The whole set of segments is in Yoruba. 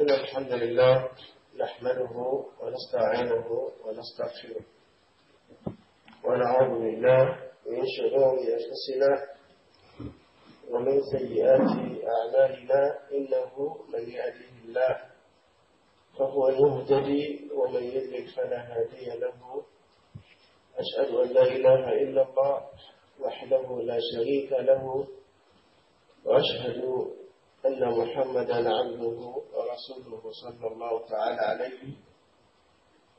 إن الحمد لله نحمده ونستعينه ونستغفره ونعوذ بالله من شرور أنفسنا ومن سيئات أعمالنا إنه من يهده الله فهو يهتدي ومن يدرك فلا هادي له أشهد أن لا إله إلا الله وحده لا شريك له وأشهد أن محمدا عبده ورسوله صلى الله تعالى عليه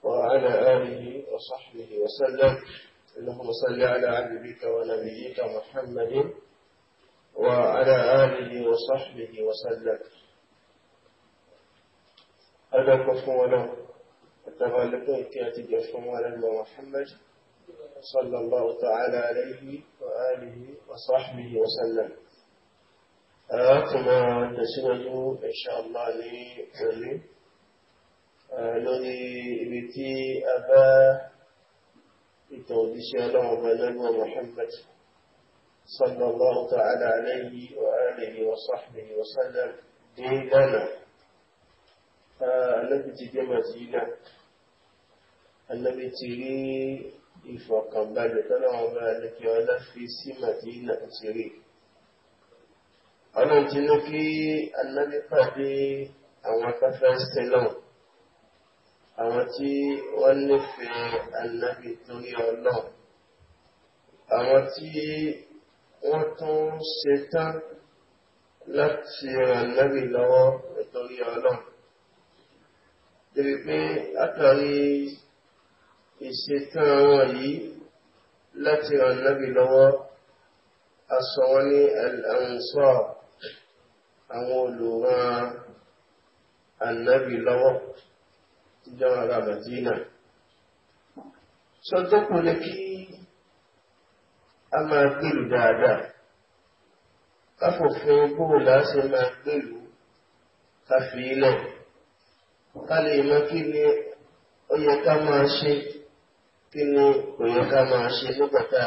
وعلى آله وصحبه وسلم اللهم صل على عبدك ونبيك محمد وعلى آله وصحبه وسلم هذا كفو له التغالبون كاتب يفهم على محمد صلى الله تعالى عليه وآله وصحبه وسلم كما tẹ̀síwájú ìṣàlá ní pẹ̀lú lórí ibi tí a bá ìtàn òdíṣẹ́ ọlọ́run bẹ̀lẹ́gbọ́n Muhammad sallallahu ta'ala alayhi wa alihi wa sahbihi wa sallam ní lọ́nà alábi ti dé Madina alábi ti rí ìfọ̀kànbalẹ̀ tọ́lọ́run bẹ̀lẹ́gbọ́n fi sí Madina ti rí ọlọ́run ti ní kí anábì pàdé àwọn afẹ́fẹ́ sílọ̀ àwọn tí wọ́n nífẹ̀ẹ́ anábì torí ọlọ́run àwọn tí wọ́n tún ṣetán láti ràn anábì lọ́wọ́ nítorí ọlọ́run débi pé látàrí ìṣetán wọn yìí láti ràn anábì lọ́wọ́ a wọn ní al-ansar. àwọn olùran ànábì lọ́wọ́ ìjọba ará sọ tó kí a máa gbèrú dáadáa káfòfin bóòlù láti máa gbèrú káfí ilẹ̀ ká lè kí ni ó yẹ ká máa ṣe kí ni kò yẹ ká máa ṣe nígbà tá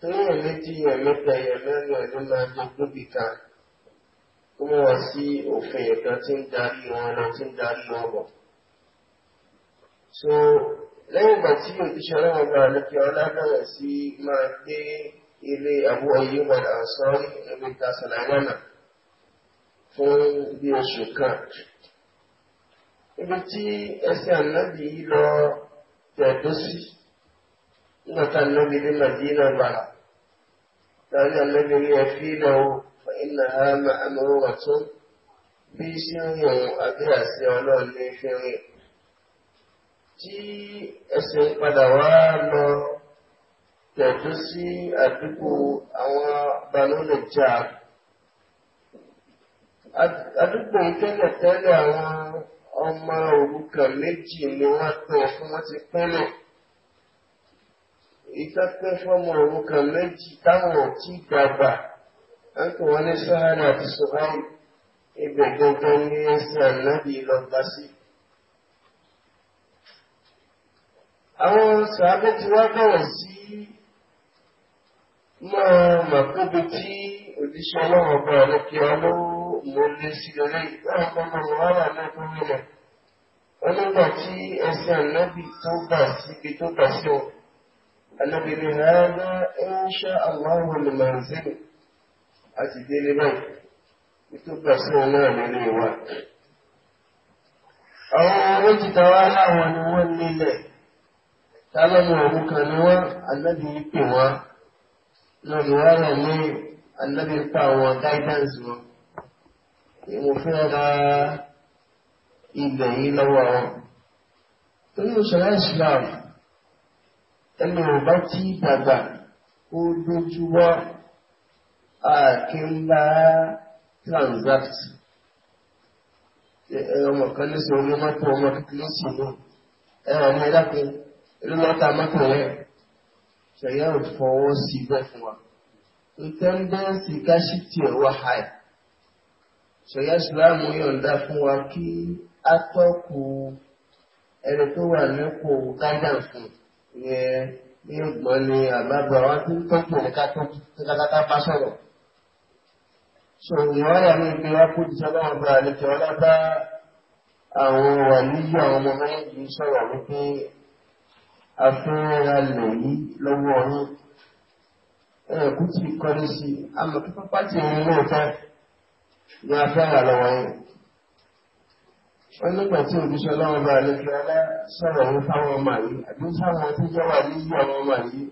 torí ẹ̀ méjì ẹ̀ mẹ́ta ẹ̀ mẹ́rin ẹ̀ ló máa jogún bì kan ó mú wọn sí òfin ẹ̀kan tí ń darí wọn lọ tí ń darí wọn bọ̀. so lẹ́yìn ìgbà tí òjíṣẹ́ ọlọ́run gba àlékè ọlá bẹ̀rẹ̀ sí máa gbé ilé àbúrò yìí wọn àǹsọ́rí níbi ta sàlámánà fún bí oṣù kan. ibi tí ẹsẹ̀ ànábì yìí lọ tẹ̀dó sí nígbà tá a nábì ní màdínà gbàrà. ثانيا الذي هي فيله فإنها مأمورة asi أبيها سيولون لفريق tí ẹsẹ̀ ń padà wá lọ tẹ̀dú sí àdúgbò àwọn tẹ́lẹ̀ tẹ́lẹ̀ àwọn ọmọ òrukàn méjì ni wọ́n tọ̀ fún wọn ti pínlẹ̀. ìtàpẹ́ fọ́mọ òrukàn méjì táwọn ọ̀tí gbàgbà ẹ̀kọ́ wọn ní sahara àti sọ́háì ibẹ̀ gangan ní ẹsẹ̀ ànábì lọ́gbà sí. àwọn sàábẹ́ ti wá bẹ̀rẹ̀ sí máa màkóbi tí òjíṣẹ́ ọlọ́run ọba àlọ́kẹ́ ọlọ́run mọ́ lé sí lọ́lẹ́ ìgbàlá kọ́kọ́ wọn wà lọ́dún nílẹ̀ wọn nígbà tí ẹsẹ̀ ànábì tó bà síbi tó bà sí òun. أنا بهذا إن شاء الله المنزل أتديني بي يتوقع سنة مني و أو وجدوا ونولي لي تعلموا مكانوا الذي يقوى نظرا لي الذي يقوى guidance wọn mo fẹ́ ra ilẹ̀ yìí lọ́wọ́ wọn ẹnu ọba tí dàgbà ó dojú wá ààkí transact ọmọ kan ní sọ ọmọ mọ́tò ọmọ kékeré sí lọ ẹwà ọmọ ẹ̀dá pé ẹlú lọ́ta mọ́tò rẹ̀ ṣẹ̀yà ò fọwọ́ sí bẹ́ẹ̀ fún wa ntẹ́ńdẹ́ǹsì káṣítì ẹ̀ wá háì ṣẹ̀yà ìsìláàmù yọ̀ǹda fún wa kí atọ́kù ẹni tó wà nípò gágà fún un yẹn ní ọgbọ́n ni àgbàgbà àwọn tí ń tọ́jú ẹ̀ka tó kíkàkàtà bá sọ̀rọ̀. sọ ìwọ́yà ní ìpín ápòjì sọ́dọ̀ ọ̀gbà àlejò ọlọ́bá àwọn wà níyì àwọn ọmọ méjì sọ̀rọ̀ wípé afẹ́ra lẹ̀ yí lọ́wọ́ ọ̀hún. ẹ̀kú ti kọ́ni sí i àmọ́ kí pápá ti ń lóòótọ́ ní afẹ́ra lọ́wọ́ yẹn wọ́n nígbà tí òjíṣẹ́ ọlọ́run bá lẹ́kẹ́ ọlá sọ̀rọ̀ ní fáwọn ọmọ yìí àbí sáwọn tó jẹ́ wà níyí àwọn ọmọ yìí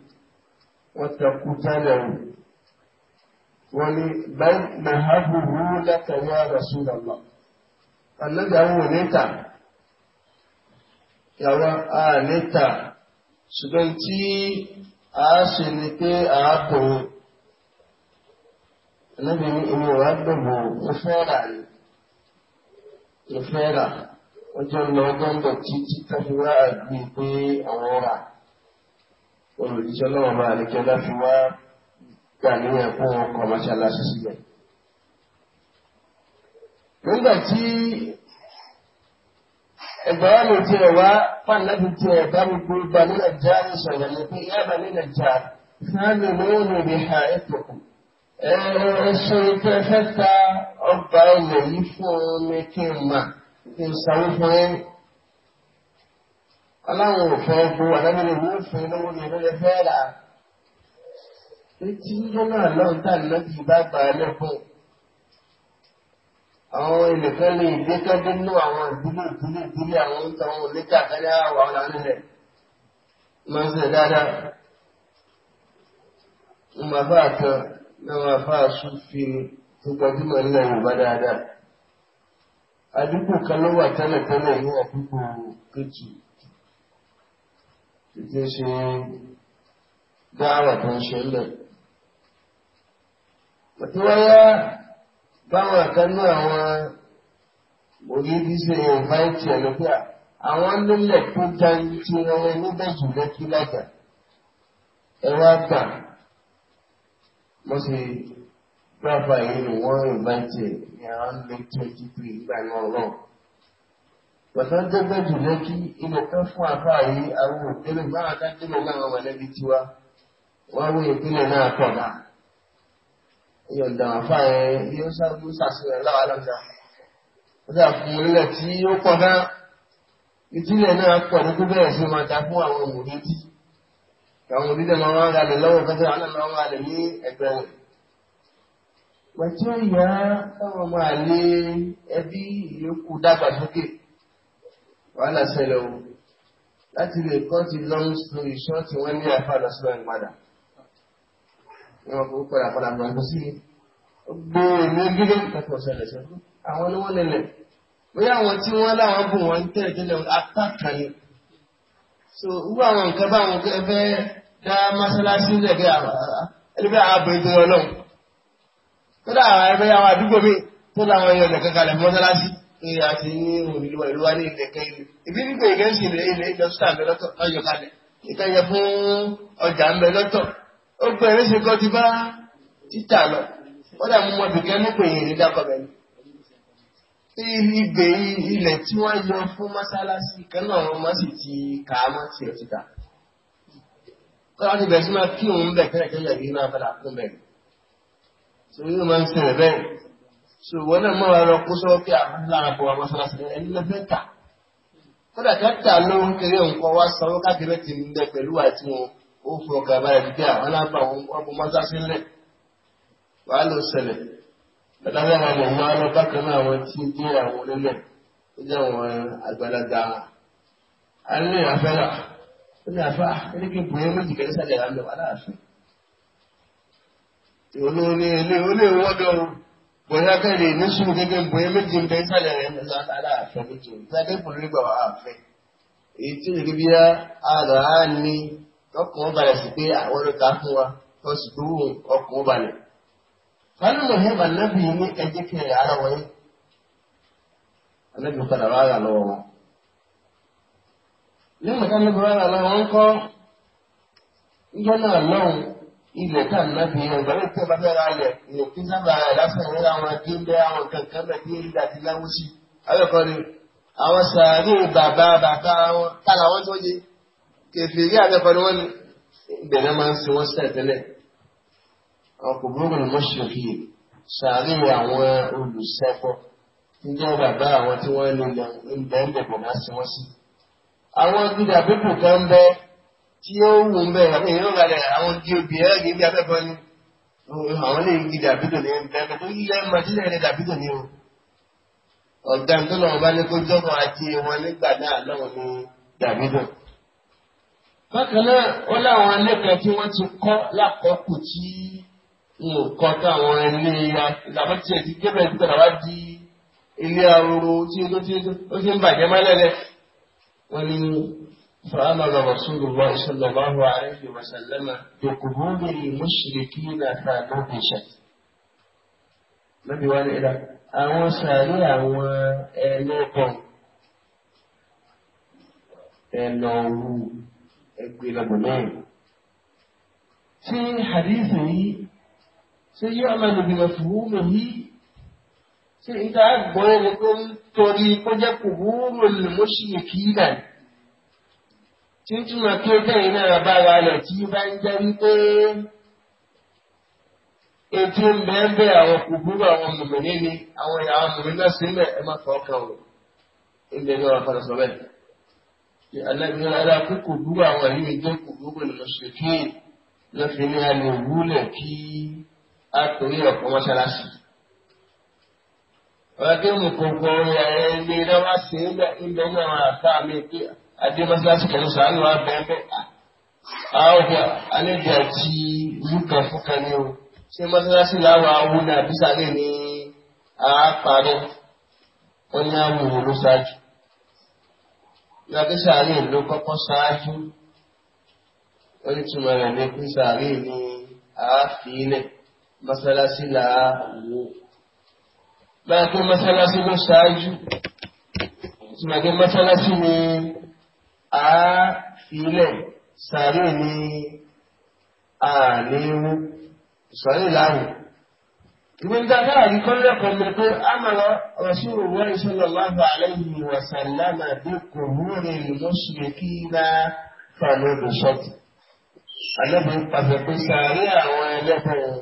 wọ́n takú jálẹ̀ wò wọ́n ní báyìí nàhábù wú lẹ́kẹ̀ẹ́ yá Rasulullah ọ̀nàdà wò níta yàrá a níta ṣùgbọ́n tí a ṣe ni pé a bò ó ẹ̀nàbìnrin ìwọ̀n wa gbẹ̀bọ̀ ó rà yìí tó fẹ́ rà ó jọ lọ gọ́ńdọ̀ títí tàbí wá àgbì pé àwọn rà olùdíjọ́ náà máa ní kí ọlá fi wá gbà ní ẹ̀kọ́ ọkọ̀ mọ́ṣáláṣí sílẹ̀. nígbà tí ẹgbẹ́ wa lè tiẹ̀ wá fànàbí tiẹ̀ bá mi gbé ba ní nàìjíríà sọ̀rọ̀ ní pé yábà ní nàìjíríà sáà lè lóyún ní ìhà ẹ̀kọ́ kù ṣe tẹ́ fẹ́ ta ọgbà ilẹ̀ yìí fún mi kí n mà kí n sanwó fún yín. aláwọn òfin ọgbọ́n àdábìnrin yóò fún yín lọ́wọ́ ní ìrẹ́lẹ̀ fẹ́ rà. etí yíyọ náà lọ́n bá gbà lẹ́kọ̀ọ́. àwọn ènìkan lè dé kẹ́dé àwọn ìdílé ìdílé ìdílé àwọn táwọn oníkà kẹ́lẹ́ àwọn àwọn àwọn ilẹ̀. máa ń dáadáa. ìmọ̀ bá a kan láwọn afáà súnfì tó gbajúmọ̀ nílẹ̀ Yorùbá dáadáa àdúgbò kan ló wà tẹ́lẹ̀tẹ́lẹ̀ ní àdúgbò kejì títí ṣe dáhàwà tó ń ṣe ńlẹ̀. Bàtí wọ́n yá báwọn àkánú àwọn òyìnbíṣe ìnváìtì ẹ̀lọ́pẹ́ àwọn nílẹ̀ tó dá tí wọ́n níbẹ̀ jù lẹ́kí lágbà ẹ̀wọ́n àgbà bó ṣe gbábà yìí ni wọ́n rìn bá tiẹ̀ ní àwọn lè twenty three nígbà náà náà. Bàtà dẹ́gbẹ́ jù lọ kí ilẹ̀ kan fún àbá yìí àwọn òpínlẹ̀ máa dájúmọ̀ láwọn mọ̀lẹ́bí tiwa. Wọ́n wé ìpínlẹ̀ náà pọ̀ náà. Iyọ̀ dàwọn fà yẹn yóò ṣàgbó ṣàṣeyọ̀ láwa lọ́jà. Ó dà fún ilẹ̀ tí ó pọ̀ náà. Ìdílé náà pọ̀ ní kó bẹ̀rẹ̀ sí máa ta fún àwọn òmùdí àwọn onílẹ̀ máa wá ralẹ̀ lọ́wọ́ kan sáà náà máa ralẹ̀ ní ẹgbẹ́ wọn. Pẹ̀tí ó táwọn máa lé ẹbí ìyókù dàgbàsókè wàhálà ṣẹlẹ̀ o láti lè kọ́ ti long story short wọ́n ní àfa lọ́sọ̀rọ̀ ẹ̀ padà. Wọ́n kò padà padà máa lọ sí gbé èmi gígé kẹfọ́ ṣẹlẹ̀ ṣẹ́kù. Àwọn ni wọ́n lẹ̀lẹ̀. Bóyá àwọn tí wọ́n láwọn bù wọ́n tẹ̀lé tẹ́lẹ̀ apá kan ni so irú àwọn nǹkan bá àwọn ẹgbẹ́ dá mọ́sálásí lẹ́gbẹ́ ẹgbẹ́ ààbò ètò ọlọ́run tó dá àwọn ẹgbẹ́ àwọn àdúgbò mi tó dá àwọn èèyàn lẹ́kẹ́ kalẹ̀ mọ́sálásí ní àti ní ònílùwà ìlú wa ní ìlẹ̀kẹ́ ìlú ìbí nígbà ìgẹ́ sì ilẹ̀ ilẹ̀ ìjọsítà mi lọ́tọ̀ ọjọ́ kalẹ̀ ìkẹyẹ fún ọjà ń bẹ lọ́tọ̀ ó gbẹ̀rẹ́ ṣe kọ́ ti bá títà lọ wọ́n dà mú mọ́ bìkẹ́ nípò èèyàn ní bẹ́ẹ̀ ni ibẹ̀ ilẹ̀ tí wọ́n yọ fún mọ́sálásí kan náà wọ́n má sì ti kà á mọ́ tiẹ̀ ti kà. Tọ́lá ti bẹ̀rẹ̀ sí máa kí òun bẹ̀ kẹ́lẹ̀kẹ́lẹ̀ yìí máa padà kún bẹ̀rẹ̀. Sọ yóò máa ń ṣẹlẹ̀ bẹ́ẹ̀. Sọ ìwọ náà mọ̀ lọ kó sọ́wọ́ pé àbúrò àbọ̀ wa mọ́sálásí ẹni lọ fẹ́ kà. Kódà káàtà ló ń kéré nǹkan wá sanwó káàkiri ti ń bẹ pẹ̀lú àti wọn ó fọkà báyìí bí àwọn alábàwọn ọmọ mọ́sálásí lẹ̀. Wàá lábẹ́ra àwọn ọmọ arọ bákan náà àwọn tí ń gbé àwọn onílẹ̀ tó jẹ́ àwọn àgbàlagbà alẹ́ àfẹ́rà ó ní àfà ẹnìkí bùrẹ́ méjì kẹ́lẹ́ sàlẹ̀ àmì wà láàfin. olórí ilé olè wọ́dọ̀ bóyá kẹ́lẹ́ ní sùn gẹ́gẹ́ bùrẹ́ méjì ń bẹ́ sàlẹ̀ rẹ̀ ní sàlẹ̀ aláàfin méjì sàlẹ̀ bùrẹ́ gbà wà àfin. èyí tí ìrìkí bí àlọ́ á ní balẹ̀ sí pé àwọn ọ̀dọ́ ta fún wa ọ̀sùn tó wù ọkùnrin balẹ̀ fálùmọ̀hìm ànábì ní ẹjẹ́ kí ẹ̀yà ara wọ̀nyí ànábì padà wá yà lọ́wọ́ wọn. nígbà tí ànábì wá yà lọ́wọ́ wọn kọ́ ìjọ náà lọ́hùn ilẹ̀ tá ànábì yẹn ìgbà wípé bàbá rà lẹ̀ ìyẹn kí sábà lásán ìwé àwọn akéńdé àwọn kankan bẹ̀ bí ìdá ti láwọ́ sí. ayọ̀kọ́ ni àwọn sàárè bàbá bàbá wọn kálá wọn tó yé kẹfì rí àbẹ̀kọ́ ni wọ́n ní ìbẹ̀rẹ̀ máa ń sin wọ́n sẹ́ẹ̀ tẹ́lẹ̀ ọkùnrin mọ́ṣọ̀kì sàárè àwọn olùsẹ́fọ́ níjẹ́ bàbá àwọn tí wọ́n lè lọ ilẹ̀ ń bẹ̀bọ̀ bá sí wọ́n sí. àwọn gíga pípò kan bẹ tí ó wù ń bẹ àwọn èèyàn rẹ̀ àwọn di obì ẹ̀rọ níbi abẹ́bọn ni àwọn lè gi dàbídò ní bẹ́ẹ̀ tó yíyá màdílẹ̀ ní dàbídò ní o. ọ̀gá tó lọ́wọ́ bá ní kó jọ́mọ́ àti wọn nígbà náà lọ́wọ́ ní dàbídò. bákan náà ó láwọn alẹ́kọ̀ọ́ tí wọ́n ti kọ́ lákọ̀ọ́kù nǹkan táwọn ilé ìlàmọ́tì ẹ̀ ti débẹ̀ nígbà wá di ilé aroro tí ó ti ń bàjẹ́ mọ́lẹ́lẹ́ wọ́n ní فأمر رسول الله صلى الله عليه وسلم بقبول المشركين فنبشت lọ́bí wá ní ẹ̀dá àwọn sàárè àwọn ẹlẹ́bọ̀n ẹ̀lọ́rù ẹgbẹ̀lọ́gbọ̀n mẹ́rin tí hadith yìí ṣé yí ọmọ ènìyàn fùhúmù yìí ṣé ìdá àgbọ̀n ẹni tó ń torí kó jẹ́ fùhúmù lùmọ́ṣìmì kìí náà tí ń túmọ̀ kí ó tẹ̀yìn náà bá wa lẹ̀ tí bá ń jẹ́ wípé ètò ìbẹ́ẹ̀bẹ́ àwọn kùbúrú àwọn mùmìnì ni àwọn àwọn mùmìnì náà sí mẹ́ ẹ má fọ́ ọkàn o ilé ní wọn fọlọ́sọ bẹ́ẹ̀. Àlẹ́bí ara kú kùbúrú àwọn yìí jẹ́ kùbúrú lọ́sọ̀kí lọ́fẹ̀ẹ́ ní alẹ́ òwúlẹ̀ kí a torí ẹ̀ kọ́ mọ́ṣáláṣí. Ọ̀gá mi kò gbọ́ ẹ̀ ní lọ́wọ́ sí ilẹ̀ ilẹ̀ náà àtà mi pé adé mọ́ṣáláṣí kẹ́lú sàánú abẹ́ẹ́bẹ́. Àwọn ọ̀gá àlejò àti ìlú kan fún kan ní o. Ṣé mọ́ṣáláṣí láwọn awo náà bí sáré ní àáparẹ́? Wọ́n ní àwọn òwò ló ṣáájú. Ìgbàgbé ló kọ́kọ́ ṣáájú. Ó ní túmọ̀ rẹ̀ ní pé sáré ní àáfíìlẹ̀ mọ́sálásí là á wò báyìí pé mọ́sálásí ló ṣáájú ìtumọ̀ pé mọ́sálásí ni a filẹ̀ sàárè ní àníwú ìsọ̀rí láàrùn ìwé dáadáa àrí kọ́lẹ̀ kọ́lẹ̀ pé àmàlà Rasulullah sallallahu alayhi wa sallam bí kò múre mushrikina fàlódùsọ́tì. Àlẹ́bí pàṣẹ pé sàárè àwọn ẹlẹ́bùn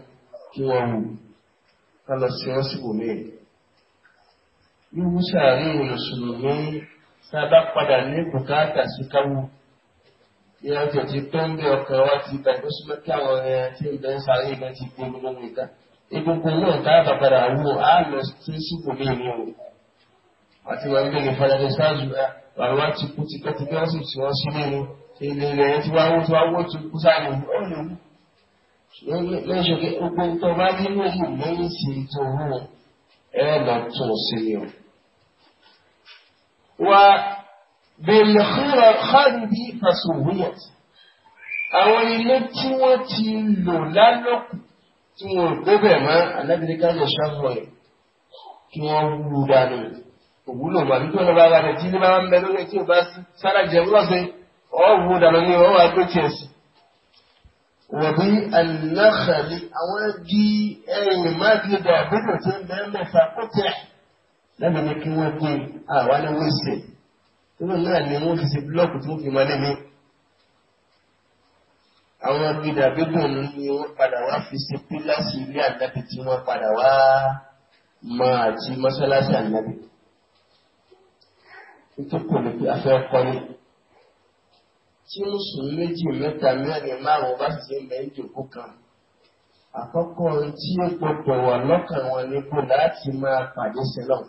kí wọ́n wù ká lọ sí wọ́n síbò mí. Wíwú sàárè olùsùnmùmí tá a bá padà ní bùkátà sí káwù. Ìyá ọjọ́ ti pẹ́ ń bẹ ọkàn wa ti gbàgbé súnmọ́ kí àwọn ẹ̀yà tí ń bẹ ń sáré ìgbà ti gbé gbogbo nìkan. Egungun náà tá a bá padà wù á lọ sí síbò mí ni o. Àti wọn gbé ní Fọláṣẹ Sáàzù àwọn wa ti kú tipẹ́tipẹ́ wọ́n sì ti wọ́n sílé ni. Ilé ilẹ̀ yẹn ti wá wó ti wá wó ti kú sáré lóṣèké gbogbo tó bá ní méjì lẹ́yìn sí tó wù ẹ lọ tún sí ni o. wà bẹ̀rẹ̀ xúra xáàdì fàṣọwìyàt àwọn ilé tí wọ́n ti lò lálọ́kù tí wọ́n gbẹ́bẹ̀ mọ́ alábìrìkà lọ ṣàfọ̀ ẹ̀ kí wọ́n wúlò dànù òwúlò màbí tó ń bá wà lẹ́tí ní bá ń bẹ lórí tí o bá sára jẹ́ wúlọ́sẹ̀ ọ̀ wúlò dànù ni wọ́n wà pé tiẹ̀ sí wọ̀bí anáhàlì àwọn jí ẹ̀yìn mágídà àbúrò tí ń bẹ mẹ́fà kókè lẹ́nu ní kí wọ́n gbé àwa ní wíṣẹ̀ nínú náà ni wọ́n fi ṣe búlọ́ọ̀kù tó fi mọ́lé mi. àwọn mágídà àbúrò ni wọ́n padà wá fi ṣe pílásì ilé àdábì tí wọ́n padà wá máa àti mọ́ṣáláṣí àdábì. nítorí kò ní pé afẹ́ kọ́ ni tí mùsùlùmí méjì mẹ́ta mẹ́rin márùn-ún bá sì ń bẹ ń jòkó kan àkọ́kọ́ tí ó gbọdọ̀ wà lọ́kàn wọn ni kó láti máa pàdé sílọ̀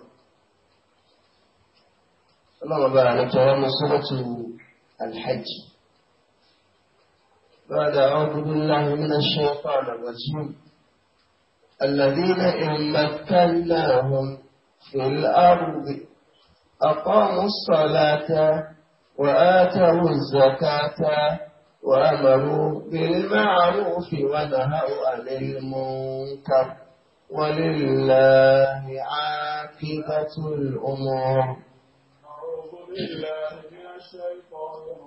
ọlọ́run bá àwọn ìjọba mi sọ́dọ̀ tó alhajj بعد أعوذ بالله من الشيطان الرجيم الذين إن مكناهم في الأرض أقاموا الصلاة وآتوا الزكاة وأمروا بالمعروف ونهوا عن المنكر ولله عاقبة الأمور أعوذ بالله من الشيطان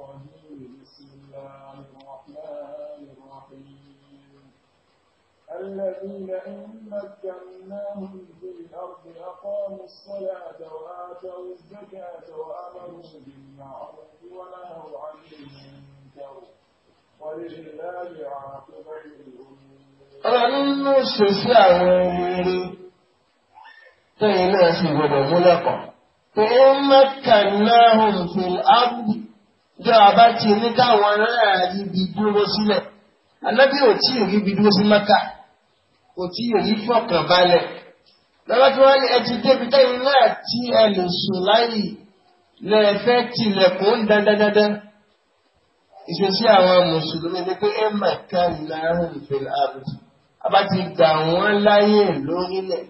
الذين إن مكناهم في الأرض أقاموا الصلاة وآتوا الزكاة وأمروا بالمعروف ونهوا عن المنكر ولله عاقبة Ọlọ́run nínú ṣe sí àwọn ẹni rí tó ilé ẹ̀sìn gbọdọ̀ múlẹ̀kọ̀. Pé ó mẹ́kànnáhùn fìl ábù jọ àbá ní káwọn náà ibi dúró sílẹ̀. Ànábì ò tí ì rí ibi dúró sí Mẹ́kà kò tí èyí fọkàn balẹ̀ lọ́wọ́ tí wọ́n ní ẹ ti débi tẹ́yìn náà tí ẹ lè sùn láyì lẹ́ẹ̀fẹ́ tilẹ̀kùn ń dandandandan ìṣesí àwọn mùsùlùmí ni pé ẹ mà ká láàrin ìfẹ̀lẹ̀ àbùtù ti gbà wọ́n láyè lórílẹ̀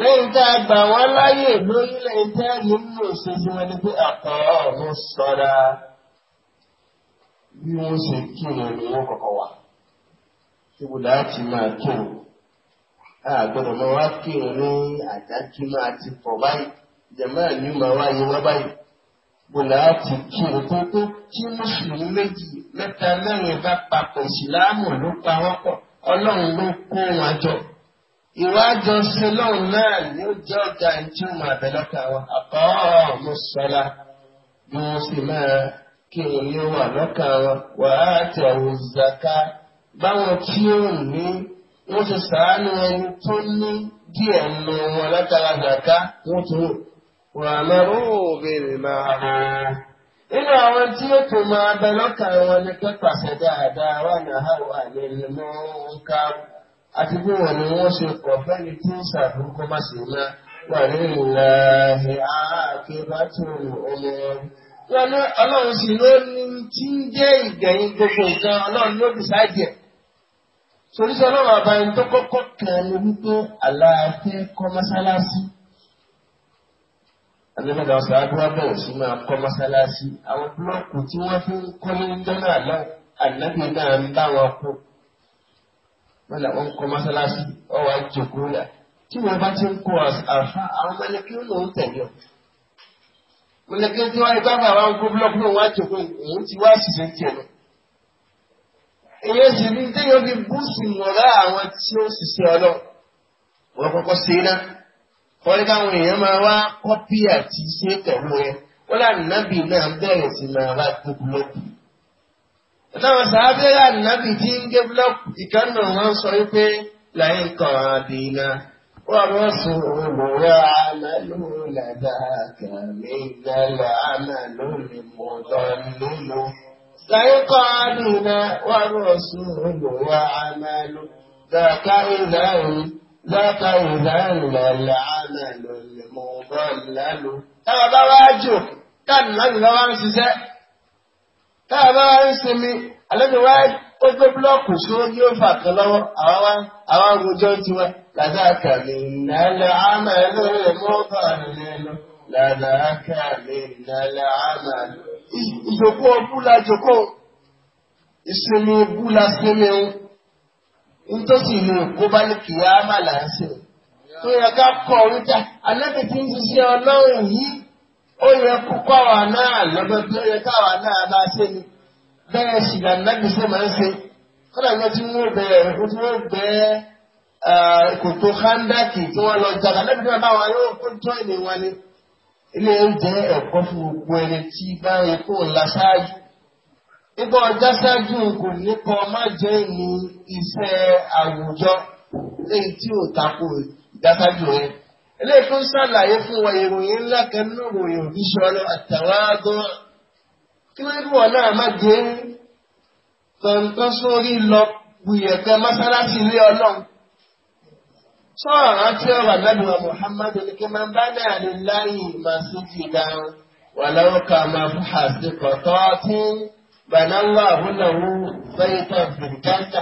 lẹ́yìn tá a gbà wọ́n láyè lórílẹ̀ tẹ́ nínú ìṣesí wọn ni pé àtọ̀ ọ̀hún sọ́ra bí wọ́n ṣe kírun ni wọ́n kọ̀kọ̀ wà. Ṣé wò láti máa kírun? àgbọ̀dọ̀ máa wá kírun ní àdájúmọ́ àti pọ̀ báyìí jẹ̀mọ́ ni ó máa wáyé wá báyìí kò láti o tó tó tí mùsùlùmí méjì mẹ́ta mẹ́rin bá papọ̀ ìsìláàmù ló pa wọ́n pọ̀ ọlọ́run ló kó wọn jọ ìwájọ sílọ́ọ̀ náà ni ó jẹ́ ọjà ìtumọ̀ àbẹ̀lọ́kà wa àkọ́ mùsọ̀lá bí wọ́n sì máa kírun ní wà lọ́kàn wọn wàá tẹ̀wọ̀ zaka báwọn tí ó ní. wọ́n ti sàánú ẹni tó ní díẹ̀ nù wọn látara wọ́n tó wà lọ́rọ́ òbèrè máa Nínú àwọn tí ó tó máa bẹ lọ́kàn wọn ni pé dáadáa wà nínú àti bí wọn ni ṣe pọ̀ fẹ́ni tí ń má ṣe ná wà ọmọ wọn. Ọlọ́run sì ló ní tí ń jẹ́ ìgbẹ̀yìn gbogbo nǹkan Soríṣẹ́ náà bàbá ẹni tó kọ́kọ́ kàn ní wípé àlàáfẹ́ kọ́ mọ́sálásí. Adébẹ́dà ọ̀sán Adúlá bẹ̀rẹ̀ sí máa kọ́ mọ́sálásí. Àwọn búlọ́ọ̀kù tí wọ́n fi ń kọ́ ní Jọ́nà àlọ́ ànábì náà ń bá wọn kú. Wọ́n là wọ́n kọ́ mọ́sálásí ọwọ́ àjòkúrò rẹ̀. Tí wọ́n bá ti ń kọ́ àfa àwọn mẹ́lẹ́kí ló ń tẹ̀lé ọ̀. Mẹ́lẹ́kí tí wọ́n èyí sì ní téèyàn fi búùsù mọ̀lá àwọn tí ó sì ṣe ọlọ́ wọn kọ́kọ́ ṣe náà wọ́n ní káwọn èèyàn máa wá kọ́pì àti ṣe pẹ̀lú ẹ wọ́n lá nàbì náà bẹ̀rẹ̀ sí máa wá gbé búlọ́ọ̀kù. táwọn sàábẹ́ yà nàbì tí ń gé búlọ́ọ̀kù ìkànnì wọn sọ wípé láyé nǹkan àdínà ورسول يعمل لذاك من العمل المضلل ليطعننا والرسول وعمل ذاك إذن ذاك إذن العمل المضلل táwọn bá wá jò káàdì láti bá wá ń ṣiṣẹ́ táwọn bá wá ń sinmi àlejò wá ó gbé búlọ́ọ̀kù sóró yóò fà kan lọ́wọ́ àwa wá àwa rojọ́ tiwa làdáàkà mi nàlẹ́ àmàlẹ́ mọ́bà nílò làdáàkà mi nàlẹ́ àmàlẹ́ ìjòkó ọbú la jòkó ìsinmi ọbú la sinmi ń tó sì lù kó bá ní kìí ámà là ń sè tó yẹ ká kọ ọ̀run já anábì tí ń ṣiṣẹ́ ọlọ́run yìí ó yẹ kókó àwa náà lọ́dọ̀ tó yẹ káwa náà bá ṣe ni bẹ́ẹ̀ sì là nábì ṣe máa ń ṣe kọ́nà ìgbà tí wọ́n bẹ̀rẹ̀ tí wọ́n bẹ̀rẹ̀ kòtò kándàkì tí wọ́n lọ jà anábì tí wọ́n yóò kó jọ́ ìnìwọ̀n ni ilé oúnjẹ ẹ̀kọ́ fún gbogbo ẹni tí bá yẹ kó la ṣáájú. Nígbà ọjà ṣáájú kò nípa má jẹ́ ní iṣẹ́ àwùjọ léyìí tí ò tako ìdásájú rẹ̀. Eléyìí tó ń ṣàlàyé fún wa ìròyìn ńlá kan náà ròyìn òbíṣọ́ lọ àtàwọn àgọ́. Kí ló dé wọ̀ náà má jẹ́ tọ̀ǹtọ̀ sórí lọ gbìyànjú mọ́sálásí ilé ọlọ́run sọ̀rọ̀ rántí ọ̀rọ̀ àgbàdo wa muhammadu ní kí máa bá náà lè láyìn máa sún sí dáhùn wà láwọn ká máa bú àṣẹ kọ̀tọ́ tí bànáwó àbúnáwó bẹ́yẹ tó bìrìkáńtà.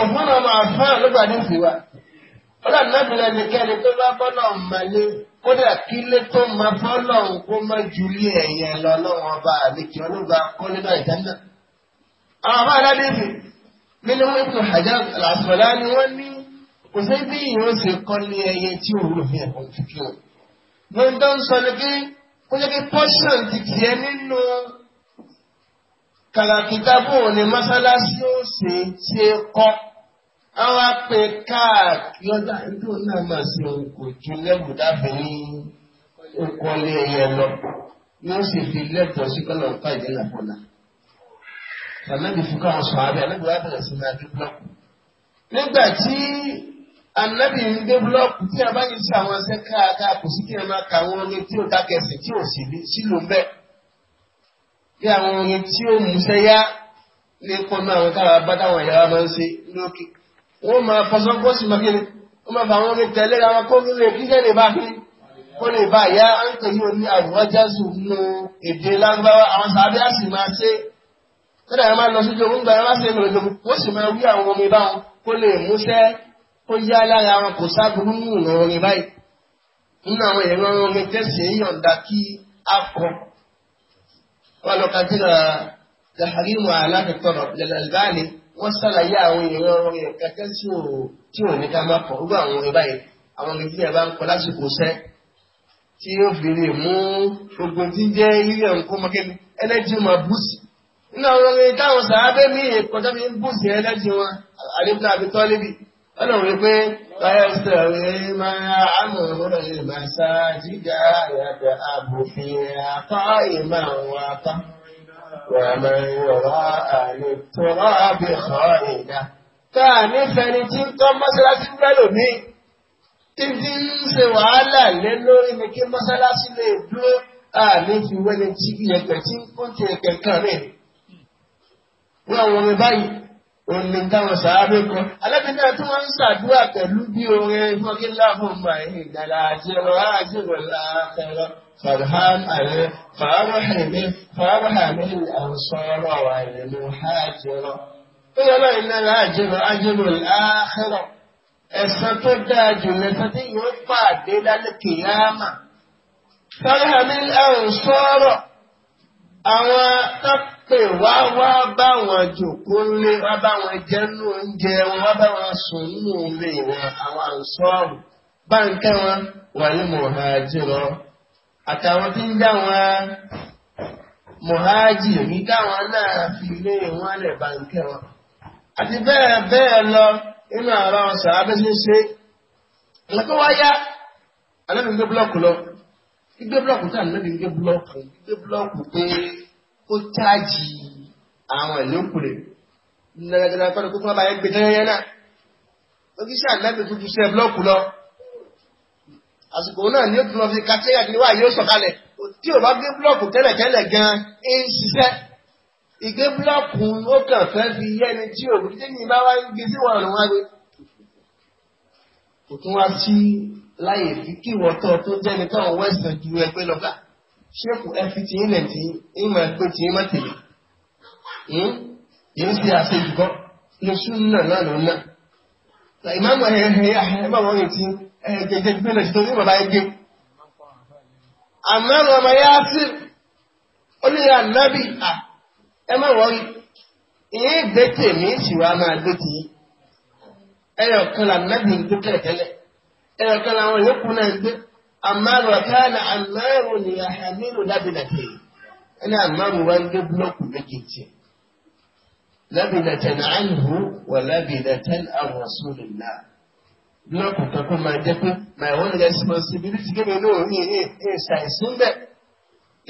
ọ̀gbọ́n náà máa fún àlùbàdì sí wa. ọ̀rọ̀ àgbàdo ẹnikẹ́ni tó bá bọ́lọ̀ mọ́lé kódà kí lé tó máa bọ́lọ̀ kó má ju ilé ẹ̀yẹ lọ lọ́wọ́ ọba àlejò ọlọ́ba kò sí bí yóò ṣe kọ́ ní ẹyẹ tí òwúrò fi ẹ̀kọ́ ti fi mo ń dán sọ ni pé kó jẹ́ pé pọ́ṣọ̀n ti tiẹ̀ nínú kàlàkìtà bóun ni mọ́sálásí ó ṣe ṣe kọ́ àwọn apè káàkiri ọjà ìlú náà máa ṣe òkò ju lẹ́bù dábẹ́ ní òkòlé ẹ̀yẹ lọ yóò sì fi lẹ́tọ̀ọ́ sí kọ́nà ọ̀pá ìdílé àpọ̀lá. Fàmẹ́lì fún káwọn sọ abẹ́ àlẹ́ anabi ń dé búlọ́ọ̀kù tí a bá yin sí àwọn ẹsẹ̀ káàkáà kò sí kí ẹ máa ka àwọn orin tí ó dákẹsẹ̀ tí ò sì sílò ń bẹ̀. bí àwọn orin tí ó múṣẹ́ yá ní pọnú àwọn kára bá dáwọn ìyára máa ń ṣe lókè. wọ́n máa fọṣọ gbọ́sì máa kéde wọ́n máa fa àwọn orin tẹ̀lé àwọn kó nílé kíkẹ́ lè bá fi kó lè bá yá àǹtẹ̀yìn oní àrùwájásù nù èdè lágbára àwọn sàbíà sì máa ṣe kódà ẹ máa lọ sí ó yá lára wọn kò sábúrú mú ìran orin báyìí nínú àwọn ìran orin tẹ̀sí yọ̀ǹda kí a kọ wọn lọ ka jìnnà taharimu aláàtọ̀tọ̀rọ̀ lẹ́lẹ́lẹ́báàlì wọ́n ṣàlàyé àwọn ìran orin kẹ́kẹ́ tí ò tí ò ní ká má kọ gbogbo àwọn orin báyìí àwọn orin bíi ẹ̀ bá ń kọ lásìkò sẹ́ tí ó fi lè mú gbogbo tí ń jẹ́ ilé ọ̀nkọ́ mọ́kẹ́ni ẹlẹ́jì máa búùsì nínú àwọn orin táwọn sàábẹ́ mi èkó tó ń búùsì ẹlẹ́jì wọn àlébùnà àbítọ́lébì ọlọ́run rí pé láyẹ̀sẹ̀ rí máa àmọ̀ràn mọ́lẹ̀ ní ìmọ̀sá jíga àyàtọ̀ àbòfin apá ìmọ̀ àwọn apá wàmọ̀ ìwọ̀rọ̀ àní tọ́lá àbẹ̀kọ́ ìdá. ká nífẹ̀ẹ́ni tí ń kọ́ mọ́sálásí mẹ́lò ní tí fi ń ṣe wàhálà lé lórí ni kí mọ́sálásí lè dúró àní fi tí yẹ̀pẹ̀ tí ń kún ti ẹ̀kẹ̀ kan rẹ̀. wọ́n àwọn ọmọ báyìí òní táwọn sàábé kan alábìnrin tó máa ń ṣàdúrà pẹ̀lú bí orin mọ́kínlá fún ọmọ ẹ̀yìn ìdàlà àjẹrọ àjẹrọ láàpẹrọ farhan ààrẹ farahàmì farahàmì àǹsọ̀rọ̀ àìlú àjẹrọ. ó yọ lọ́yìn náà àjẹrọ láàpẹrọ ẹ̀sán tó dáa jù lẹ́sán tí yóò pàdé lálẹ́ kìyàmà. farahàmì àǹsọ̀rọ̀ àwọn tápẹ́. pé wá wá bá wọn jòkó ńlé wá bá wọn jẹ nú oúnjẹ wọn wá bá wọn sùn nú ilé wọn àwọn àǹsọ́ọ̀rù báńkẹ́ wọn wà ní mọ̀hájírọ́ àtàwọn tí ń dá wọn mọ̀hájì èmi káwọn náà fi ilé wọn lẹ̀ báńkẹ́ wọn. àti bẹ́ẹ̀ bẹ́ẹ̀ lọ nínú àwọn ọ̀sán abẹ́sẹ̀ṣe lọ́kọ́ alẹ́ mi gbé búlọ́ọ̀kù lọ búlọ́ọ̀kù tí àná mi gbé búlọ́ọ̀kù búlọ́ọ̀kù ó chájì àwọn ìlókù rẹ̀ nàgbàdàgbà kọ́ni kókó ọba yẹn gbé tẹ́yẹ́yẹ́ náà lókìṣà àgbẹ̀bẹ̀ tó ju sẹ́ blọ́ọ̀kù lọ àsìkò náà ni ó tún lọ fi kàtíyà kí ni wáyé ó sọ̀kalẹ̀ tí ò bá gbé blọ́ọ̀kù tẹ́lẹ̀tẹ́lẹ̀ gan ń ṣiṣẹ́ ìgbé blọ́ọ̀kù ó kàn fẹ́ fi yẹni tí ò bí tẹ́yìn bá wá ń gbé sí wọn rùn wá gbé kò tún wá sí láyè fi kí ìwọ́tọ̀ tó jẹ́ni táwọn wẹ̀sán ju ẹgbẹ́ lọ́gbà. sheekhu ẹfitì ilẹ̀tì ìmọ̀ ẹ̀pẹ́ tí ìmọ̀ tèlé yìí sí àṣẹ ìdúkọ́ ní súnà náà ló ná na ìmáàmù ẹ̀hẹ̀ ẹ̀mọ̀wọ̀n yìí tí ẹ̀ẹ́dẹ̀gẹ̀ gbẹ̀lẹ̀ àmọ́ ọmọ yá sí à ìyẹn ìgbé sì wá máa gbé tì í ẹ̀yọ̀ kan ń gbé ẹ̀yọ̀ kan náà àmàrò káàna àmàrò ní àhàmìlò lábìlàtẹ̀ ẹni àmàrò wa ń gbé búlọ́ọ̀kù méjèèjì lábìlàtẹ̀ anhu wà lábìlàtẹ̀ ar-rasulillah búlọ́ọ̀kù kankan máa jẹ́ pé my own responsibility gẹ́gẹ́ ní òun yìí ẹ̀ ṣàìsùn bẹ́ẹ̀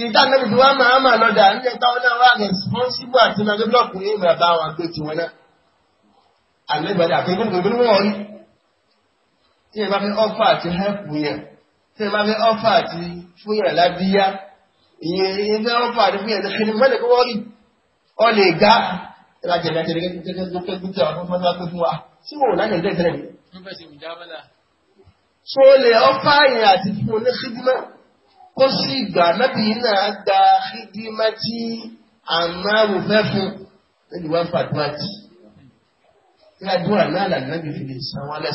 ìdá mẹ́rin tí wọ́n máa máa lọ́dà nílẹ̀ táwọn náà wà responsible àti máa gbé búlọ́ọ̀kù ní ìmọ̀ bá wọn gbé tiwọn náà àlẹ́ ìgbàdà àti ìgbàdà ìgbàdà wọn rí tí ẹ bá fi ọ́fà àti tẹ́ bá fẹ́ ọ́fà àti fúnyàn ládíyá ìyẹn fẹ́ ọ́fà àti fúnyàn lẹ́kìnní mọ́lẹ̀ kọ́ wọ́n rí ọ lè ga ẹ̀rọ àjẹ̀dá tẹ̀lé gẹ́gẹ́ gẹ́gẹ́ gúúsù àwọn ọmọ tó fún wa tí wọn ò láyé ẹ̀dẹ́ tẹ̀lé ni. so lè ọ́fà yẹn àti fún un ní xidimá kó sì gbà nábì náà gba xidimá tí àmà wò fẹ́ fún ẹni wá fàdúrà tì. ní àdúrà náà làdúrà bí fi lè san wọn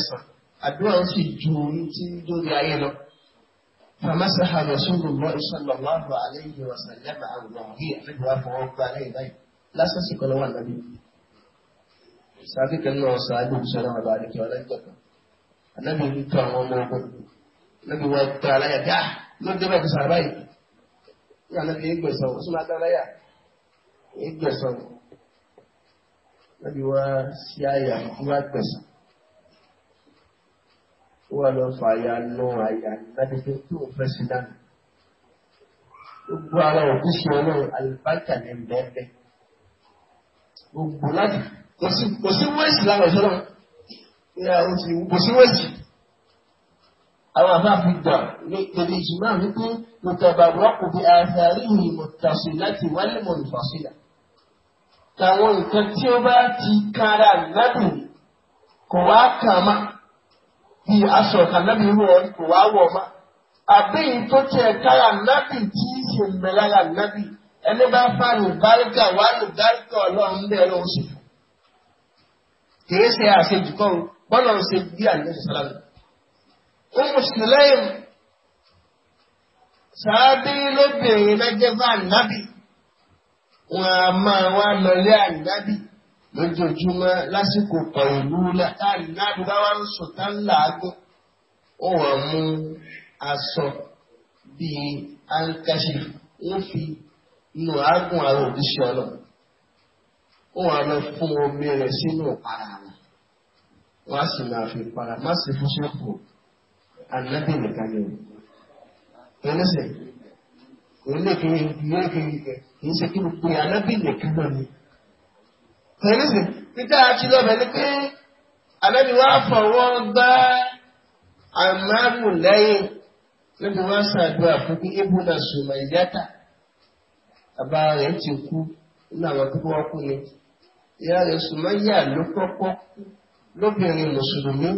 àdúrà ó sì ju orí tí ń dórí ayé lọ. فمسح رسول الله صلى الله عليه وسلم عوراته فجواه عليه بيت لا سس كل ما النبي سادك أنه سعد بن سلمة بارك الله فيك النبي كان موجود النبي وقت على يد جاه ما جاب بسارة بيت يعني النبي يقبل سو اسمع ترى يا يقبل سو النبي وسياه وقت بسارة wọ́n lọ fà ya nù àyà láti fi tó fẹ́ sí dànù. Gbogbo ara òkú sí ọ náà àlùbáríkà ní bẹ́ẹ̀bẹ́. Gbogbo láti kò sí wẹ́ẹ̀sì lára ọ̀sán náà kò sí wẹ́ẹ̀sì. Àwọn àbáfi gbà ní èdè ìjìmá wípé mùtàbàbà kò bí àṣàrí ìhìn mùtàṣì láti wálé mọ̀ ìfàṣìlà. Tàwọn nǹkan tí ó bá ti kára nábì kò wá kà máa bí aṣọ kànábì wọ kò wá wọ̀ ma àbẹ́yìn tó tiẹ̀ kára nábì tí í ṣe mẹ́lára nábì ẹni bá fa lùbáríkà wá lùbáríkà ọlọ́run bẹ́ẹ̀ ló ń ṣe fún kìí ṣe àṣejù kan bọ́lá ń ṣe bí àyẹ̀ṣẹ̀ sálámù. ó mùsùlùmí sáábí lóbìnrin lọ́jọ́ bá nábì wọn a máa wá lọlé ànábì lójoojúmọ́ lásìkò pẹ̀lú látàrí náà bá wá ń sùn tá ń làágùn ó wà mú aṣọ bíi ankaṣe ń fi inú àágùn àwọn òbíṣẹ́ ọlọ ó wà lọ fún omi rẹ̀ sínú ìpara rẹ̀ wọ́n á sì máa fi para má sì fún ṣẹ́kù ànábì nìkan ni o pẹ̀lẹ́sẹ̀ kò ní kí n ṣe kí n pè nìkan náà ni. ẹ̀rísì títà àti lọ́bẹ̀ ni pé àbẹ́bí wa fọwọ́ gbá àmàmù lẹ́yìn níbi wọ́n ṣàdúrà fún bí ibùdó sùnmọ̀ ìyáta bàbá rẹ̀ ti kú nínú àwọn tó wọ́n kú ni ìyá rẹ̀ yà ló kọ́kọ́ lóbìnrin mùsùlùmí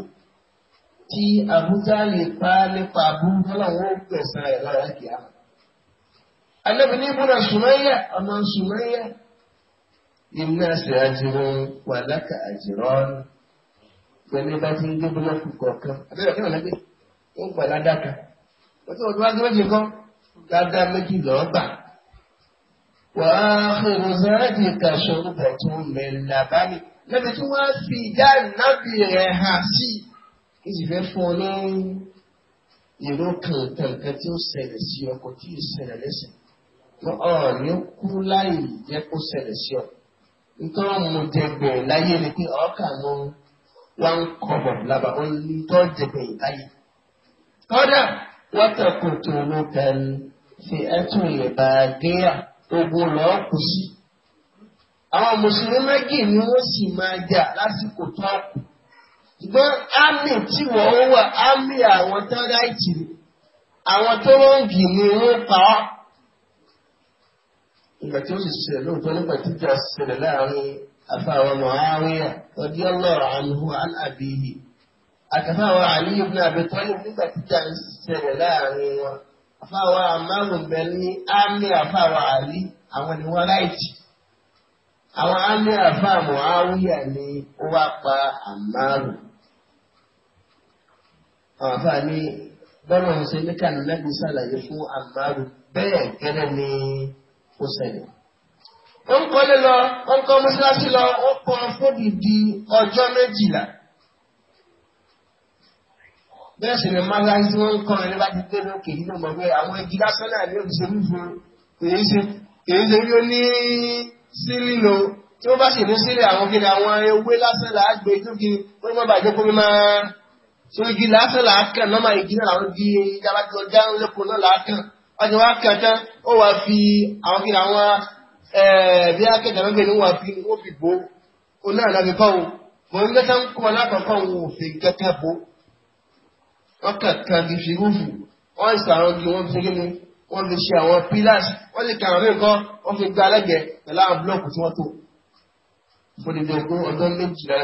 tí Abuja lè pa nípa abúlé ẹ̀ lára kìá. ní yà ọmọ yà. ìmúnàṣẹ àjẹrún wà lákà àjẹrán pẹ̀lú bá ti ń gbé búlọ́ọ̀kù kọ̀ọ̀kan abẹ́rẹ́ kí wọ́n lẹ́gbẹ́ ó ń gbà ládàkà wọ́n ti wọ́n ti wá gbé méjì kan ládàá méjì lọ́ọ́ gbà. wàá fèrè sáájì kàṣọ́rù bẹ̀tún mẹ́lábánì lẹ́bi tí wọ́n fi ìyá ìnábì rẹ̀ hàn sí i kì í fẹ́ fún ọ ní ìró kankan kan tí ó ṣẹlẹ̀ sí ọkọ̀ tí ì ṣẹlẹ̀ lẹ́sẹ̀ ní kú láì jẹ́ kó ṣẹlẹ̀ sí ọkọ̀ nítorí mo jẹgbẹ̀ láyé ni pé ọkà ló ń wá ń kọ̀bọ̀ lábà ó ní tó jẹgbẹ̀ láyé. kọ́dà wọ́tẹ̀kùn tó ló kẹrin fi ẹ̀tún ìyẹ̀bà gíyà ogun lọ́ọ́ kù sí. àwọn mùsùlùmí méjì ni wọ́n sì máa jà lásìkò tó kù. ṣùgbọ́n ámì tí wọ́n wà ámì àwọn tó ráìtì àwọn tó rọ́ǹgì ni wọ́n pa ọ́ ìgbà tí ó sì ṣẹlẹ̀ lóòótọ́ nígbà tí ìjà ṣẹlẹ̀ láàrin afáwọn Muawiya radiyallahu anhu an abihi àtàfáwọn Ali ibn Abi Talib nígbà tí ìjà ṣẹlẹ̀ láàrin wọn afáwọn amáhùn bẹ ní ámì afáwọn Ali àwọn ni wọn láìjì àwọn ámì afáwọn Muawiya ni ó wá pa àmárù àwọn afáà ní bọ́lá ọ̀sẹ̀ ní kànáà lẹ́gbẹ̀ẹ́ sàlàyé fún àmárù bẹ́ẹ̀ gẹ́gẹ́ ni kó ṣẹlẹ̀. wọ́n kọ́lé lọ wọ́n kọ́ mọ́ṣáláṣí lọ wọ́n kọ́ fódìdí ọjọ́ méjìlá. bẹ́ẹ̀ sì ni mọ́ṣáláṣí tí wọ́n ń kọ́ ẹni bá ti dé lókè yìí ló mọ̀ pé àwọn igi lásán náà ní òṣèlú fún kìí ṣe bí ó ní sílíìn o tí wọ́n bá sì ní sílẹ̀ àwọn kiri àwọn ewé lásán là á gbé tóbi wọ́n mọ̀ bàjẹ́ kó mi máa so igi lásán là á kàn lọ́mọ igi náà làwọn igi ìjàmbá tó já lóko náà là ọjọ́ wa kàn tán ó wà fi àwọn kí àwọn eh, bí akẹ́kọ̀ọ́ náà gbẹ̀lú wà fi ó fi bò ó náà lábẹ́ kọ́ o mọ̀ ní kẹta ń kọ́ ọ lákọ̀ọ́kọ́ òun ò fi kẹ́kẹ́ bò wọ́n kàn kàn fi fi rúfù wọ́n sì àwọn kí wọ́n fi ṣe kí ni wọ́n fi ṣe àwọn pillars wọ́n sì kàn àwọn nǹkan wọ́n fi gba alẹ́gẹ̀ẹ́ pẹ̀lú àwọn búlọ́ọ̀kù tí wọ́n tò fúnidé ogún ọdún méjìlá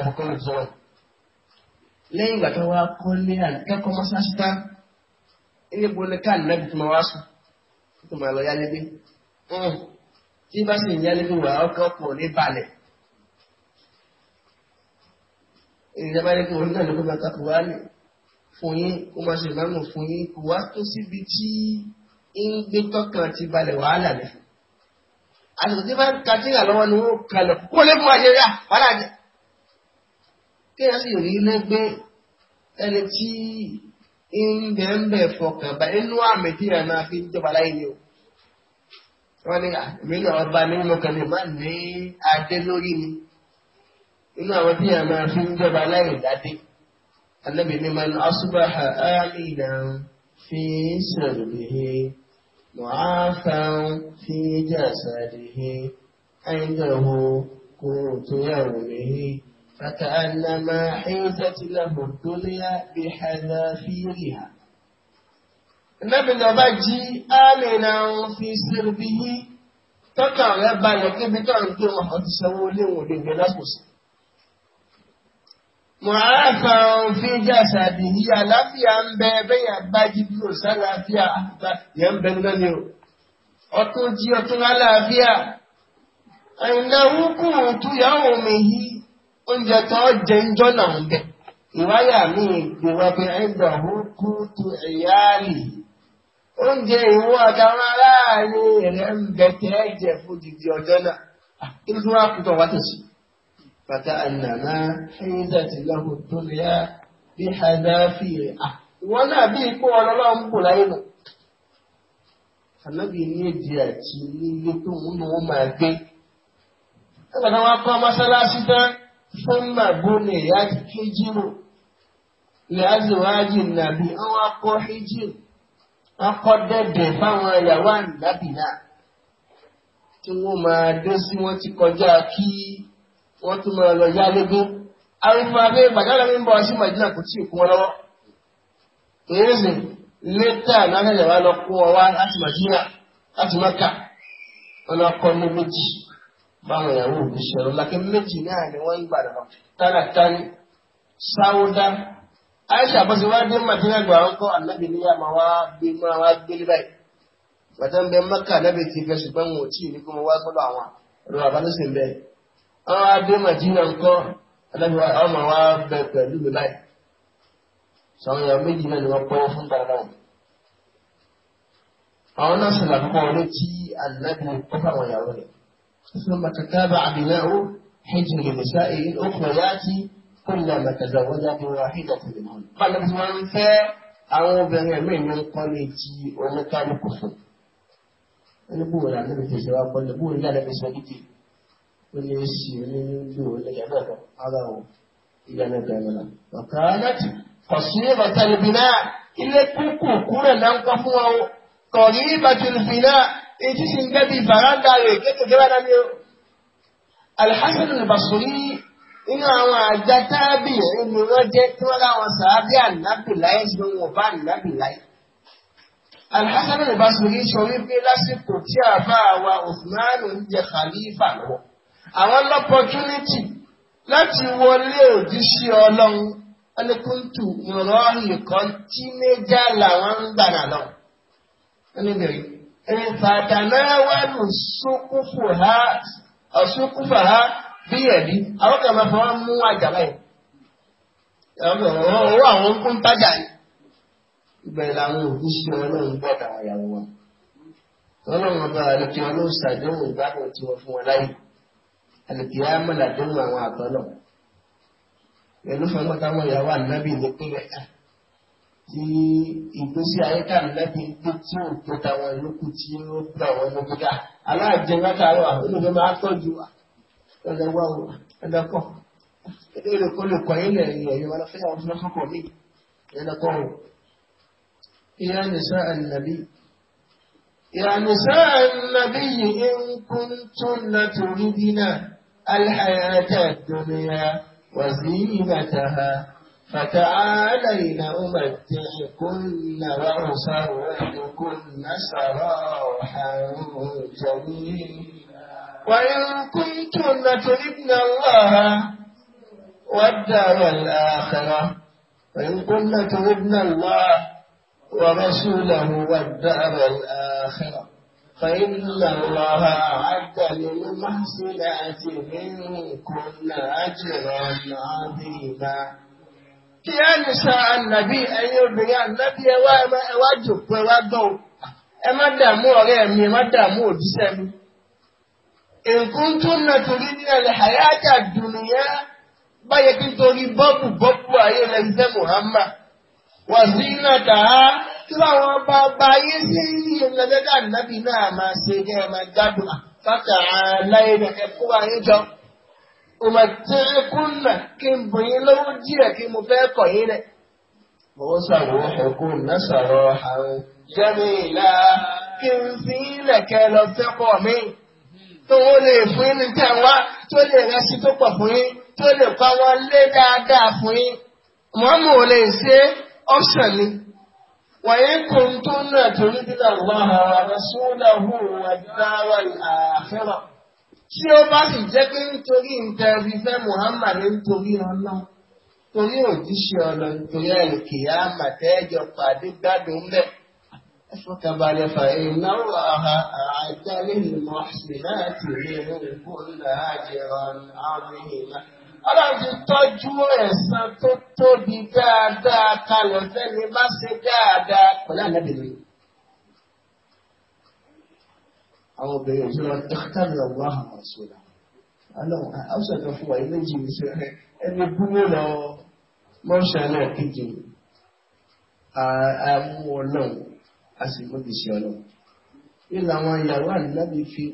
lẹ́yìn ìgbà tó wá kọ́ ní àdìkẹ́kọ̀ọ́ mọ́sáṣítá ẹni bo ní káàdì náà wá sùn kó máa lọ yálégbé tí bá sì ń yálégbé wà ọkàn pọ̀ ní balẹ̀ ènìyàn bá yẹ kí òun náà ló kó máa takò wá lè fún yín kó máa ṣe ìmáàmù fún yín kó wá tó síbi tí ń gbé tọkàn ti balẹ̀ wàhálà rẹ̀ àsìkò tí bá ń ka tí ń àlọ́wọ́ ni wọ́n kalẹ̀ kó lè fún àṣẹ wàhálà jẹ kéèyàn sì rí lẹ́gbẹ́ ẹni tí ńbẹ̀ńbẹ̀ fọkàn bá inú àmì tí ìyá náà fi ń jọba láyé ni o. wọ́n ní èmi náà ọba nínú kan lè má ní adé lórí mi inú àwọn tí ìyá náà fi ń jọba láyé dáadé. anábì man asbaha aminan fi sirbihi mu'afan fi jasadihi 'indahu qutu yawmihi. فكأنما حيزت له الدنيا بحذافيرها Nabi Nàbá jí Amina ń fi sírbi yí tọ́kàn rẹ̀ balẹ̀ kíbi tó ń gbé wọn àti sanwó léwò lèbi lásòsì. Mùhàráfà ń fi jàsàdì yí àláfíà ń bẹ bẹ́yà bájí bí ò sálàáfíà àgbà yẹn ń bẹ lónìí o. Ọtún jí ọtún lálàáfíà. Àìnáwó kùn tó yàwó mi yìí. oúnjẹ tó jẹ ń jọ́nà ń bẹ̀. ìwáyà mi gbé wá pé ẹgbẹ́ ọ̀hún kú tu ìyáàlì. oúnjẹ ìwọ àtàwọn aráàlú rẹ̀ ń bẹ tẹ́ ẹ̀jẹ̀ fún didi ọjọ́ náà. Ah, kí ló wá kú tó wá tẹ̀sí. bàtà ànàmá ṣẹ́yìndà ti tó lè yá bí rẹ̀. Ah, ìwọ náà bí láyé nù. ní sọ́mà bóni hijiru lẹ́azùwájì nàbí àwọn na hijiru akọ́dẹ̀dẹ̀ fáwọn ìyàwó ànábì náà tí wọ́n máa dé sí wọ́n ti kọjá kí wọ́n tún máa lọ yá légbé. Arúgbó abẹ́ Bàdálà sí Màjínà kò tí ì kún wọn báwọn ìyàwó òbí ṣẹlọ lákẹ́ méjì náà ni wọ́n ń gbà dàbà táratárí sáwúdá aisha bọ́sẹ̀ wá dé madina gbà wọn kọ́ anabi ní àmà wá bí múra wá gbélé báyìí bàtà ń bẹ mẹ́kà anabi ti fẹ́ ṣùgbọ́n wọn ò tí ì ní kó mo wá sọ́dọ̀ àwọn ọ̀rọ̀ àbálẹ́sìn bẹ́ẹ̀ wọn wá dé madina ńkọ́ anabi wa ọmọ wa bẹ pẹ̀lú mi báyìí sọ̀rọ̀ ìyàwó méjì náà ni wọ́n pọ́wọ́ fún dáadáa wọn. àwọn náà sì làkọ́kọ́ wọlé tí anabi kọ́ ثم تتابع بناء حجر النساء الأخرى كلما تزوج بواحدة منهن قال ابن منفع أو بنعمين من قلتي ومكان كفر نبوة عن نبي تسوى قال نبوة لا نبي سوكتي ونسي ونبوة ونجمعك هذا هو إلى نجمعنا وكانت قصيرة البناء إلا كوكو كنا ننقفوا قريبة البناء èyí sì ń bẹ́ bí bàrádà rẹ̀ kékeré bá dání o. Al-Hasan al-Basri nínú àwọn àjà tábì ẹni wọn jẹ tí wọn láwọn sàábì ànábìláyé ṣe wọn bá ànábìláyé. Al-Hasan al-Basri sọ wípé lásìkò tí àbá wa Uthman ń jẹ Khalifa lọ. Àwọn lọ́pọ̀túnítì láti wọlé òjíṣẹ́ ọlọ́run ẹlẹ́kùntù ìrọ̀rùn kan tí méjà làwọn ń gbà náà lọ. Ẹni bẹ̀rẹ̀ ìfàtànáwánu ṣúkúfà ha bí ẹ̀bí àwọn kan máa fọwọ́ mú àjàlá yìí owó àwọn ń kún tájà yìí ìbẹ̀rẹ̀ làwọn òkú sí ọlọ́run gbọ́dọ̀ àyàwó wọn ọlọ́run ọba àlùkí ọlọ́run ṣàdéhùn ìgbádùn tí wọ́n fún wọn láyé àlùkí àmọ́ làdéhùn àwọn àtọ́lọ̀ pẹ̀lú fọmọ́tàmọ́ ìyàwó ànábì nípínlẹ̀ yàrá. Ah, tí ìgbésí ayé kan lẹ́bi pé tí ò tó tàwọn ìlúkù tí ó gbà wọ́n ní gíga aláàjẹ látàárọ̀ olùdó máa tọ́jú wa ẹ̀dẹ̀ wá o ẹ̀dẹ̀ kọ́ ẹ̀dẹ̀ olùkọ́ yín lẹ́yìn ẹ̀yọ́ wọn fẹ́ àwọn fúnfún kọ̀ mí ẹ̀dẹ̀ kọ́ o. ìyá nìṣẹ́ ànàbí ìyá nìṣẹ́ ànàbí yìí ń kún tó na torí dínà alhayata dunya wa zinataha. فتعالين أمتعكن وأسرحكن سراحا جميلا وإن كنتن تردن الله والدار الآخرة وإن كنتن تردن الله ورسوله والدار الآخرة فإن الله أعد للمحسنات منكن أجرا عظيما kí ni ní sọ ànàbí ẹ̀yin obìnrin ànàbí ewa wá ẹ wá emadamu ọrịa wá gbọ́ ẹ mi ẹ má dààmú òjíṣẹ́ mi. nǹkan tó nà torí ní ẹ̀rẹ̀ àyájà dùnúyà báyẹ kí n torí kí láwọn bá أمتعكن كم بيلو جيرا كم فاقين وسرحكن سراحا جميلا كم فينك لفق من tó wọ́n lè fún yín ní tẹ̀ wá tó lè rẹsí tó pọ̀ fún yín tó lè pa wọ́n lé dáadáa fún yín. Mọ́mú ò lè ṣe ọ́pṣọ̀n ni. Wàyí kùn tó nà torí dídà wà á rẹ̀ sódà hù wà dáwà àfẹ́ràn tí ó bá sì jẹ́ pé nítorí nǹkan ẹbí fẹ́ Muhammad nítorí ọlọ́ torí òjíṣẹ́ ọlọ nítorí àìlèkè àmàtẹ́ ẹjọ pàdé gbádùn mẹ́ ẹfọkànbalẹ̀ fàyè الله àhà àjálẹ̀ ìmọ̀ ṣì láti rí inú ìbò ńlá àjẹrọ àwọn ìhìnà. Ọlọ́run àwọn obìnrin òṣèlú ọ̀tọ́kítàmì ọ̀gbọ́n àwọn ọ̀ṣọ́lá aláwọ̀ àwùsàkà fún wa ilé jìnnì sí ẹni gúnmọ́ lọ mọ́ṣálẹ̀ kejì àmú ọlọ́run a sì mú ìṣẹ́ ọlọ́run nínú àwọn ìyàwó ànílábì fi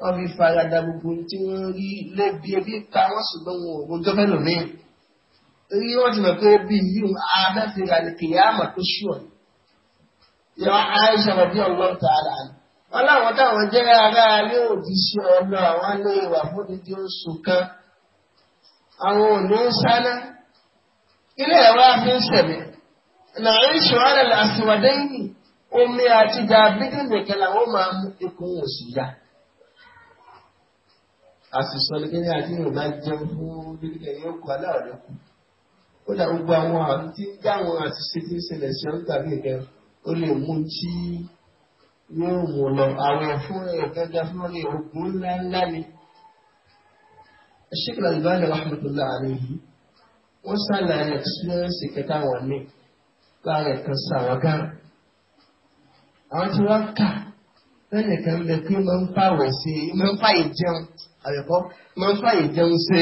wọ́n fi farada gbogbo tí wọ́n rí lẹ́bi ebi ta wọ́n ṣùgbọ́n wọn ò gbọ́n tọ́fẹ́ lómi rí wọ́n ti pé bí yìí adáfẹ́ra ni kìyàmà tó ṣùọ̀ yọ àìsàn ọ̀bí ọlọ́run tààrà wọn láwọn táwọn jẹ́ ará alẹ́ òdì sí ọlọ àwọn alẹ́ ìwà fúnidí oṣù kan àwọn òní ń sáná ilé ẹ̀rọ afi ń sẹ̀mí nàárín ìṣòwárẹ̀ àṣìwádẹ́yìn omi àti dàbídì nìkan làwọn máa mú ikùn òsì yá àṣìṣọ́ ni kí ní àti ìrìnà jẹun fún bíbélì yóò kọ́ aláàrẹ̀ kù kódà gbogbo àwọn àti ń dá àwọn àṣìṣe tí ń ṣẹlẹ̀ sí ọ́n tàbí nǹkan ó lè mú tí yóò wò lọ àwọn fún ẹ̀kẹ́gá fún orí ogun ńlá ńlá ni. Sheikh Al-Albani rahmatullahi alayhi wọ́n sàlàyé experience kẹta wọn ní láàrẹ̀ kan sàwọn gan. Àwọn tí wọ́n kà lẹ́yìn kan bẹ pé máa ń fàwẹ̀ sí máa ń fàyè jẹun àyẹ̀kọ́ máa ń fàyè jẹun sí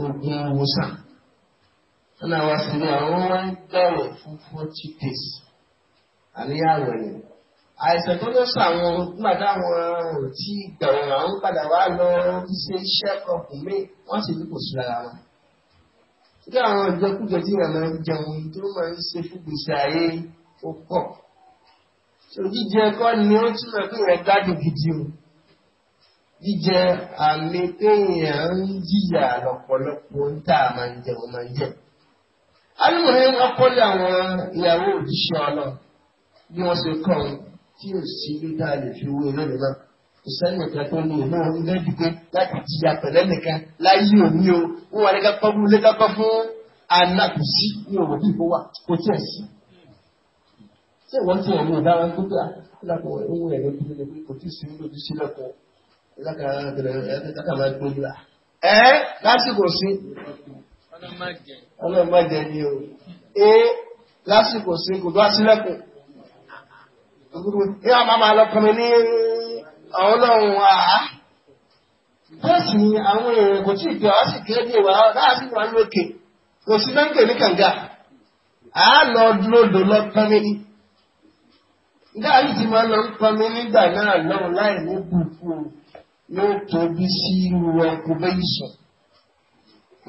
ogun wòsàn. Wọ́n náà wá àwọn wọ́n ń gbàwẹ̀ fún forty days. Àníyàwó yẹn àìsàn tó lọ sàwọn gbàdá wọn ò tí gbẹ̀wọ̀n àwọn padà wá lọ ṣe iṣẹ́ kọkùn mí wọ́n sì ní kò sí ara wọn. Bí àwọn ìjẹkújẹ tí wọn máa ń jẹun tó máa ń ṣe fún gbèsè ayé ó pọ̀. Jíjẹ kọ́ ni ó túmọ̀ pé ìyẹn gbádùn gidi o. Jíjẹ àmì pé èèyàn ń jìyà lọ́pọ̀lọpọ̀ ń tà máa ń jẹun máa ń jẹ. Alúmọ̀ ní wọ́n kọ́lé àwọn ìyàwó òjíṣẹ́ ọlọ́ bí wọ́n ṣe kọ́ wọn tí ò sí ní tá a lè fi owó iná rẹ̀ náà kò sẹ́yìn kan tó ní ìlú òun lẹ́bi pé láti jìyà pẹ̀lẹ́ nìkan láyé òní o wọ́n wà ní ká pọ́nbú lé kápá fún anákùsí ní òwò tí kò wà kò tí ò sí. ṣé ìwọ́n ah, ti ẹ̀mí ìdáwọn tó gbà lákòó ohun ẹ̀mí tó lè pé kò tí ì sí ní ojú sílẹ̀ kan lákàrà lákàrà gbogbo à. ẹ lásìkò sí. ọlọ́mọ jẹ ni o. ẹ lásìkò sí kò bá sílẹ̀kùn. ní àmà máa lọkùnrin ní ọlọ́run àá bẹ́ẹ̀ sì ni àwọn èèyàn kò tí ì pé àwọn sì kéré ní ìwà náà wà lókè kò sí bẹ́ńkè ní kànga à lọ lọ ní. gáàrí ti máa lọ pọnmi nígbà náà lọ́wọ́ láì ní bùkù yóò tóbi sí irú ọkùnrin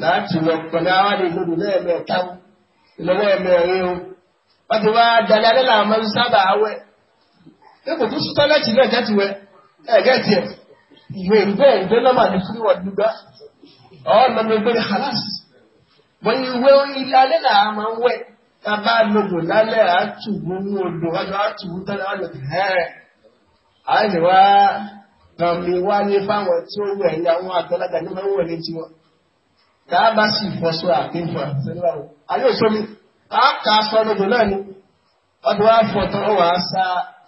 láti lọ àwọn àdéhùn o kò tún sí tọ́lẹ́tì náà jẹ́ ti wẹ ẹ̀gẹ́ tiẹ̀ ìwé ìgbẹ́ ìgbẹ́ nọ́mà ní fún ìwọ̀n gbígbá ọ̀ọ́nà mi gbé halas wọ́n ìwé ilé alẹ́ náà máa ń wẹ̀ ká bá lòdò lálẹ́ àtùwò ní odò ọjọ́ àtùwò tọ́lẹ́ wọn lòdì hẹ́rẹ́ wá gbàmì wá ní fáwọn tí ó wẹ̀ ní àwọn àgbàlagbà ní máa wẹ̀ ní tiwọn a sì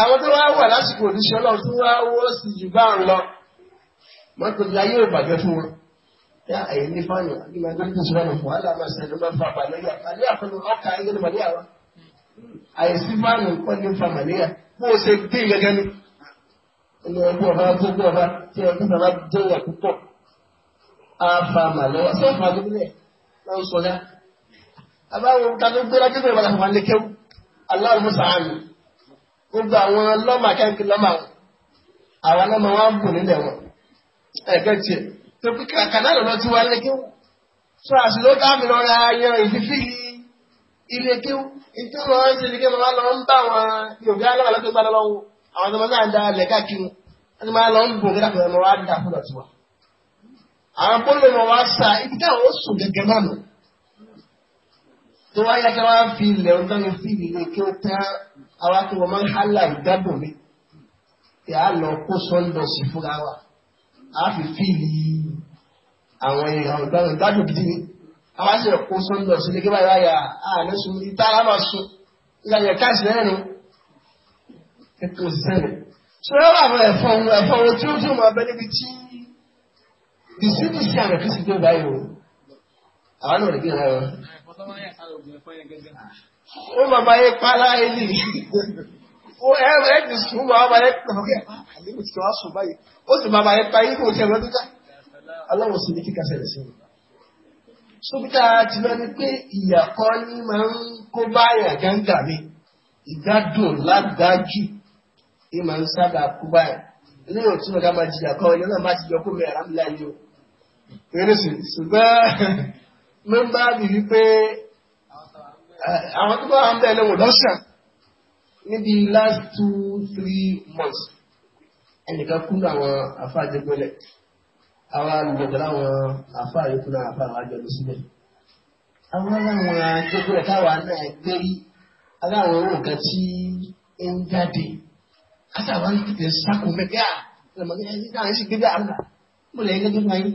Tàwọn tó wá wà lásìkò òdíṣẹ́ ọlọ́run tó wá wọ́ sí jù bá ń lọ. Mọ́tò ti ayé ìbàjẹ́ fún wọn. Yá ẹ̀yẹ ní fáyọ̀, nígbà tó ti sọ̀rọ̀ fún wàhálà máa ṣẹlẹ̀ máa fa màlẹ́yà. Màlẹ́yà fún mi, ọkà ayé ní màlẹ́yà wa. Àìsí fáànù kọ́ ní fa màlẹ́yà. Bó o ṣe dé gẹ́gẹ́ ni. Ẹni ọdún ọba tó gbé ọba tí ọdún bàbá jẹ́ ìyà púpọ̀. A fa màlẹ́yà. Ṣé ìfà tó bílẹ̀ lọ sọ dá? Àbáwo ta ló gbé lájú bẹ̀rẹ̀ bàtà fún wa lékẹ́wù? Aláàrú mú sàánù gbogbo àwọn lọ́mà kẹ́ńkì lọ́mà wọn àwọn lọ́mà wọn á bù nílẹ̀ wọn ẹ̀kẹ́ tiẹ̀ tó fi kàkàdá lọ́dọ̀ tí wọ́n lé kéwù sọ àṣìló káàmì lọ ra yan ìfífí ilé kéwù ìtú wọn ṣe ní kéwù wọn lọ ń bá wọn yorùbá alábàlá tó gbá lọ́wọ́ àwọn ọmọ náà da ilẹ̀ káàkiri wọn ti máa lọ ń bù kí lápẹ̀ wọn wá dà fún ọ̀tún wa. àwọn pólò wọn wá sa ibi táwọn ó sùn gẹ́gẹ́ náà nù tó wáyé kí wọ́n fi ilẹ̀ ọ̀dọ́ àwa kí wọ́n máa ń hálà ìdábò mi tí a lọ kó sọ́ńdọ̀sì fúnra wa a fi fíìlì àwọn èèyàn ìgbàlódé ìgbàlódé gidi ni àwa sì kó sọ́ńdọ̀sì lè gé báyìí wáyà ah, àná sùn ìta ara máa sùn ìlànà káàsì lẹ́nu ètò ìsẹ́lẹ̀. sọ yẹn wà àwọn ẹ̀fọn ẹ̀fọn ohun tí ó tún máa bẹ níbi tí ìsídìsí àwọn kìsìtì ó bàbá yẹ pàrà ẹlì ó ẹ ti sùn bàbá yẹ pàrà ọkẹ àlébù tí wọn sùn báyìí ó sì bàbá yẹ pàrà ikú òkè lọdún ká aláwọ sí ní kíkà sẹlẹ sí i. sókítà ti lọ ni pé ìyàkọ ni máa ń kó báyà gángà mi ìgbádùn lágbájú ni máa ń sábà kó báyà ilé yóò tún ọ̀gá máa jìyà kọ́ ilé náà máa ti yọ kó mi àrà mi láyé o. eré sì ṣùgbọ́n mẹ́mbà mi wípé àwọn tó bá wà ń bẹ̀ lẹ́wọ̀n lọ́sàn níbi last two three months ẹnìkan kú àwọn àfa àjẹgbẹ́lẹ̀ àwọn alùpùpù àwọn àfa àyókù náà àfa àwọn àjọ lọ síbẹ̀ àwọn aláwọn àjẹgbẹ́lẹ̀ táwa náà gbé rí aláwọn ohun nǹkan tí ń jáde àtàwọn tètè sáko mẹ́kẹ́ à lọ́mọdé ẹni táwọn sì gbé bí àrùn mo lè ń gẹ́gẹ́ fún ayé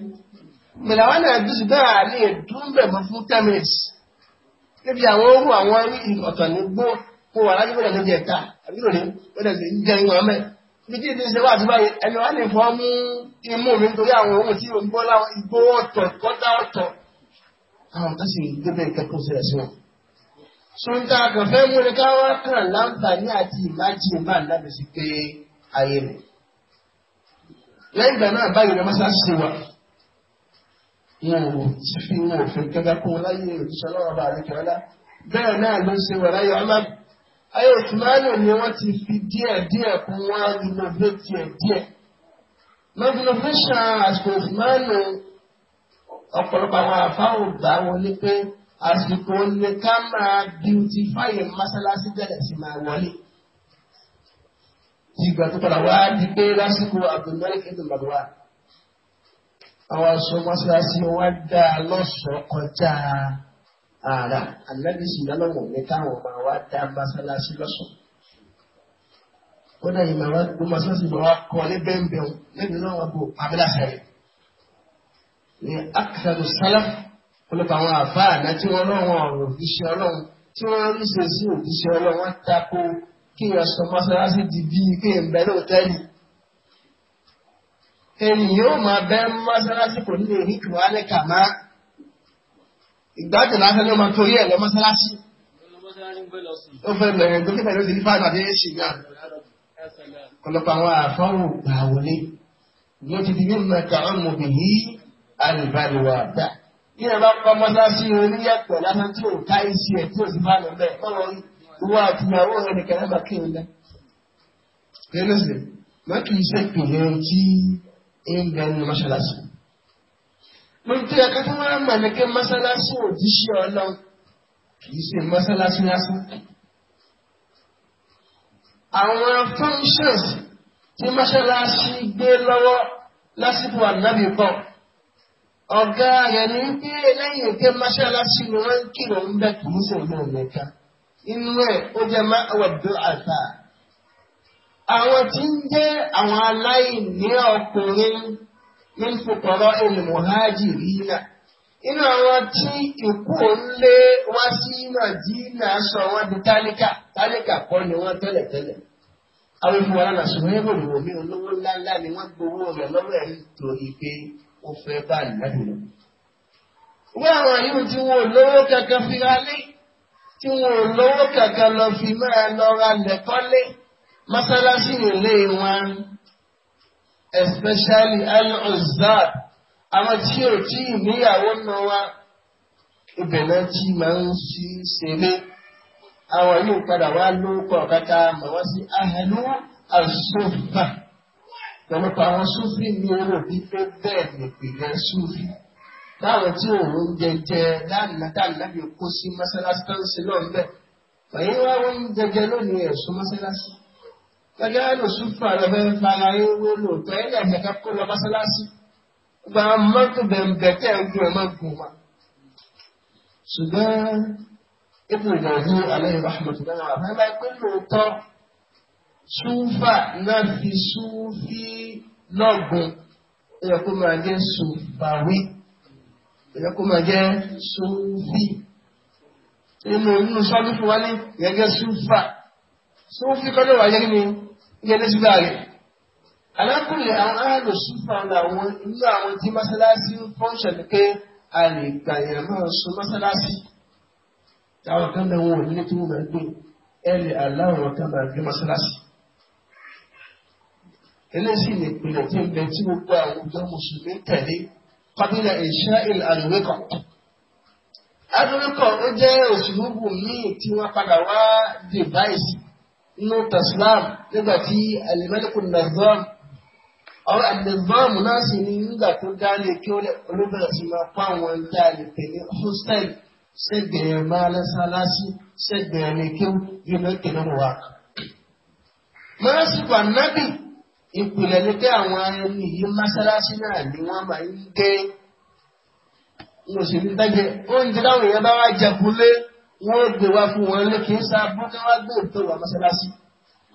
mẹ̀lẹ́wọ̀n náà dùn sí bẹ́ẹ̀ àlè dùn bẹ̀ mọ́ fún ten minutes níbi àwọn orú àwọn ọ̀tọ̀ ní gbó kó wà lájú bẹ̀rẹ̀ lójú ẹ̀ta àbí lónìí bẹ̀rẹ̀ sí jẹ́ ìwọ̀n mẹ́ ibi tí ìdíje wà àti báyìí ẹni wà lè fọ́ mú imú mi nítorí àwọn ohun tí òun gbọ́ láwọn igbó ọ̀tọ̀ kọ́tà ọ̀tọ̀ àwọn tó sì débẹ̀ ìkẹ́kọ̀ọ́ sílẹ̀ sí wọn. sọ́ńtà kan mú ni káwá kàn láǹfààní àti ìmájì máa lábẹ́ pé ayé rẹ̀ lẹ́yìn ìgbà náà báyìí wọn ò tí fi wọn ò fi gẹ́gẹ́ kó láyé òjíṣẹ́ lọ́wọ́ bá àríkẹ́ ọlá bẹ́ẹ̀ náà ló ṣe wà láyé ọlá ayé òtúmọ́lò ni wọ́n ti fi díẹ̀ díẹ̀ kún wọn rinovate ẹ̀ díẹ̀ renovation àsìkò òtúmọ́lò ọ̀pọ̀lọpọ̀ àwọn àfáà ò gbà wọlé pé àsìkò ní ká máa beautify mọ́sálásí bẹ̀rẹ̀ sí máa wọlé ìgbà tó padà wá di pé lásìkò Abdulmalik àwọn aṣọ mọ́ṣáláṣí wọn dá a lọ́sọ̀ọ́ kọjá ara ànábì sì lọ́lọ́mọ̀ ní káwọn máa wá dá mọ́ṣáláṣí lọ́sọ̀ọ́. kódà yìí máa wá gbọ́ mọ́ṣáláṣí máa wá kọ́ ní bẹ́ẹ̀nbẹ́ẹ̀ lẹ́nu náà wọn bò abẹ́lá sẹ́yìn. ní akitadu sálám olùkọ́ àwọn àfáà náà tí wọ́n lọ́wọ́ ọ̀rọ̀ òfìṣẹ́ ọlọ́run tí wọ́n rí ṣe sí òfìṣẹ́ ọlọ́run wọn tako kí aṣọ mọ́ṣáláṣí di bíi pé ń bẹ ènìyàn ò máa bẹ́ mọ́sálásí kò ní èrí kì wálé kà má ìgbádùn lásán ló máa torí ẹ̀ lọ mọ́sálásí. ó fẹ́ bẹ̀rẹ̀ tó kíkà ló ti ní fáwọn àti ẹ̀ṣin náà ọ̀pọ̀lọpọ̀ àwọn àfọ́wò gbà wọlé ló ti di mímọ ẹ̀ka ọmọ bìyí alùbáríwá dá. bí ẹ bá kọ́ mọ́sálásí oníyẹ̀pẹ̀ lásán tí ò ká ìṣe ẹ̀ tí ò sì máa lọ bẹ́ẹ̀ kọ́lọ́ ìwọ àtìyàwó rẹ̀ ń bẹ nínú mọ́ṣáláṣí. mo ti ẹ̀ka fún wọn mọ̀ ní kí mọ́ṣáláṣí òjíṣẹ́ ọlọ́run kì í ṣe mọ́ṣáláṣí lásán. àwọn functions tí mọ́ṣáláṣí gbé lọ́wọ́ lásìkò ànábì pọ̀ ọ̀gá rẹ̀ ní pé lẹ́yìn pé ni wọ́n ń kírun kì í ṣe ìlú ìmẹ̀ka inú ẹ̀ ó jẹ́ máa wà dúró àtàà àwọn tí ń jẹ́ àwọn aláìní ọkùnrin ní fòkọ̀rọ̀ al-muhajirina inú àwọn tí ìkú ńlé wá sí Mádínà sọ wọ́n di tálíkà tálíkà kọ́ ni wọ́n tẹ́lẹ̀tẹ́lẹ̀ àwọn ìfowó ara làṣùwọ́n ní ìròyìn omi olówó ńláńlá ni wọ́n gbowó rẹ̀ lọ́wọ́ ẹ̀ nítorí pé ó fẹ́ bá nàbì lọ. wọ́n àwọn yìí tí wọn ò kankan fi ra lé tí wọn ò kankan lọ fi máa lọ ra lẹ́kọ́lé mọ́sálásí nílé wọn especially al-uzad àwọn tí ò tí ì níyàwó náà wá ibẹ̀ náà tí máa ń ṣí ṣeré àwọn yóò padà wá lórúkọ kàkà mọ̀ wá sí ahẹ́lú àṣọfà pẹ̀lúpa àwọn súfì ní orò wípé bẹ́ẹ̀ nìpìlẹ̀ súfì táwọn tí òun jẹjẹ lánàá tànà bí kó sí mọ́sálásí tó ń ṣe lọ́nbẹ̀ pẹ̀lú àwọn oúnjẹ lónìí ẹ̀sùn mọ́sálásí. Gẹ́gẹ́ lòsùn fún àlọ́ fẹ́ bára yín wó lóòótọ́ ẹ̀ lẹ́yìn ẹ̀ka kó lọ mọ́sálásí. Gba mọ́tò bẹ̀m̀bẹ̀ tẹ̀ ń gbé ọmọ gùn wa. Ṣùgbọ́n Ibn Jawzi alayhi rahmatullahi wa rahmatullahi wa pé lóòótọ́ Súfà náà fi Súfì lọ́gùn. Ẹ̀yọ̀ kó máa jẹ́ Sùfàwí. Ẹ̀yọ̀ kó máa jẹ́ Súfì. Inú inú sọ́dún fún wa ní Sufi kọ́lọ́ wà yẹ́ nínú ilé ní ṣúgbà rẹ̀. Alákùnrin àwọn aráàlú ṣúfà làwọn inú àwọn tí mọ́sálásí ń fọ́nṣẹ̀ ní pé a lè gbà yẹn máa sun mọ́sálásí. Àwọn kan náà wọn ò ní tí wọ́n máa gbé ẹ̀rẹ̀ aláwọ̀ kan máa gbé mọ́sálásí. Eléyìí ni ìpìlẹ̀ tí ń bẹ tí gbogbo àwùjọ Mùsùlùmí tẹ̀lé kọ́bílà ìṣá ìlú àlùwékọ̀. Àlùwékọ̀ ó jẹ́ òṣèlú míì tí wọ́n padà wá dìbáìsì nínú taslam nígbà tí alimẹ́lẹ́kù nàzọ́m ọ̀rọ̀ àdìzọ́m náà sì ní nígbà tó dálé kí olóbẹ̀rẹ̀ sì máa pa àwọn ẹ̀dá àlèpè ní hostel sẹ́gbẹ̀ẹ́ máa lẹ́sàlásí sẹ́gbẹ̀ẹ́ ní kí yóò lọ tẹ̀lé wà. máa sì wà nábì ìpìlẹ̀ ni pé àwọn ẹni yìí mọ́sálásí náà ni wọ́n máa ń gé ní òṣèlú dájẹ́ oúnjẹ táwọn èèyàn bá wá jẹ kulé wọ́n gbé wá fún wọn ní kí n sábú kí wọ́n gbé ètò wà mọ́sálásí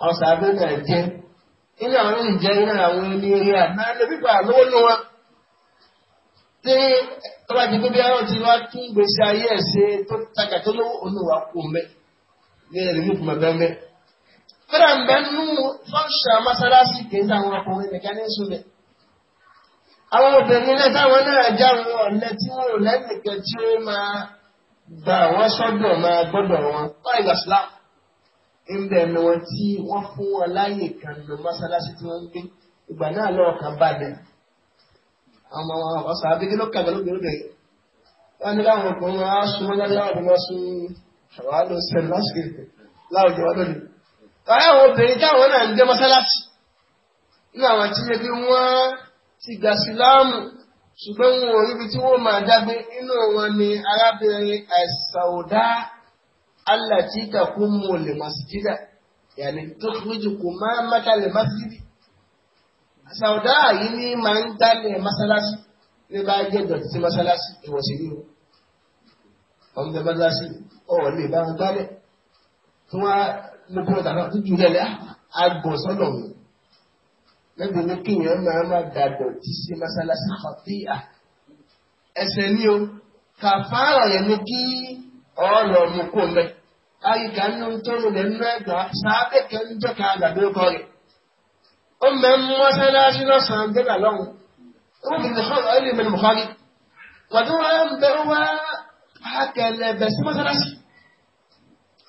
àwọn sàbẹ̀ náà jẹ́ inú àwọn ìjẹ́ iná àwọn ilé eré àná lè pípa lówó nù wọn. tí tọ́ba ti gbébí àwọn tí wọ́n tún gbèsè ayé ẹ̀ ṣe tó tajà tó lówó oníwà kú mẹ́ ní ẹ̀rí mi kùmọ̀ bẹ́ẹ̀ mẹ́. fẹ́rẹ̀ ń bẹ́ nú fọ́ṣà mọ́sálásí kìí sáwọn ọkùnrin nìkan ní sùn àwọn obìnrin náà táwọn náà gba àwọn sọ́dọ̀ máa gbọ́dọ̀ wọn báyìí gba Islam ń bẹ̀ ẹnu wọn tí wọ́n fún wọn láyè kan lọ mọ́sálásí tí wọ́n ń gbé ìgbà náà lọ́wọ́ kan balẹ̀ àwọn ọ̀sán abẹ́gẹ́ ló kàgbẹ́ lóbi lóbi wọn ní láwọn ọkùnrin wọn á sún wọn lálẹ́ àwọn ọmọ sún ṣàwádọ́ sẹ́nu lásìkò láwùjọ wọn lónìí. tọ́lá àwọn obìnrin táwọn náà ń gbé mọ́sálásí nínú àwọn tí wọ́n ti gbà síláàmù ṣùgbọ́n wọn ò ríbi tí wọ́n máa dágbé inú wọn ni arábìnrin àìsàwòdá aláti kàkú mu lè masjida yàní tó fújì kò máa mẹ́ta lè àìsàwòdá yìí ni máa ń dálẹ̀ masalasi ní bá jẹ́ dọ̀tí sí masalasi ìwọ̀sí ni o. wọ́n bẹ masalasi ọ̀wọ́ lè bá wọn dálẹ̀ tí wọ́n á lókùnrin tàbí àtúntò rẹ̀ lẹ́ àgbọ̀nsọ́dọ̀ mi lẹ́gbẹ̀ẹ́ ní kí èèyàn máa máa dàdọ̀ tí sí mọ́sálásí kọ̀tíyà ẹsẹ̀ ní o kàfàrà yẹn ní kí ọ̀rọ̀ mú kó mẹ́ ayíkà ń tó lè nú ẹgbà sábẹ́ kẹ́ ń jẹ́ ká àgbàdo kọ́ rẹ̀ ó mẹ́ mú mọ́sálásí lọ́sàn-án débà lọ́hùn ó bí ní fọ́ọ̀rọ̀ ẹ̀lì mẹ́rin mùkọ́rí pàtó wá ń bẹ wá hákẹ́lẹ̀ bẹ̀ sí mọ́sálásí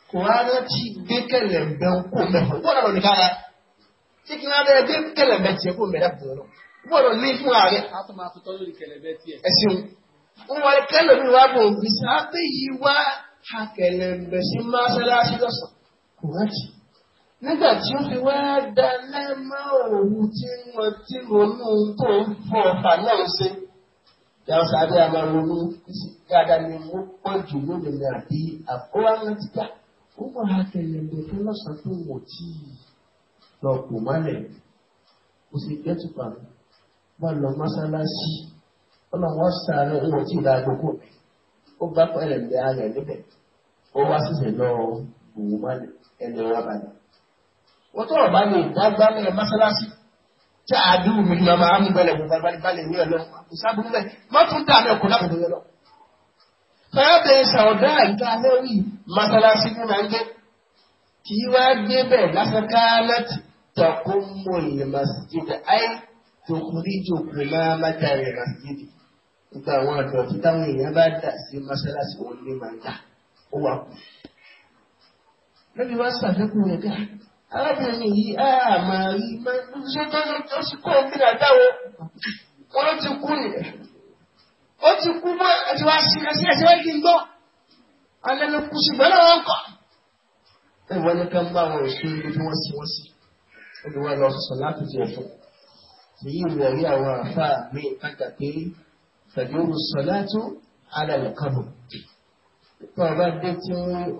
kò wá rántí gbé kẹ́lẹ̀ bẹ̀ ń kó mẹ́fọ̀ kíkìlá rẹ̀ gbé kẹlẹ̀mẹ́ tiẹ̀ kó mẹ́rẹ̀ bùn lọ. Gbọ́dọ̀ ní fún ààrẹ. A tún máa fi tọ́ lórí kẹlẹ̀mẹ́ tiẹ̀. E. Ẹ ṣeun. Wọ́n wá kẹlẹ̀ mi wá bò bí sáfé yìí wá ha kẹlẹ̀mẹ́ sí mọ́ṣáláṣí lọ́sàn. Kò rántí. Nígbà tí ó fi wá da lẹ́mọ́ òru tí mo ti ronú tó ń fọ ọ̀fà náà ṣe. Yàrá sábẹ́ àmọ́ ronú dáadáa ni mo pọ̀ jù lónìí àbí àkóràn náà ti gbà. Ó wà á kẹlẹ̀mẹ́ fún lọ́sàn tó wọ̀ tíì lọ kò mọ́lẹ̀ kò sì gẹ́tùpà bá lọ mọ́sálásí ọlọ́wọ́n sáré ìwọ̀n tí ìlà àdókò ó bá pẹ̀lẹ̀ ní alẹ̀ níbẹ̀ ó wá sísẹ̀ lọ kò mọ́lẹ̀ ẹni wá balẹ̀. wọ́n tọrọ bá lè dágbá lẹ́yìn mọ́sálásí tí àdúrú mi ni màmá amúgbẹ́lẹ̀ kò balẹ̀ ní ọlọ́run kò sábúrú bẹ́ẹ̀ mọ́tún dáa náà kò lábùdó yọ lọ fẹ́ẹ̀bẹ̀ ṣàwọ̀dá ìta masalasi ní máa ń gbé kí wá gbé bẹ̀ تقم المسجد أي تخرج قمامة المسجد nípa àwọn àdọ̀tí táwọn èèyàn bá dà sí mọ́ṣáláṣí wọn ní máa dà ó wà kù. lóbi wá ṣàfikún rẹ̀ gà arábìnrin yìí á máa rí máa ń ṣe tọ́jú tó sì kó òkúta dáwọ́ wọn ló ti kú nìyẹn. ó ti kú mọ́ àti wá sí ẹsẹ̀ ẹsẹ̀ wá kí n gbọ́ alẹ́ ló kú ṣùgbọ́n náà wọ́n kọ́. ẹ wọ́n ní ká ń bá àwọn òṣèré bí wọ́n sí wọ́n sí olùwà lọ sọ láti fi ẹ̀fọ́. Èyí ni ẹ̀rí àwọn àfa mi kàkà pé fẹ̀dúrú sọ látú alẹ́ kanu. Nípa ọba dé tí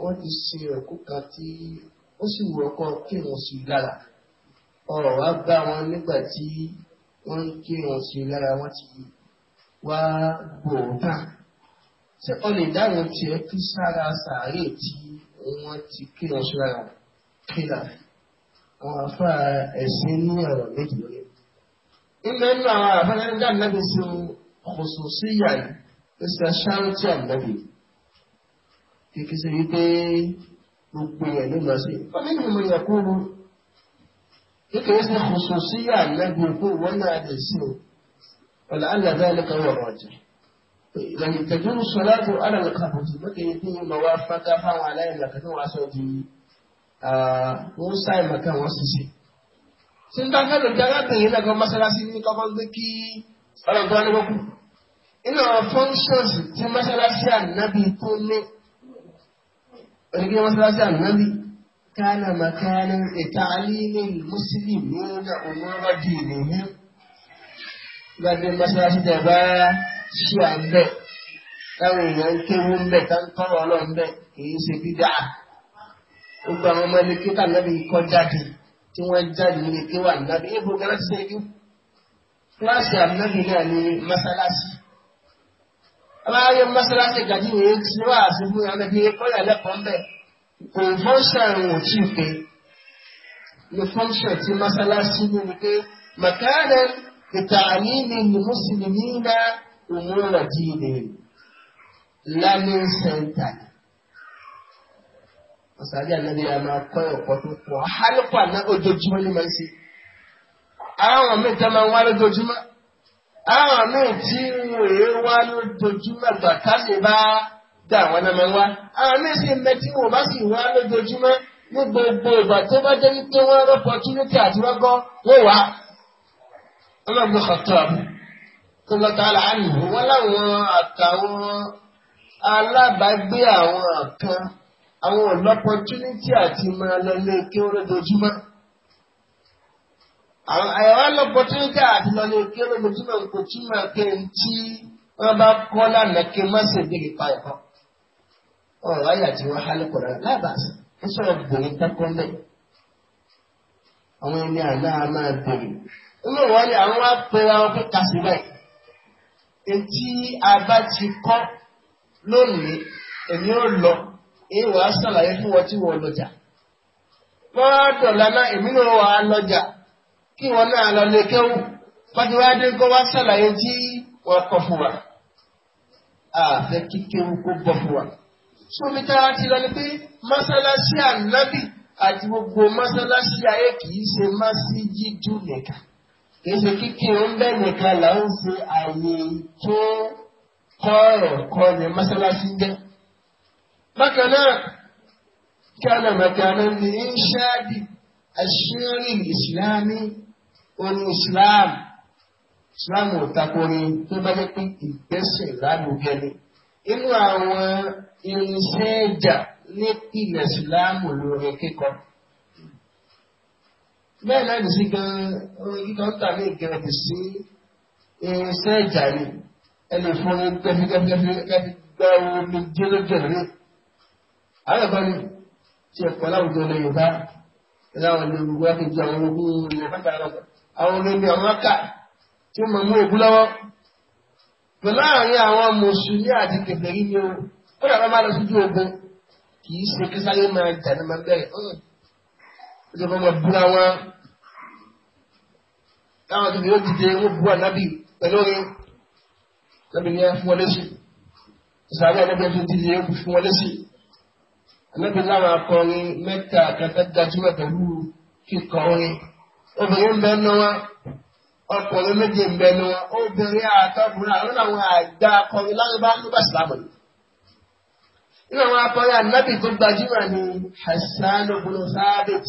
wọ́n ti ṣe ẹ̀kú kan tí ó sì wù ọkọ kí wọ́n sì lára. Ọ̀rọ̀ wa bá wọn nígbà tí wọ́n kí wọ́n sì lára wọ́n ti wá gbòòtà. Ṣé o lè dáhùn tiẹ̀ kí sára sàárè tí wọ́n ti kí wọ́n sì lára kí lára? àwọn afá ẹ̀sìn ní ọ̀rọ̀ méjì lónìí. Ìgbẹ́ nínú àwọn àfẹ́lẹ́dá nàbí sí ọ̀sùn sí ìyá yìí, ó sì aṣáájú àgbàbí. Kìkì sí wípé gbogbo èèyàn ló lọ sí. Wọ́n ní ìmọ̀ ìyàkúrú. Kékeré sí ọ̀sùn sí ìyá nàbí òkú wọn náà lè sí o. Ọ̀là àlàdá ẹlẹ́kọ̀ọ́ ọ̀rọ̀ ọ̀jà. Ìlànà ìtẹ̀jú sọ̀rọ̀ àti àlàkàbọ̀tì lókè ní ìmọ̀ wa wọ́n sáì màkà wọ́n sì ṣe. Ṣé nígbà fẹ́ lòdì arábìnrin náà kan mọ́ṣáláṣí ní kọ́kọ́ gbé kí ọ̀nà tó wá ní wọ́pù? Nínú àwọn functions tí mọ́ṣáláṣí ànábì tó ní onígbé mọ́ṣáláṣí ànábì kánà màkánà ìtàlílẹ̀ mùsùlùmí ní òmùrọ̀ dì nìyẹn. Gbàgbé mọ́ṣáláṣí tẹ̀ bá ṣí ń bẹ̀ táwọn èèyàn ń kéwú ń bẹ̀ tá ń tọrọ ọlọ́run bẹ̀ kì í ṣe bídà gbogbo àwọn ọmọ ilé kíkà nábì kọ́ jáde tí wọ́n jáde nílé kí wà nábì ibo gánà ti ṣe kíláàsì ànábì náà ní mọ́sálásí. abáyé mọ́sálásí gàdí yìí ti wá àṣìbú ànábì kọ́lá lẹ́kọ̀ọ́ mbẹ́ kò fọ́nṣàn ò tí ì pé ní fọ́nṣàn tí mọ́sálásí ní ni pé màkàrẹ ìtààmìlì ní mùsùlùmí náà òun rẹ̀ dì í nìyí learning ni ọ̀sàdí ànábi yà máa kọ́ ọ̀pọ̀ tó pọ̀ hálùkù àná ojoojúmọ́ ní máa ń ṣe. àwọn míì tá máa ń wá lójoojúmọ́ àwọn míì tí wòye wá lójoojúmọ́ gbàtà lè bá dá àwọn náà máa ń wá. àwọn míì sì mẹ́tí wò bá sì wá lójoojúmọ́ ní gbogbo ìgbà tó bá jẹ́ wípé wọ́n rọ́pọ̀ túnútì àti rọ́gọ́ wọ́n wá. ọlọ́run ló kọ̀tọ̀ àwọn ọ̀lọ́pọ̀túnítì àti máa lọ lé kí ó lójoojúmọ́. àwọn ọ̀lọ́pọ̀túnítì àti lọ lé kí ó lójoojúmọ́ kò túmọ̀ pé n tí wọ́n bá kọ́ lánàá kí má sì dé ipa ẹ̀kọ́. ọ̀rọ̀ ayé àti wọn hálẹ̀ kọ̀ lọ́la lábàásì ń sọ̀rọ̀ bèrè tẹ́kọ́ mẹ́. àwọn ẹni àná a máa bèrè. inú wọn ni àwọn wá pe ara wọn pé kàṣí báyìí. etí a bá ti ìwà sàlàyé fún wọn tí wọ́n lọ́jà wọ́n dọ̀lá náà èmi náà wà á lọ́jà kí wọn náà lọ lè kẹ́wù fàdíwádé kó wá sàlàyé tí wọ́n kọ́ fún wa kíkéwù kó fún wa sómi a ti lọ ni pé àti gbogbo ayé kìí ṣe nìkan kìí ṣe kíkéwù ń nìkan là ń ṣe àyè tó ẹ̀kọ́ ni bákan náà kánà màkànà ní ṣáàdì àṣírí ìsìlámì oní ìsìlámù ìsìlámù òtakoni tó bá jẹ́ pé ìgbésẹ̀ lálùjẹ ni inú àwọn irinṣẹ́ ẹ̀jà ní ilẹ̀ ìsìlámù lórí kíkọ. bẹ́ẹ̀ náà nìsí gan orin kíkọ ìgẹ̀rẹ̀dì sí irinṣẹ́ ẹ̀jà ni ẹni fún gẹ́gẹ́gẹ́gẹ́ gbẹ́ omi jẹ́lẹ́jẹ̀lẹ́ alábàánu tí ẹ̀kọ́ láwùjọ lè yorùbá láwọn ilé gbogbo akéjì àwọn ológun ilẹ̀ pátá lọ àwọn ológun àwọn aká tí mo mú ògùn lọ́wọ́ ni o ó yàrá máa lọ sójú ogun kì í ṣe kísáyé máa jà ní máa bẹ̀rẹ̀ ó ti fọmọ búra wọn táwọn tó fi ó dìde wọn bú ànábì pẹ̀lú orin fún wọn lẹ́sìn ìsàlẹ̀ ẹ̀dẹ́gbẹ̀ẹ́ tó dìde ó fún wọn lẹ́sìn. ànábì láwọn akọrin mẹ́ta kẹfẹ́ gbajúmọ̀ pẹ̀lú kíkọrin obìnrin ń bẹ nínú wọn ọkùnrin méje ń bẹ obìnrin àtọkùnrin àwọn àwọn àgbà akọrin lárúbá nígbà sílámù ni. nínú àwọn akọrin ànábì tó gbajúmọ̀ ni Hasan ibn Thabit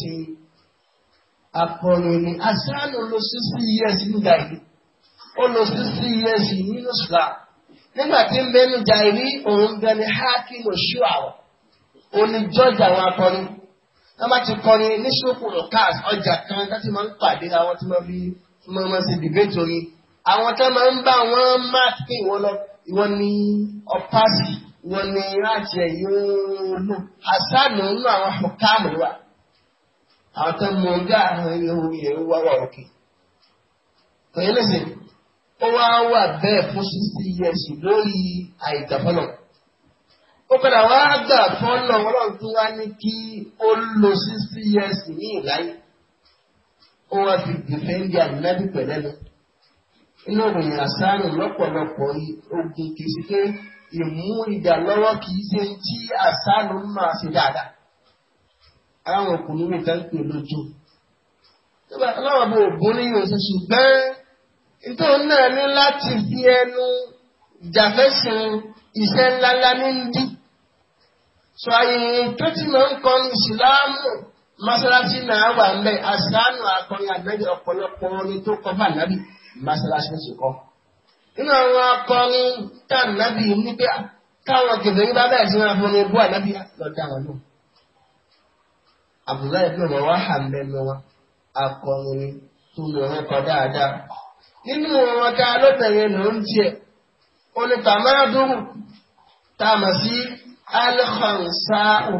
akọrin ni Hasan ló sí e nígbà yìí ó lọ sí e sí nínú nígbà tí òun ni òní jọ́jà àwọn akọrin wọ́n bá ti kọrin ní ọjà kan láti máa ń pàdé àwọn tí wọ́n fi máa ma ṣe debate orin àwọn tó máa ń bá wọn mark pé ìwọ lọ ni ọpásì wọn ni láti ẹ̀yìn olú àṣàánú nínú àwọn ọ̀káàmù wa àwọn tó mọ ọgá àwọn wà òkè. òye sè ó wá wà fún sixty ó padà wá gbà fún lọ́wọ́lọ́wọ́ tó wá ní kí ó lo sixty years ní ìláyé ó wá fi dìfẹ́ndì àdínábì pẹ̀lẹ́ lọ. inú ìròyìn àsáàrùn lọ́pọ̀lọpọ̀ ogun kì í sí pé ìmú ìdá lọ́wọ́ kì í ṣe tí àsáàrùn máa ṣe dáadáa. àwọn ọkùnrin mi ta ń pè lójú. ọlọ́wọ́ bó ògùn ní ìròyìn ṣùgbọ́n nítorí náà ní láti fi ẹnu jàfẹ́sìn iṣẹ́ ńláńlá ní ń dín. so tó ti na ń kọ́ ní na mọ́sálásí náà wà ń bẹ̀ àsìláàmù akọrin àgbẹ̀jọ ọ̀pọ̀lọpọ̀ orin tó kọ́ bá nàbì mọ́sálásí akọrin a nàbì ní pé káwọn kẹfẹ́ yín bá bẹ̀rẹ̀ sí máa fún kọ nínú wọn ká a alhansaau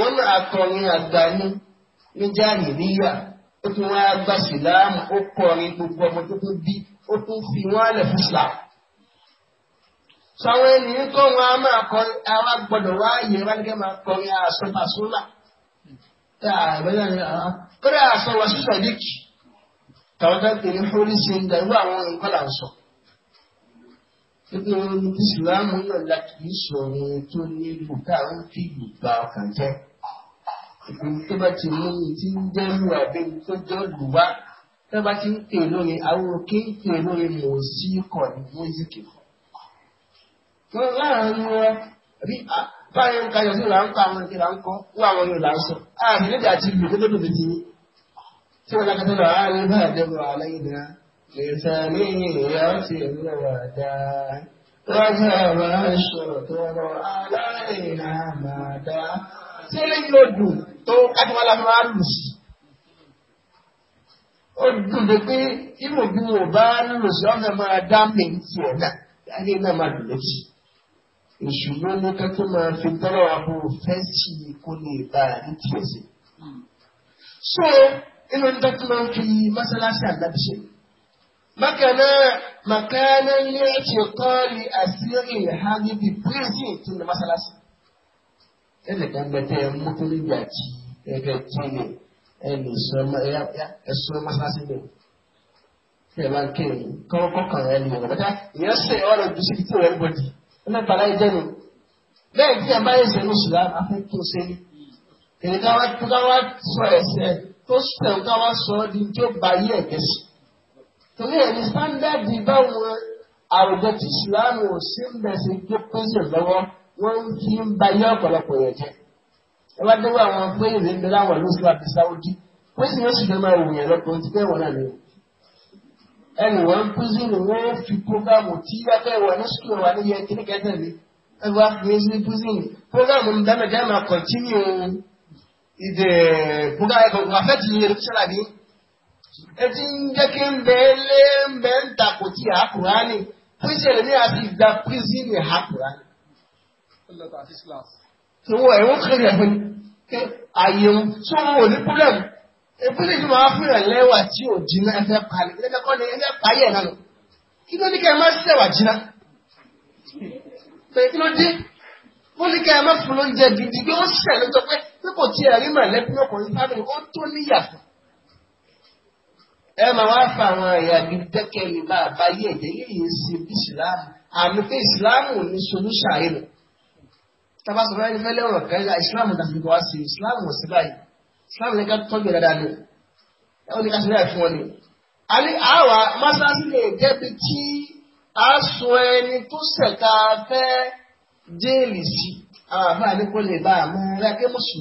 òun akọrin àgbà ní ní jàhìlíyà ó tún wá gba sìláàmù ó kọrin gbogbo ọmọ tó tún bí ó tún fi wọn lẹ̀ fún sìláàmù. sọ̀rọ̀ ènìyàn kọ́ wọn a máa kọrin àwa gbọ́dọ̀ wá yẹ wáńgẹ́ máa kọrin àṣọpàṣọlà kọ́dà àṣọwọ́ sísọ̀díkì tàwọn dákìrì fúrí sí ń dàrú àwọn nǹkan là ń sọ. Nínú Ìsìlámù náà la kì í tó ní bùkà ń ìgbà ọkàn jẹ́. tó bá ti mú mi ti ń dẹ́rù àbí tó jẹ́ lùwá. Tó bá ti ń pè lórí àwọn òkè ń pè lórí mòsíkọ̀ ní mòsíkì. Tó láàárín wọn rí báyọ̀ káyọ̀ sí là ń àwọn ìkìlà kọ́ wọ́n àwọn yóò là ń sọ. Àbí nígbà tí ìlú tó tó tó ti ní. Tí wọ́n lákàtà lọ, àárín báyà dẹ́rù àlẹ́ yìí nìyà. لثنيات الوداع وذهب الشرطر علينا مدى ṣé lẹ́yìn ló dùn tó kájúmọ́ la máa pé ìmọ̀ bí bá lù sí ọ̀nà máa dá mi ti ọ̀dà láyé náà máa lù lọ́sí. ìṣùgbọ́n ní kẹ́kẹ́ máa fi tọ́lọ̀ àbò fẹ́ǹsì kó lè bá a ní tìrẹsì. so inú ní kẹ́kẹ́ máa fi mọ́sálásí àgbàdo ṣe bákan náà màkánà ní ìṣèkọ́ọ̀lì àṣírí ìhágíbi pírísì tó ní mọ́ṣáláṣí. ẹnìkan gbẹdẹ mọtòlígbà tí ẹgbẹ tóyè ẹnì ẹsọ mọ́ṣáláṣí bẹ́ẹ̀ ẹ máa ń kéwì kọ́kọ́ kan ẹ nìyẹn bàtà ìyẹn ṣe ọ̀rọ̀ ìdúsí tí wọ́n gbọ́ di ẹ̀ náà bàlá ìjẹ́ nu bẹ́ẹ̀ tí ẹ̀ bá yẹ ṣe ní ṣùgbọ́n afẹ́ tó ṣe ní èyí káwá sọ ẹ̀ṣẹ̀ tó ṣẹ̀ káwá sọ ọ́ di tó bá yí ẹ̀gẹ́sì torí ẹni sándàdì báwọn àwùjọ tí ìsìlámù ò sí ń bẹ̀ sí pé pèsè lọ́wọ́ wọ́n ń fi ń ba yé ọ̀pọ̀lọpọ̀ yẹn jẹ́. ẹ wá déwọ́ àwọn pé ìrìn ń bẹ láwọn ìlú sí àbí sáwọ́dí wọ́n sì yóò sì fẹ́ máa wòyàn lọ́pọ̀ tí bẹ́ẹ̀ wọ́n náà ni. ẹnì wọ́n ń pèsè ni wọ́n fi prógámù tí wákẹ́ wọ ní sùkúl wà ní yẹn kíní mi ẹ ẹtí ń jẹ́ kí ń bẹ lé ń bẹ ń ta kò tí a Kùránì kírísítẹ̀lì ní àti ìgbà pírísìnì a Kùránì. tí wọ́n ẹ̀wọ́n kiri ẹ̀fọn ààyè wọn tí wọ́n wò ní púlẹ̀mù ìpínlẹ̀ ìjọba wa fún ìrànlẹ́ ẹwà tí ò jiná ẹfẹ́ palẹ̀ ẹgbẹ́ kọ́ ni ẹgbẹ́ payẹ̀ náà lọ kí ló ní kẹ́ ẹ má sí ẹwà jiná kí ló dé ó ní kẹ́ ẹ má fún lóúnjẹ gidi pé ó ṣẹlẹ̀ tó pé pé kò tí ẹ rí màlẹ́kùn ọkùnrin sábẹ̀ ó tó níyàtọ̀ ẹ máa wá fa àwọn ẹ̀yà mi tẹ́kẹ̀ lè bá àbá yé ẹ̀jẹ̀ yéye sí ìsìláàmù àmì pé ìsìláàmù ní solúṣà yìí nù tábà sọ fẹ́ẹ́ fẹ́ẹ́ lẹ́wọ̀n kan yá ìsìláàmù dàbí kò wá sí ìsìláàmù ò báyìí ìsìláàmù ní ká tọ́jú dáadáa ni ẹ ó ní ká sí báyìí wọn ni. àní àwa mọ́ṣáláṣí lè jẹ́ bí tí a sọ ẹni tó ṣẹ̀ka fẹ́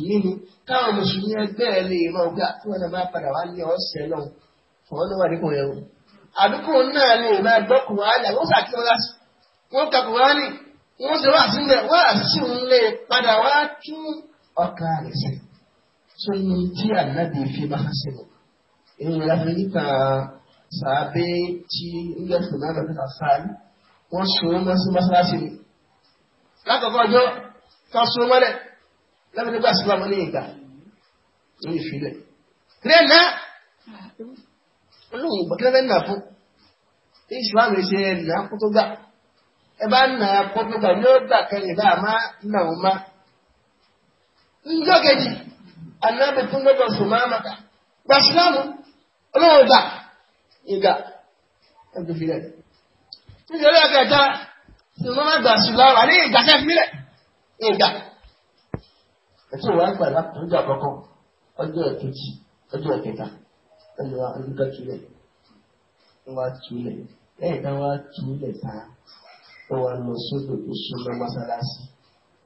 ni káwọn mùsùlùmí ẹgbẹ́ ẹ lè mọ ọgbà tí wọ́n náà bá padà wá ní ọ̀sẹ̀ náà wọ́n ló wà níkùnrin ẹ̀rù àdúgbò náà lè máa gbọ́ kùránì àwọn sàkí wọn láti wọ́n ka kùránì wọ́n ṣe wá sílẹ̀ wọ́n àṣìṣe ń lè padà wá tún ọkà rẹ̀ sí tó ní tí ànábì fi máa ṣe lọ èyí ni láti nípa sàábé tí ilé ẹ̀sìn náà lọ nípa sáárì wọ́n ṣe wọ́n mọ́ mọ́sálásí ni lákọ̀ọ́kọ́ ọjọ́ kan sún mọ́lẹ̀ lẹ́mìí nígbà sí olóhùn gbọ́ kílẹ́fẹ́ nà fún ìsìláàmù ṣe nà kó tó gbà ẹ bá nà kó tó gbà yóò gbà kẹyìn bá a má nà ó má. njọ́ kejì anábì tún lọ́dọ̀ sùnmáàmà ká gbà sùnmáàmù olóhùn gbà ìgbà ẹgbẹ́ fi rẹ̀. nítorí ẹ̀kẹta sùnmáàmà gbà sùnmáàmù àní ìgbà sẹ́fì mílẹ̀ ìgbà. ẹ̀tún wàá gbà lápò ọjọ́ àkọ́kọ́ ọjọ́ ẹ̀kejì ọjọ́ ẹ̀kẹta ẹnu wa olùkọ́ túlẹ̀ ń wá túlẹ̀ lẹ́yìn tá wá túlẹ̀ tá ó wá lọ sódò tó súnmọ́ mọ́sálásí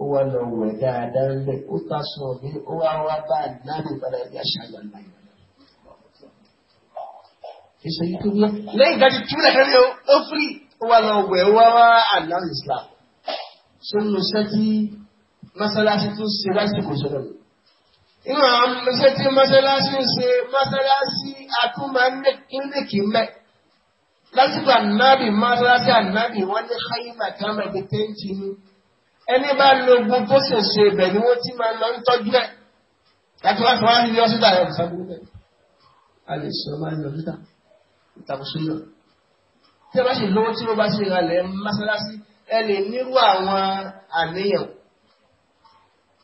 ó wá lọ wẹ̀ dáadáa ńlẹ̀ ó tá sùn mí ó wá wá bá àdínàbì padà Islam. Sọ́nù sẹ́tí mọ́sálásí tó ṣe lásìkò inú àwọn mẹsẹ̀ tí mọ́sálásí ń ṣe mọ́sálásí atúmọ̀ẹ́nìkì mẹ́ lásìkò ànábì mọ́sálásí ànábì wọ́n ní káyímà tí wọ́n bẹ̀rẹ̀ tẹ́ǹtì ní ẹni bá lo gbogbo ṣèṣe ibẹ̀ ni wọ́n ti máa lọ ń tọ́jú ẹ̀ láti wá fi wá ní ọ́sítà ẹ̀ ṣàbùrù bẹ́ẹ̀ a lè sọ máa ń lọ síta ìtàkùsí lọ tí a bá ṣe lówó tí wọ́n bá ṣe ìrànlẹ̀ mọ́sálásí ẹ lè nírú àwọn àníyàn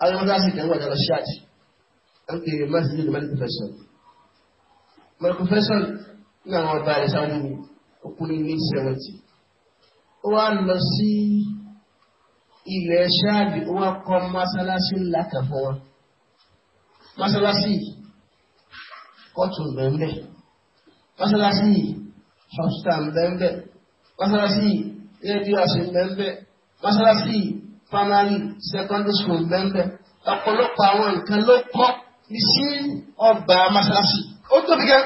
àwọn mọ́sálásí kẹ́ńgbà lọ ṣáàjì ń pè masjid malik fashion malik fashion ní àwọn ọba rẹ̀ sáwọn ní okùnrin ní sẹ́wọ̀tì ó wá lọ sí ilẹ̀ ṣáàbì ó wá kọ́ mọ́sálásí ńlá kan fún wọn mọ́sálásí kọ́tù bẹ́ẹ̀ mọ́sálásí hospital bẹ́ẹ̀ mọ́sálásí rédíò àṣẹ bẹ́ẹ̀ mọ́sálásí primary secondary school bẹ́ẹ̀ ọ̀pọ̀lọpọ̀ àwọn nǹkan ló kọ́ ní sí ọgbà mọ́sálásí ó tóbi gan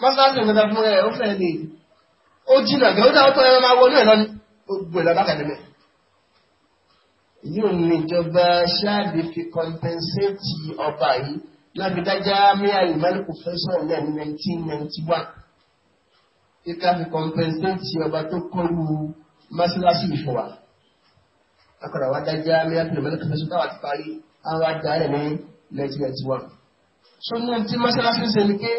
mọ́sálásí ìgbẹ́ta fún ẹ ó fẹ́ lè ó jìnà gan ó dáwọ́ tó ẹ máa wọnú ẹ lọ́nà gbogbo ẹ̀ lọ́nà kàdébẹ̀. yóò ní ìjọba ṣáàdì fi kọ́ńpẹ́nséètì ọba yìí lábìdájá mẹ́à ìmọ̀lẹ́kù fẹ́sọ̀ náà ní 1991 kíkà fi kọ́ńpẹ́nséètì ọba tó kọlu mọ́sálásí ìfọwà akọ̀rọ̀ wa dájá mẹ́à ìmọ̀lẹ́kù fẹ́sọ̀ táwa ti parí àwọn adarí ní 1991. sọ́nà tí mọ́ṣáláṣí ṣe ni pé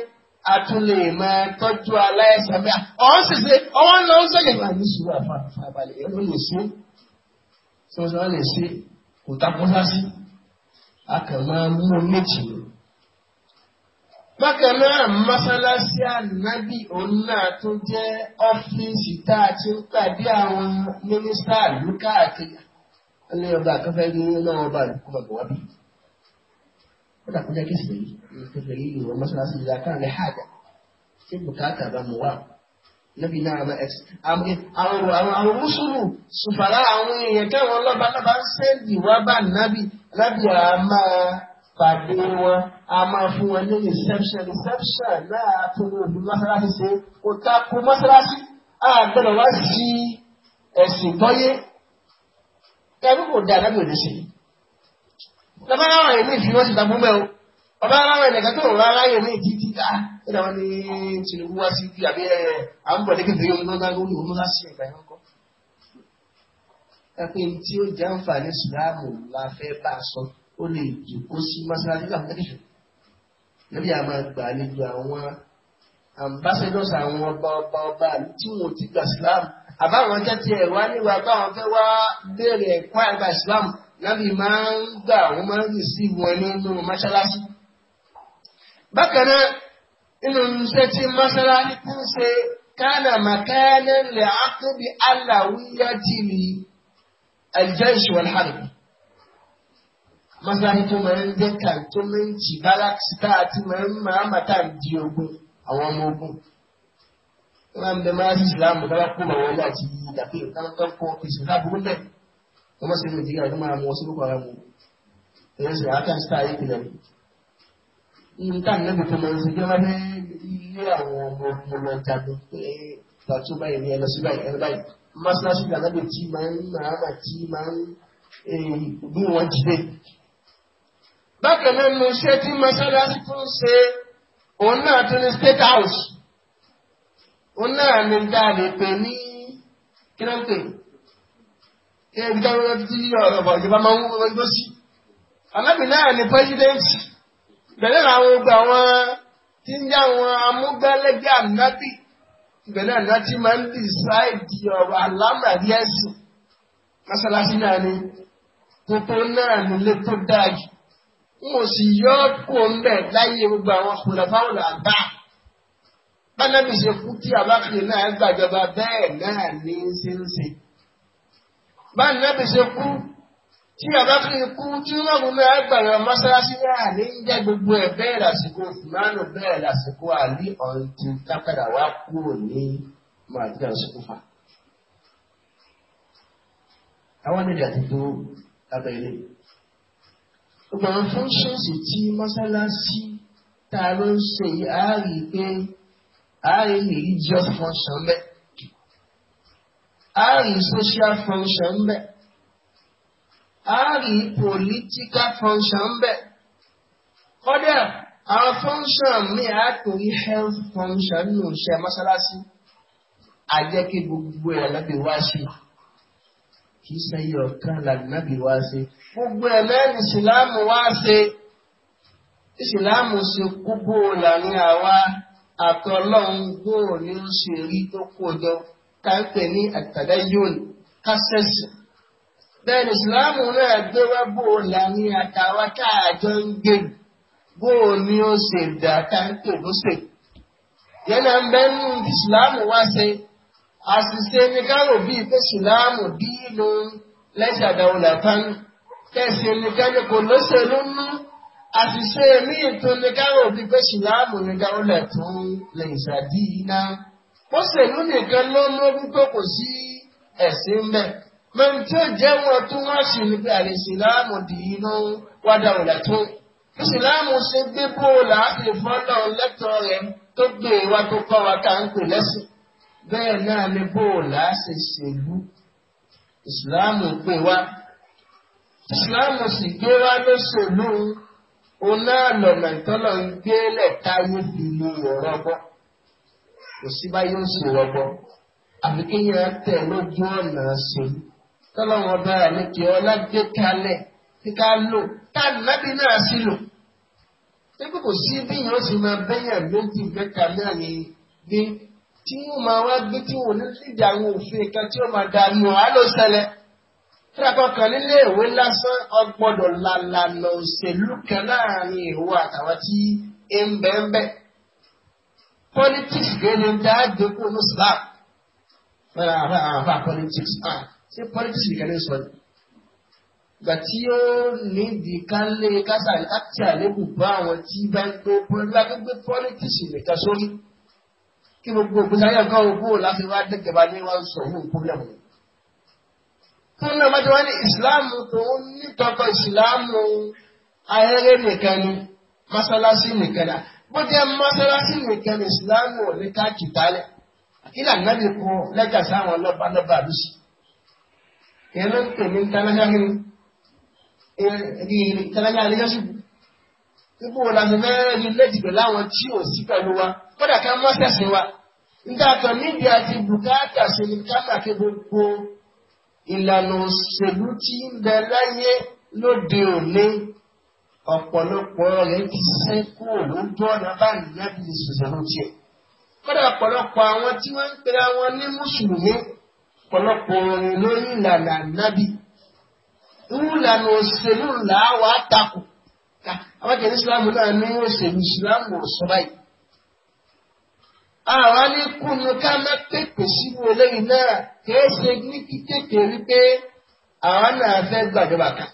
a tún lè máa tọ́jú aláìsàn bí i ọ̀hún sì ṣe ọ̀hún náà ń sọ̀yẹ̀ máa ní sùúrù àfàbàlẹ̀ ẹ̀ ló lè ṣe tí wọ́n sọ lè ṣe kò takọ́sáṣí a kàn máa mú un méjì lọ. Bákan náà, mọ́sálásí ànábì òun náà tún jẹ́ ọ́fíìsì tá a ti ń pàdé àwọn mínísítà ìlú káàkiri. Wọ́n ní ọba kan fẹ́ ní ọba ìlú kó bàbá wá bí kódà kó jẹ́ kí ìsìnkú yìí kẹfẹ́ yìí wọ mọ́sálásí ìlà kan lè hájà tí bùkátà bá mú wá níbi náà àwọn ẹ̀sìn àwọn àwọn rúṣùlù ṣùfàlà àwọn èèyàn kẹwọn lọ́ba lọ́ba ń sẹ́ẹ̀lì wá bá nábì nábì à máa pàdé wọn a máa fún wọn ní reception reception náà tó ní òbí mọ́sálásí ṣe kò ta kó mọ́sálásí àgbẹ̀rẹ̀ wá sí ẹ̀sìn tọ́yé ẹ̀rú kò dá nábì òde ṣe yìí lọ́ba láwọn ẹ̀mí tí wọ́n sì ta gbọ́mẹ́ o ọba láwọn ẹ̀nẹ̀kẹ́ tó rọra láyé mi ti ti ká ó dáwọn ní Tinubu wá sí bí àbí àwọn bọ̀dé kékeré ọmọ náà ló ní náà sí ìgbà yẹn kọ́. ẹ pé tí ó jẹ́ àǹfààní sùlámù la fẹ́ bá a sọ ó lè jòkó sí mọ́sálásí làmúlẹ́dẹ̀fẹ́ lórí àmọ́ gbàlejò àwọn ambassadors àwọn ọba ọba ọba tí wọn ti gbà sílámù àbáwọn nábì máa ń gbà wọ́n máa ń sì wọn nínú mọ́ṣáláṣí. bákan náà nínú iṣẹ́ tí mọ́ṣáláṣí ti ń ṣe kánà màkánà lè ákébí aláwíyá tì ní ẹ̀jẹ̀ ìṣòwòlárì. mọ́ṣáláṣí tó máa ń jẹ́ kàntómẹ́ǹtì báláṣí tá a ti máa ń máa màtá di ogun àwọn ọmọ ogun wọn bẹ máa ṣe ìsìlámù dábàá kó wọn wọlé àti ìdàpé tó ń kó ìsìlámù bẹ́ẹ̀ kuma sai mu jiga kuma mu wasu ko mu yan su aka sta yi kina in kan na mutum mun su gaba ne ya mu mu mun ta do ta su bai ne na su bai ne bai masna shi da na bi ci man na ma ci man eh bi won ci dai bákan náà mo ṣe tí mọ́ṣáláṣí tún ṣe òun náà tún ní state house òun náà ní dáadé pé ní kí ló ẹ̀rí dáwọ́lá títí ọ̀rọ̀ ìjọba máa ń wọ́n tó sí. Ànábì náà ni pẹ́sidẹ́ǹtì bẹ̀rẹ̀ làwọn ogun àwọn tí ń jẹ́ àwọn amúgbálẹ́gbẹ́ ànábì bẹ̀rẹ̀ àná tí máa ń dìsáìdì ọ̀rọ̀ àlámàrí ẹ̀sìn. Mọ́sálásí náà ni gbogbo náà nílé tó dáa jù. Wọ́n sì yọ kó ń bẹ̀ láyé gbogbo àwọn kùlọ̀fáwùlọ̀ àbá. Bánábì ṣe kú tí àbáfíì náà gbàjọba bẹ́ẹ̀ náà ní í ṣe bá nàbì ṣe kú tí àbáfin kú tí mọ̀mú náà gbàgbọ́ mọ́ṣáláṣí náà ní ń jẹ́ gbogbo ẹ̀ bẹ́ẹ̀ lásìkò fúnánù bẹ́ẹ̀ lásìkò àlí ọ̀ǹtì tápẹ́dà wá kúrò ní màdíjà ṣùkúfà. àwọn ènìyàn àti tó lábẹ́ ilé. gbogbo àwọn fúnṣẹ́ǹsì tí mọ́ṣáláṣí tá a ló ń ṣe yìí á rí i pé á rí i just function mẹ́ a social function ń bẹ political function ń bẹ kọ́dà àwọn function mi a kò health function nù ṣe mọ́ṣáláṣí àjẹkí gbogbo ẹ̀ lábẹ́ wá sí kì í ṣe iye ọ̀kan làgbàbí wá sí gbogbo ẹ̀ mẹ́rin ìsìláàmù wá sí ìsìláàmù ṣe kú bó àwa àtọ́lọ́hún bó ní ó ṣe tó kó jọ kàńpẹ̀ ní àtàdáyún kásẹ̀sì bẹ́ẹ̀ ni ìsìláàmù náà gbé wá bò láàrin àtàwà káàjọ ń gbé bò ní ó ṣe dà kàńpẹ̀ ló ṣe yẹnà ń bẹ́ nù ìsìláàmù wá ṣe àṣìṣe ní káwò bíi pé ìsìláàmù dínú lẹ́sẹ̀ àdáwò làtán kẹsì ní káwò kò lóṣèlú nù àṣìṣe ní káwò bíi pé ìsìláàmù ní káwò lẹ̀ lè ṣàdí náà pọ́sẹ̀lú nìkan ló mójú tó kò sí ẹ̀sìn bẹ́ẹ̀ mẹ́rin tí ó jẹ́ wọn tó wọ́n sì ní pé àlìsíláàmù dìí ló ń wádà ọ̀là tó ìsìláàmù ṣe gbé bóòlù àti fọ́nà lẹ́tọ̀ọ́ rẹ̀ tó gbé e wa tó kọ́ wa ká ń pè lẹ́sìn bẹ́ẹ̀ náà ni bóòlù á ṣe ṣèlú ìsìláàmù pè wá ìsìláàmù sì gbé wá lóṣèlú òun náà lọ̀nà ìtọ́lọ̀ ń gbé lẹ̀ káyé fi lu ọ̀rọ̀ kò sí báyìí ó sì rọgbọ àfi kéèyàn tẹ lójú ọ̀nà sí i tọ́lọ́wọ́ bára mi kì ọ́ lágbé kalẹ̀ kí ká lò ká nábì náà sí lò pé kò sí bí yìí ó sì máa bẹ́yàn méjì mẹ́ta náà ni bí tí wọ́n máa wá gbé tí wọ́n ní lídìí àwọn òfin kan tí wọ́n máa da nù á ló ṣẹlẹ̀ tírakọ kan nílé ìwé lásán ọgbọ́dọ̀ làlànà òṣèlú kan láàrin ìwọ àtàwọn tí ń bẹ́ẹ̀ bẹ́ẹ̀ politics gẹ́gẹ́ ń dá dẹ́kun ní Islam fẹ́ra àfa politics ah ṣé politics nìkan ní sọ ni gbà tí ó ní ìdíkánlé kásá àti àlébù bá àwọn tí bá ń gbé gbé politics nìkan sórí kí gbogbo òkúta yẹn kọ́ owó láti wá dẹ́gẹ̀bá ní wọ́n sọ fún problem yìí. fún náà bá ti wá ní ìsìláàmù tó ń nítọ́kọ̀ ìsìláàmù ayẹyẹ nìkan ni mọ́sálásí nìkan náà bó jẹ́ mọ́sálásí nìkan ìsìláàmù ní káàkì tálẹ̀ ìlà nábì kú lẹ́jà sáwọn lọ́ba lọ́ba àbísí ìlú ń pè ní kánáṣáhìn ìrìn kánáṣá àríyáṣùgbù nígbò wọn láti mẹ́rin ní lẹ́jìgbẹ̀ láwọn tí ò sí pẹ̀lú wa kódà ká mọ́sẹ̀sìn wa nígbà tó níbi àti bùkátà sí ni kákàkiri gbogbo ìlànà òṣèlú tí ń bẹ láyé lóde òní ọ̀pọ̀lọpọ̀ rẹ̀ ti sẹ́ kúrò lójú ọ̀nà báyìí láti ìṣòṣèlú tiẹ̀. kódà ọ̀pọ̀lọpọ̀ àwọn tí wọ́n ń pera wọn ní mùsùlùmí ọ̀pọ̀lọpọ̀ orin lórí ìlànà nábì. irú ìlànà òṣèlú làá wàá takò. àwọn kìíní ìsìlámù náà ní òṣèlú ìsìlámù ọ̀sọ́ báyìí. àwa ní kùnú ká má pèpè síbi eléyìí náà kìí ṣe ní kíkékèé wípé àwa náà fẹ́ gbàjọba kan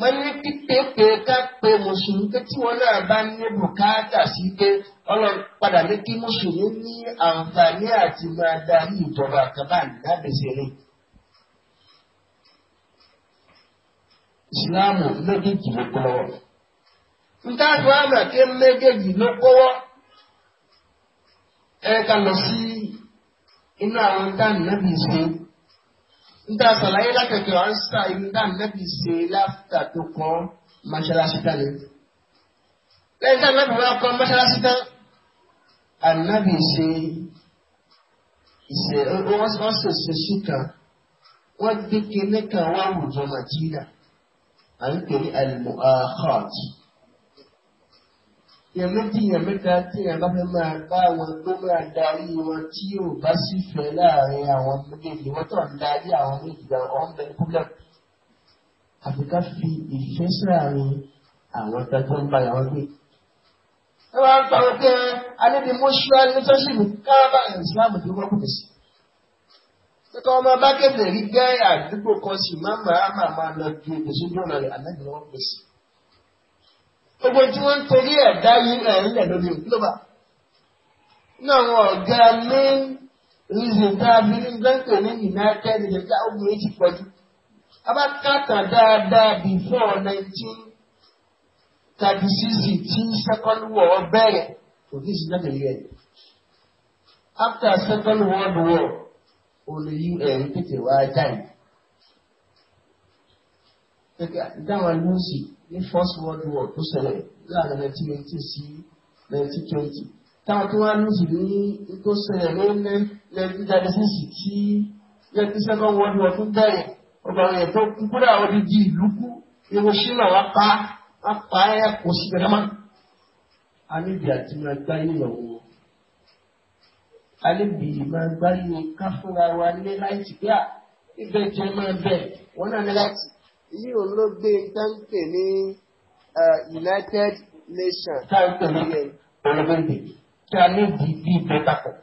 wọ́n ní pípépé ká pé mùsùlùmí pé tí wọ́n náà bá ní bùkátà sí pé ọlọ́run padà ní kí mùsùlùmí ní àǹfààní àti máa darí ìjọba àkàbà lábẹ́sẹ̀ rẹ̀. ìsìláàmù méjèèjì ló kọ́wọ́. ntáàtú àmà ké méjèèjì ló kọ́wọ́. ẹ lọ sí inú àwọn táwọn náà bí ṣe níta sàlàyé látẹ̀kẹ̀ ọ̀rẹ́sà ìmúdá nẹ́bí ṣe láfíà tó kọ́ mọ́ṣáláṣí tán ni. lẹ́yìn tá nẹ́bí wọn kọ́ mọ́ṣáláṣí tán ànábì ṣe ìṣe wọ́n ṣèṣe sí kan wọ́n gbé kinní kan wọ́n rùjọ màtíìlà à ń pè ní àlùmọ́ àkọ́ọ̀tì èèyàn méjì èèyàn mẹ́ta tí èèyàn bá fẹ́ máa bá àwọn tó máa darí wọn tí yóò bá sì fẹ́ láàrin àwọn méjèèjì wọ́n tàn darí àwọn méjì àwọn ọ̀hún bẹ̀rẹ̀ kúlẹ̀. àfi ká fi ìfẹ́ sáàrin àwọn tẹ́tọ́ ń bá yàrá gbé. ẹ máa ń pa wọn pé alẹ́ ni mọ́ṣúárì ní tọ́sílù káàbà ìsìláàmù tó wọ́pọ̀ sí. Kíkọ́ ọmọ bá kéde rí gẹ́ àdúgbò kan sì má máa máa lọ ju ìgbésójú ọ̀nà rẹ̀ àlẹ́ gbogbo tí wọ́n ń torí ẹ̀ dá yín ẹ̀rín lẹ̀ lórí òkúlọ́bà. Ní àwọn ọ̀gá main reason tá a fi ní gbẹ́ǹkì ní United States àwọn obìnrin ti pọ̀jù. Abákàtà dáadáa before nineteen thirty six tí second war bẹ̀rẹ̀ kò kí n sì náà lè rẹ̀. After second world war, olè UN tètè wá jáde. Dáwọn lùsì ní first world war tó ṣẹlẹ̀ láàrin nineteen eighteen sí nineteen twenty táwọn tó wá lùsì ní tó ṣẹlẹ̀ ní nineteen thirty six tí nineteen second world war tó bẹ̀rẹ̀ ọba rẹ̀ tó kú kódà odidi ìlú kú Hiroshima wá pa wá pa ẹ̀ kò sí bẹ̀rẹ̀ mọ́. a níbi àti máa gbá ìyàwó a níbi máa gbá ìyàwó ká fúnra wa ní láìsí pé à ibẹ̀ jẹ́ máa bẹ̀ wọ́n náà ní láìsí yìí ò ló gbé táǹkì ní United Nations. táǹkì ní olùgbèǹdè tí a ní di bí ìgbẹ́ papọ̀.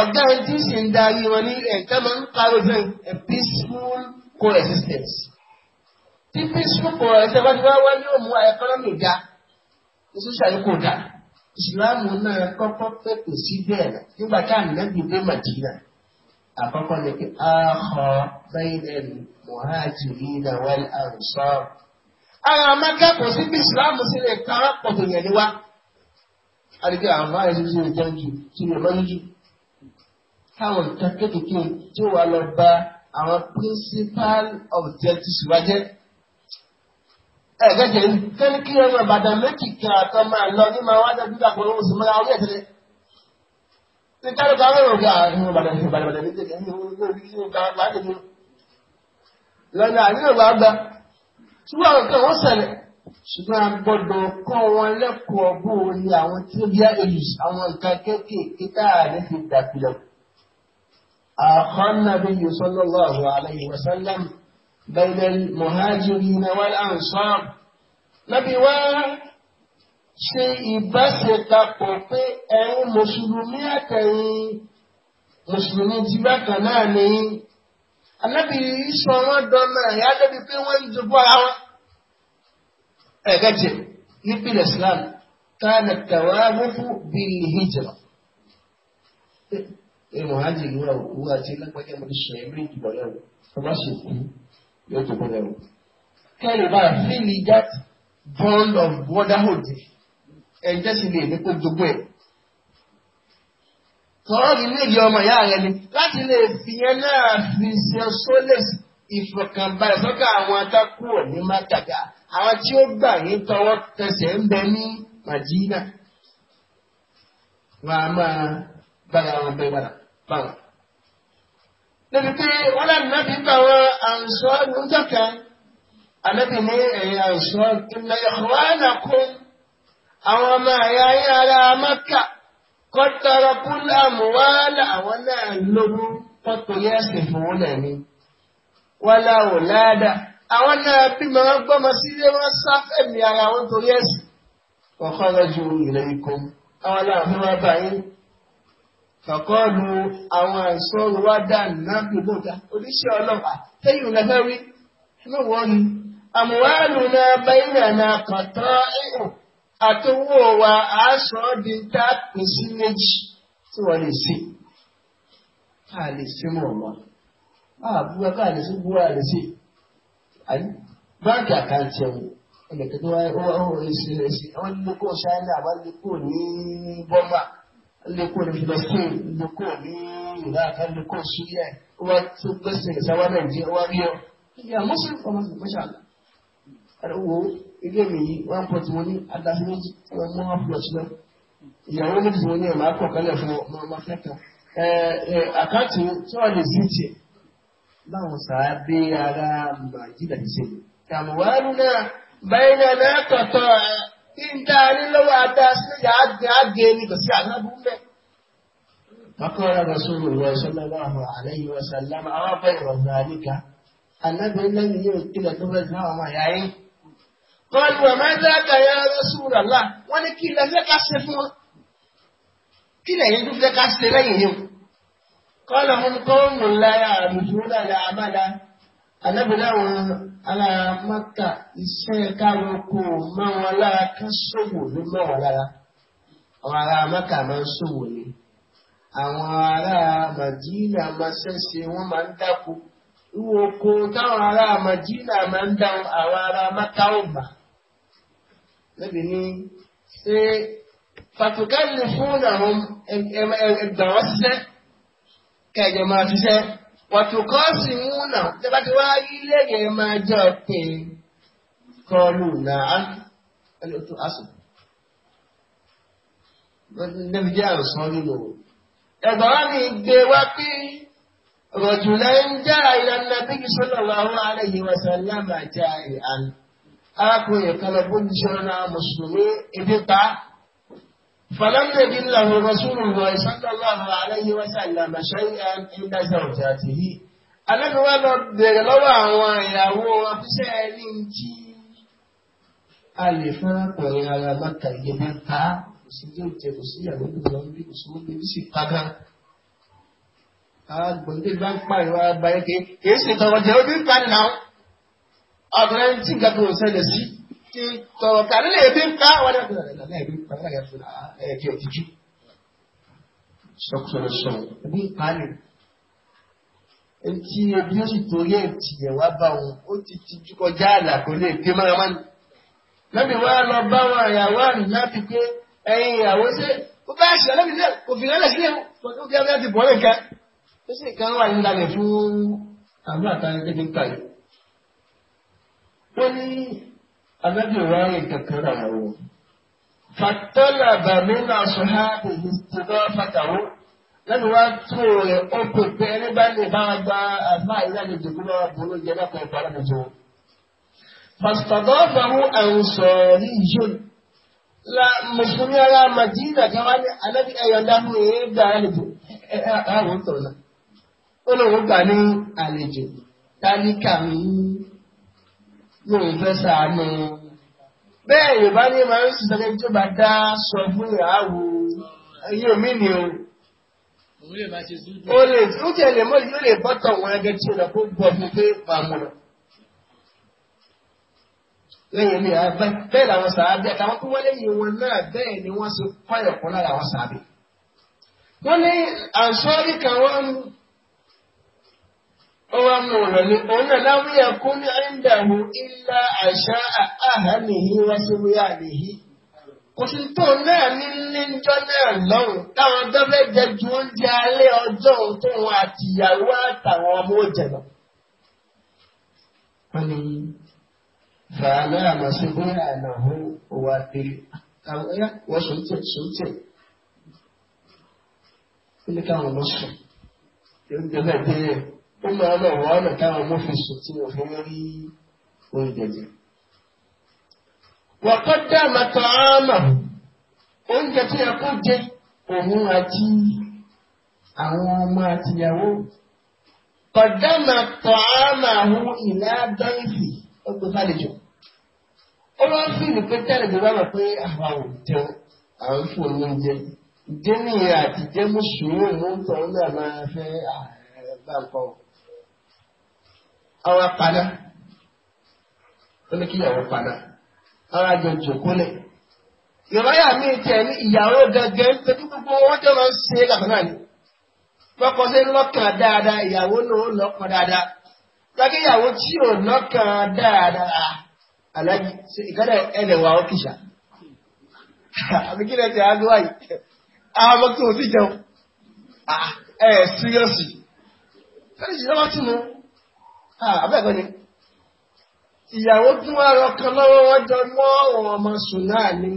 ọ̀gá tí sì ń darí wọn ní ẹ̀ka máa ń parí fún a peaceful coexistence. tí peaceful coexistence bá ti wá wá yóò mú ẹ̀kọ́nọ́mì ga ní social kò ga. ìsìlámù náà kọ́kọ́ pẹ̀tù síbẹ̀ nígbà tí àmì náà dìbò Màdínà àkọ́kọ́ ni pé ààkọ́ bẹ́ẹ̀lẹ̀ muhajirina wal ansar. ara mẹ́kẹ́ kò sí bí ìsìláàmù sí lè ka arápọ̀ tó yẹ níwá. àdìgbò àwọn ará ẹ̀sìn sí ìjẹun jù sí ìlú ọmọ yíjú. káwọn nǹkan kéékèèké tí ó wà lọ bá àwọn principal objectives wa jẹ́. ẹ̀ẹ́dẹ́gbẹ̀rún kẹ́ni kí ọmọ Ìbàdàn méjì kan àtọ́ máa lọ ní màá wá dájú dàpọ̀ lọ́wọ́ sí mọ́ra orí ẹ̀tẹ́lẹ̀ tí kárò kárò rò gbà nínú bàdàn nínú bàdàn bàdàn méjèèjì nínú orí nínú kárò láti dúró lọ́nà àdínà bá gba ṣùgbọ́n àwọn kan wọ́n ṣẹlẹ̀ ṣùgbọ́n agbọ́dọ̀ kọ́ wọn lẹ́kọ̀ọ́ bó o ní àwọn tí ó bí ayélujára àwọn nǹkan kéékèèké tá a fi dàpilẹ̀. àkọ́nà bí sallallahu ṣe ìbáṣepapọ̀ pé ẹ̀yin mùsùlùmí àtẹ̀yìn mùsùlùmí ti bákan náà ni anábì sọ wọn dọ́nà ẹ̀yà débi pé wọ́n ń dùbò ara wọn. ẹ̀gẹ́jẹ̀ nípìnlẹ̀ Islam káàdà tàwa wọ́pù bíi hijra. ẹ mọ̀ hajj ìlú ha ji àti lágbàjá mo ti sọ ẹ̀ ìdìbò lẹ́wọ̀ ọ bá ṣe kú yóò bá bond of brotherhood. ẹ̀jẹ̀ sì lè ní kó jogún ẹ̀. Tọ́rọ́ mi lè yọ ọmọ ìyá rẹ ni láti lè fi yẹn náà fi ṣe sólèsì ìfọ̀kànbalẹ̀ sọ́kà àwọn atákùrọ̀ ní Mákàgà àwọn tí ó gbà yín tọwọ́ tẹsẹ̀ ń bẹ ní Màdínà. Wọ́n máa bára wọn bẹ wàrà báwọn. Níbi pé wọ́n lẹ́nu náà fi gbà wọn àǹsọ́ lóúnjẹ kan, àlẹ́ bìí ní ẹ̀yìn àǹsọ́ ìlẹ̀ ìwọ́n àwọn ọmọ ẹ̀yà yín ara mẹ́kà kọ́tọ́rọ́ búláàmù wá láwọn náà lówó pọ́tò yẹ́sìn fún náà ni wọ́n láwọn láàdà àwọn náà bímọ wọn gbọ́mọ sílé wọn sáfẹ̀mí ara wọn torí ẹ̀sìn wọ́n kọ́ lọ́jọ́ ìlẹ̀ ikọ́ àwọn aláàfin wọn bá yín àwọn àìsọ́rọ̀ wá náà gbogbo ìta oníṣẹ́ ọlọ́pàá tẹ́yìn lẹ́fẹ́ rí ẹ̀mọ́ wọn ni àmúwáàlù náà bẹ́yìn náà kọ̀tọ́ ẹ̀hùn àtọwọ́ wa á sọ ọ́ di tá a pín sí méjì tí wọ́n lè ṣe ká lè ṣe mọ̀ wá máa búra ká lè ṣe búra lè ṣe báńkì àkáǹtì ẹ̀wọ̀n ẹnìkan tó wáyé wọ́n èsì èsì àwọn ilé kó ṣáínà àwọn ilé kó ní bọ́mbà ilé kó ní philistine ilé kó ní iraq ilé kó syria wọ́n tún gbèsè sáwọn nàìjíríà wọ́n rí ọ. ìyá mọ́sùlùmí ọmọ ìgbésà wo ilé mi yìí wọ́n pọ̀ tí mo ní adásí méjì tí wọ́n mú wọn pọ̀ sílẹ̀ ìyàwó méjì tí mo ní ẹ̀ máa kọ̀ kálẹ̀ fún ọmọ ọmọ akẹ́kọ̀ọ́ àkáǹtì tí wọ́n lè sí tiẹ̀ báwọn sàábé ara màjídà ti ṣe tàmùwárù náà báyìí náà náà tọ̀tọ̀ kí n dá a ní lọ́wọ́ adásí méjì àgé ni kò sí àgbàbù mẹ́. Fakọ́ra Rasulullah sallallahu alaihi wa sallam, àwọn abẹ́rẹ̀ ọ̀gbà níka, alábẹ́rẹ́ lẹ́yìn yóò kílẹ̀ tó Kọlu Ramadáka ya Rasulullah, wọ́n ní kí ilẹ̀ fẹ́ ká ṣe fún wọn. Kí lẹ́yìn tó fẹ́ ká ṣe lẹ́yìn yìí? Kọlu ọmọ mi kọ́ ń lára àbùsùn lára àmàdá. Anábìláwọn ará Mọ́kà iṣẹ́ káwọn kò mọ́ wọn lára ká ṣòwò ló mọ́ wọn lára. Àwọn ará máa ń ṣòwò ni. Àwọn ará Màdínà máa ṣẹ̀ṣẹ̀ wọ́n máa ń dáko. Iwo oko táwọn ará Màdínà máa ń dáhùn àwọn ará Mọ́kà ò لبنين فتكلفونهم الدراسة كجماعة وتقاسمون تبقى تواجي لك ما جاتين قالوا نعم أن أتقاسم نفجار صغيرون إبراني الدواتي رجلين جاء إلى النبي صلى الله عليه وسلم جاء أن arákùnrin kan lọ bójú sí mùsùlùmí ebi فلم يجد رسول الله صلى الله عليه وسلم شيئا إلا زوجاته Ànábì wá lọ bèrè lọ́wọ́ àwọn ìyàwó ọfíṣẹ́ ẹni tí a lè fún ọkùnrin ara mọ́ta ìgbẹ́ ta kò sí yóò jẹ kò sí ìyàwó gbogbo ọmọ bí kò sí mọ́ bíbí sí pàgán. Àgbọ̀ndé bá ń pàrọ̀ abayẹ́kẹ́ kìí àtẹ̀rẹ́ tí nǹkan kan ò ṣẹlẹ̀ sí ti tọrọ kàrí lè fi ń ká wọ́n dẹ̀ fún ẹ̀rẹ́ náà ẹ̀rí pàtàkì àti fún ẹ̀ẹ́dì òtítù. sọkùsọ̀rọ̀ sọ̀rọ̀ ẹbí ń pa ni etí ebi ó sì torí ẹ̀ tìyẹ̀ wá bá wọn ó ti tijú kọjá àlà kò lè dé mọ́ramọ́ni. lẹ́bi wá lọ bá wọn ìyàwó àná fi pé ẹ̀yin ìyàwó ṣe ó bá ṣe lẹ́bi náà kò fi rẹ́lẹ̀ sílẹ̀ ó kí á bí wọ́n ti bọ̀ lẹ́ka ó sì kàn wà nílànà fún àbúrò àtàlẹ́gbẹ̀dẹ̀ ń kàlẹ́ ó ní anábì wáyé kankan náà wò. fàtọ́lá bàmí náà sọ ha èyí ti bá fàtàwó lẹ́nu wá tó rẹ̀ ó pè pé ẹni bá lè bá gba àbá ìlànàjò kúrò àbúrò jẹ́ lọ́kọ̀ ìbáraẹnìjọ. pásítọ̀dọ̀ fàwọn àrùn sọ̀rí yìí la mùsùlùmí ara màdínà kan wá ní anábì ẹ̀yọ̀dá fún èyí gbà àlejò àwọn tọ̀nà ó lóun gbà ní àlejò tálíkà mi ń ló ń fẹ́ sàánú. bẹ́ẹ̀ yorùbá ní máa ń ṣiṣẹ́ kí tó bá dá sọ fún ìyàwó yóò mí ni o. o lè ó tiẹ̀ lè mọ́ yóò lè bọ́tọ̀ wọn ẹgẹ tí o lọ kó gbọ́ fún pé pàmò lẹ́yìn mi bẹ́ẹ̀ làwọn sàábẹ́ àtàwọn tó wọ́n lẹ́yìn wọn náà bẹ́ẹ̀ ni wọ́n ṣe kọ́yọ̀kọ́ lára àwọn sàábẹ́. wọ́n ní àǹsọ́rí kan wọ́n ọwọ́ amúhàn ni òun náà láwọn yẹ kó ní ẹ̀ńdàwó ilá àṣà àhánìyí wá síbi àlèyí. kò sí tó náà ní níjọ́ náà lọ́hùn táwọn dọ́fẹ́ jẹ ju oúnjẹ alẹ́ ọjọ́ tóun àtìyàwó àtàwọn ọmọ òjẹ̀ lọ. wọ́n ní fàánà àwọn ẹ̀yà wọ́n káwọn lọ sùn. yóò dé yẹn. ó máa lọ wọ́n ọ̀nà táwọn ọmọ fi sùn tí wọ́n fi ń rí oúnjẹ jẹ. wọ́n kọ́ dá àmàtọ̀ àmà oúnjẹ tí yẹ kó jẹ òun àti àwọn ọmọ àtìyàwó. kọ̀dá àmàtọ̀ àmà ọ̀hún ìlà dọ́ìfì ọgbẹ́ fàlejò. ó lọ sí ìlú tẹ́lẹ̀ bí wọ́n mọ̀ pé àwọn ò àwọn fún òun oúnjẹ. jẹ́ mùsùlùmí ló ń tọ́ ọ́ náà máa fẹ́ àgbà kan. àwa padà ó ní kí ìyàwó padà àwa jọ jòkólẹ̀ yorùbá yà mí tiẹ̀ ní ìyàwó gẹ́gẹ́ pẹ̀lú gbogbo owó tó máa ń ṣe é kàkànnà ni lọ́kọ sí lọ́kàn dáadáa ìyàwó náà ó lọ́kàn dáadáa lákì ìyàwó tí ò lọ́kàn dáadáa aláàjì ó àbí kí lẹ́sẹ̀ á lọ́wọ́ yìí àwọn ọmọ tí ò sí jẹun ẹ̀ fẹ́ẹ́ sì lọ́wọ́ sí àbẹ́ẹ̀kọ́ ah, ni ìyàwó tí wọ́n rọ kan lọ́wọ́ wọ́n jọ mọ́ ọ̀rọ̀ ọmọ sùn náà ni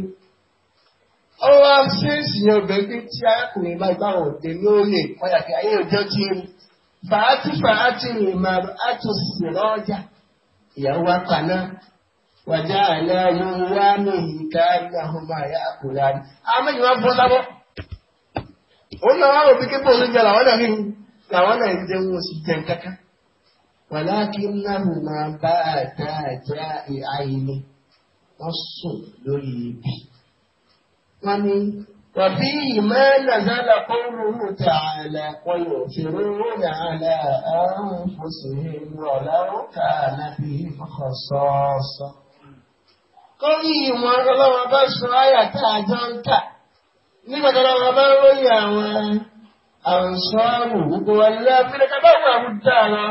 ọwọ́ ṣéèṣì yẹn obìnrin tí arákùnrin bá gbà wọ́n dé lórí ìpayà ayé òjò ń sì ìyàwó wa wàjà ní ìka ní àwọn àyà àkùnrin àná. bọ́ òun náà wà wọ́n wàlákínláhùnmá bá àdáàjá ìhàìní wọ́n sùn lórí ibi. wọ́n ní wàbí ìmọ̀ nàzàlà kọ́ọ̀lùmù tààlà wọ́yọ̀ fèrèrè nàlà àrùn fòsìrì ọ̀làwọ̀ kààlà bí ìfọkànsọ́ọ̀sọ́. kọ́rí ìmọ̀ ọlọ́wọ́ bá sọ àyà tá a jọ ń kà nígbà tó lọ́wọ́ bá ròyìn àwọn àrùn sọ́ọ̀rù gbogbo wọn lọ́wọ́ bí wọ́n bá wà wúdà wọn.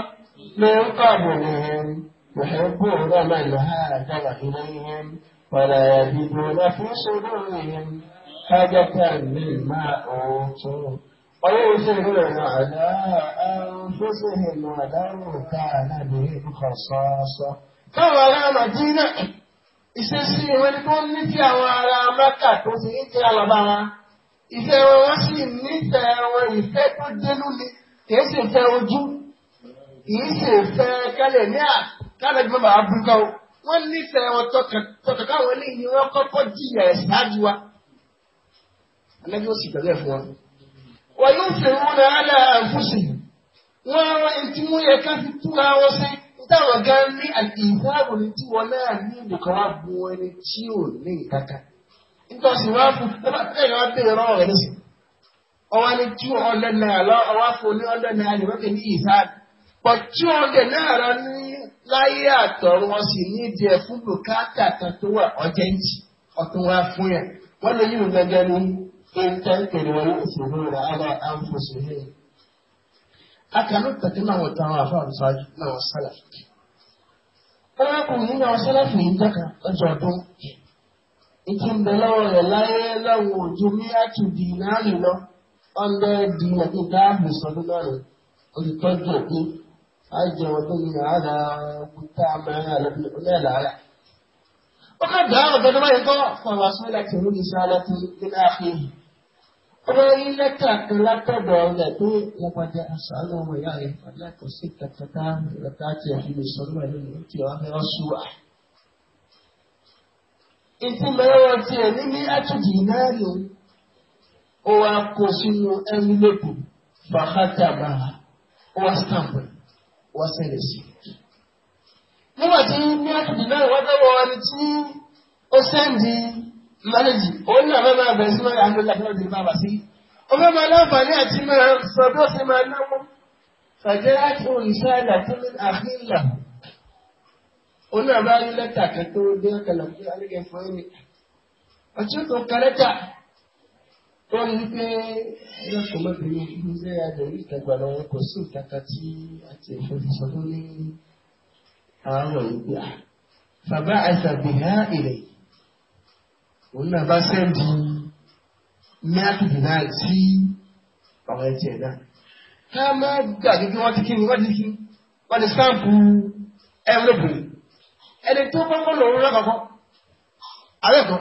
من قبلهم يحبون من هاجر إليهم ولا يجدون في صدورهم حاجة مما أوتوا ويؤثرون على أنفسهم ولو كان بهم خصاصة فهو مدينة ìṣesí wọn ni wọ́n nífẹ̀ẹ́ àwọn ará Mẹ́kà tó ti ń tẹ́ àlọ́ bá wa ìfẹ́ wọn sì nífẹ̀ẹ́ wọn ìfẹ́ tó dénú ni kì í sì fẹ́ ojú. kì í ṣe fẹ́ kálẹ̀ ní à kálẹ̀ bí wọ́n máa o wọ́n nífẹ̀ẹ́ wọn tọkàn ni fún wọn. wọ́n yóò fi wọn náà lẹ́ àǹfùsì wọ́n rán etí mú yẹ ká fi túra wọn sí ní tí wọn náà ní ìbùkún ẹni tí ò ní nítorí á fún pọ̀tí ọ̀gẹ̀ náà rà ní láyé àtọ̀run wọn sì ní ìdí ya fún bùkátà kan tó wà ọ̀jẹ̀ǹtì ọ̀tún wá fún yẹn wọ́n lè yíwò gẹ́gẹ́ ní ìńtẹ́ǹtẹ̀rẹ̀ wọn òṣèlú rẹ̀ àlà àǹfọ̀ṣèlú. akànú tẹ̀tẹ̀ náà wọ̀tá àwọn afáàlú sáájú náà wọ́n sálà. ọlọ́kùnrin nínú àwọn sálà fún yìí dẹ́ka ọjọ́ ọdún. ìtì ń bẹ lọ́wọ́ rẹ̀ láyé láwọn òjò míyàtù dì náà ajẹ wọn tó yin ara kuta amara lẹ́la rẹ̀. ó ká dá ọ̀dọ́ tó bá yẹ kọ́ fọwọ́ sọ́ọ́ láti ìlú ìṣẹ́ aláti nílẹ̀ àfihàn. ó bá yí lẹ́tà kan látọ̀dọ̀ rẹ̀ pé lọ́pàdé aṣọ àwọn ọmọ ìyá rẹ̀ padà kò sí kàtàkà lọ́tà tí a fi lè wọ́n ṣẹlẹ̀ sí. nígbà tí mílíọ̀nù náà wọ́n tẹ́wọ́ ẹni tí ó sẹ́ǹdì mánéjì òun náà máa máa bẹ̀rẹ̀ sí máa yàgbé lápẹ́rẹ́ òdì máa bà sí. ọmọ máa láǹfààní àti máa sọ bí ó ṣe máa náwó. fàjẹ́ láti òrìṣà ìlà tó ní àfihàn. òun náà bá rí lẹ́tà kan tó dé ọ̀kẹ́lẹ̀ fún alẹ́gẹ̀ fún ẹni. ọ̀tún tó ka lẹ́tà wọ́n rí pé ẹlẹ́kọ̀ọ́ mẹ́bìnrin ìlú ilé adẹ̀rí ìdàgbà lọ́wọ́ kò sí ìtaka tí a ti ẹ̀fọ́ ti sọ tó ní àárọ̀ ìgbé à. Bàbá àìsàbìhá ilẹ̀ òun náà bá sẹ́ndì mẹ́àkìdì náà sí ọ̀rọ̀ ẹ̀jẹ̀ náà. Ká má gbàgbé kí wọ́n ti kí ni wọ́n ti kí ni wọ́n ti sáǹpù ẹ̀rọ̀bù. Ẹni tó kọ́kọ́ lòun lọ́kọ̀ọ́kọ́. Àrẹ́kọ̀ọ́.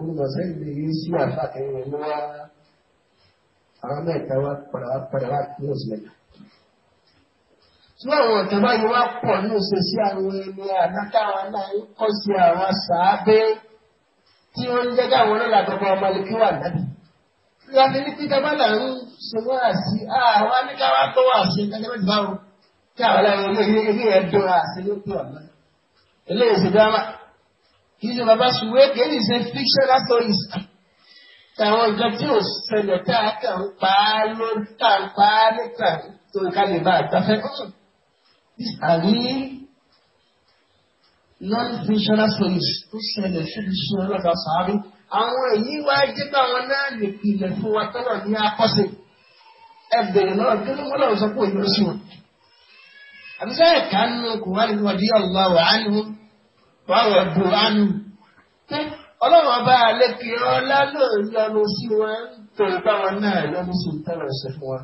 olùmọ̀ sẹ́yìn lè rí sí àfàkẹ́yìn rẹ̀ ló wá àwọn mẹ́ta wá padà wá ní oṣù mẹ́ta. Ṣùgbọ́n àwọn ọ̀tẹ̀ báyìí wá pọ̀ ní oṣù sí àwọn ẹni àdákáwa náà ń kọ́ sí àwọn sàábé tí wọ́n ń jẹ́ káwọn náà làgbọ́gbọ́ ọmọ ìlú wà nábì. Ìyàfi ní pípa bá là ń ṣe wá sí àwa tó wà sí ẹgbẹ́ mẹ́ta kí àwọn ẹlẹ́yìn ẹgbẹ́ yẹn dọ́ra àṣẹ ló pè ọ̀gbọ́n. Eléyìí ṣe dáná kì í ṣe bàbá ṣùwé kì í ṣe fictional stories àwọn nǹkan tí ò ṣẹlẹ̀ tá a kàn pa á ló tà ń pa á níta tó ká lè bá àgbàfẹ́. These are really non-fictional stories tó ṣẹlẹ̀ síbi ṣe ọlọ́dà sàárì. Àwọn èyí wá jẹ́ báwọn náà lè pilẹ̀ fún wa tọ́lọ̀ ní akọ́sẹ̀. Ẹ bèrè náà kí ló mọ́lọ́run sọ pé òun ló sùn. Àbísẹ́ ẹ̀ka nínú kò wá nínú ọdí ọ̀la wàá nínú. báwọn ẹ̀bùn wá nù. ọlọ́run ọba àlékè ọlá ló yọnu sí wọn torí báwọn náà yọnu sí ìtọ́nà ṣe fún wọn.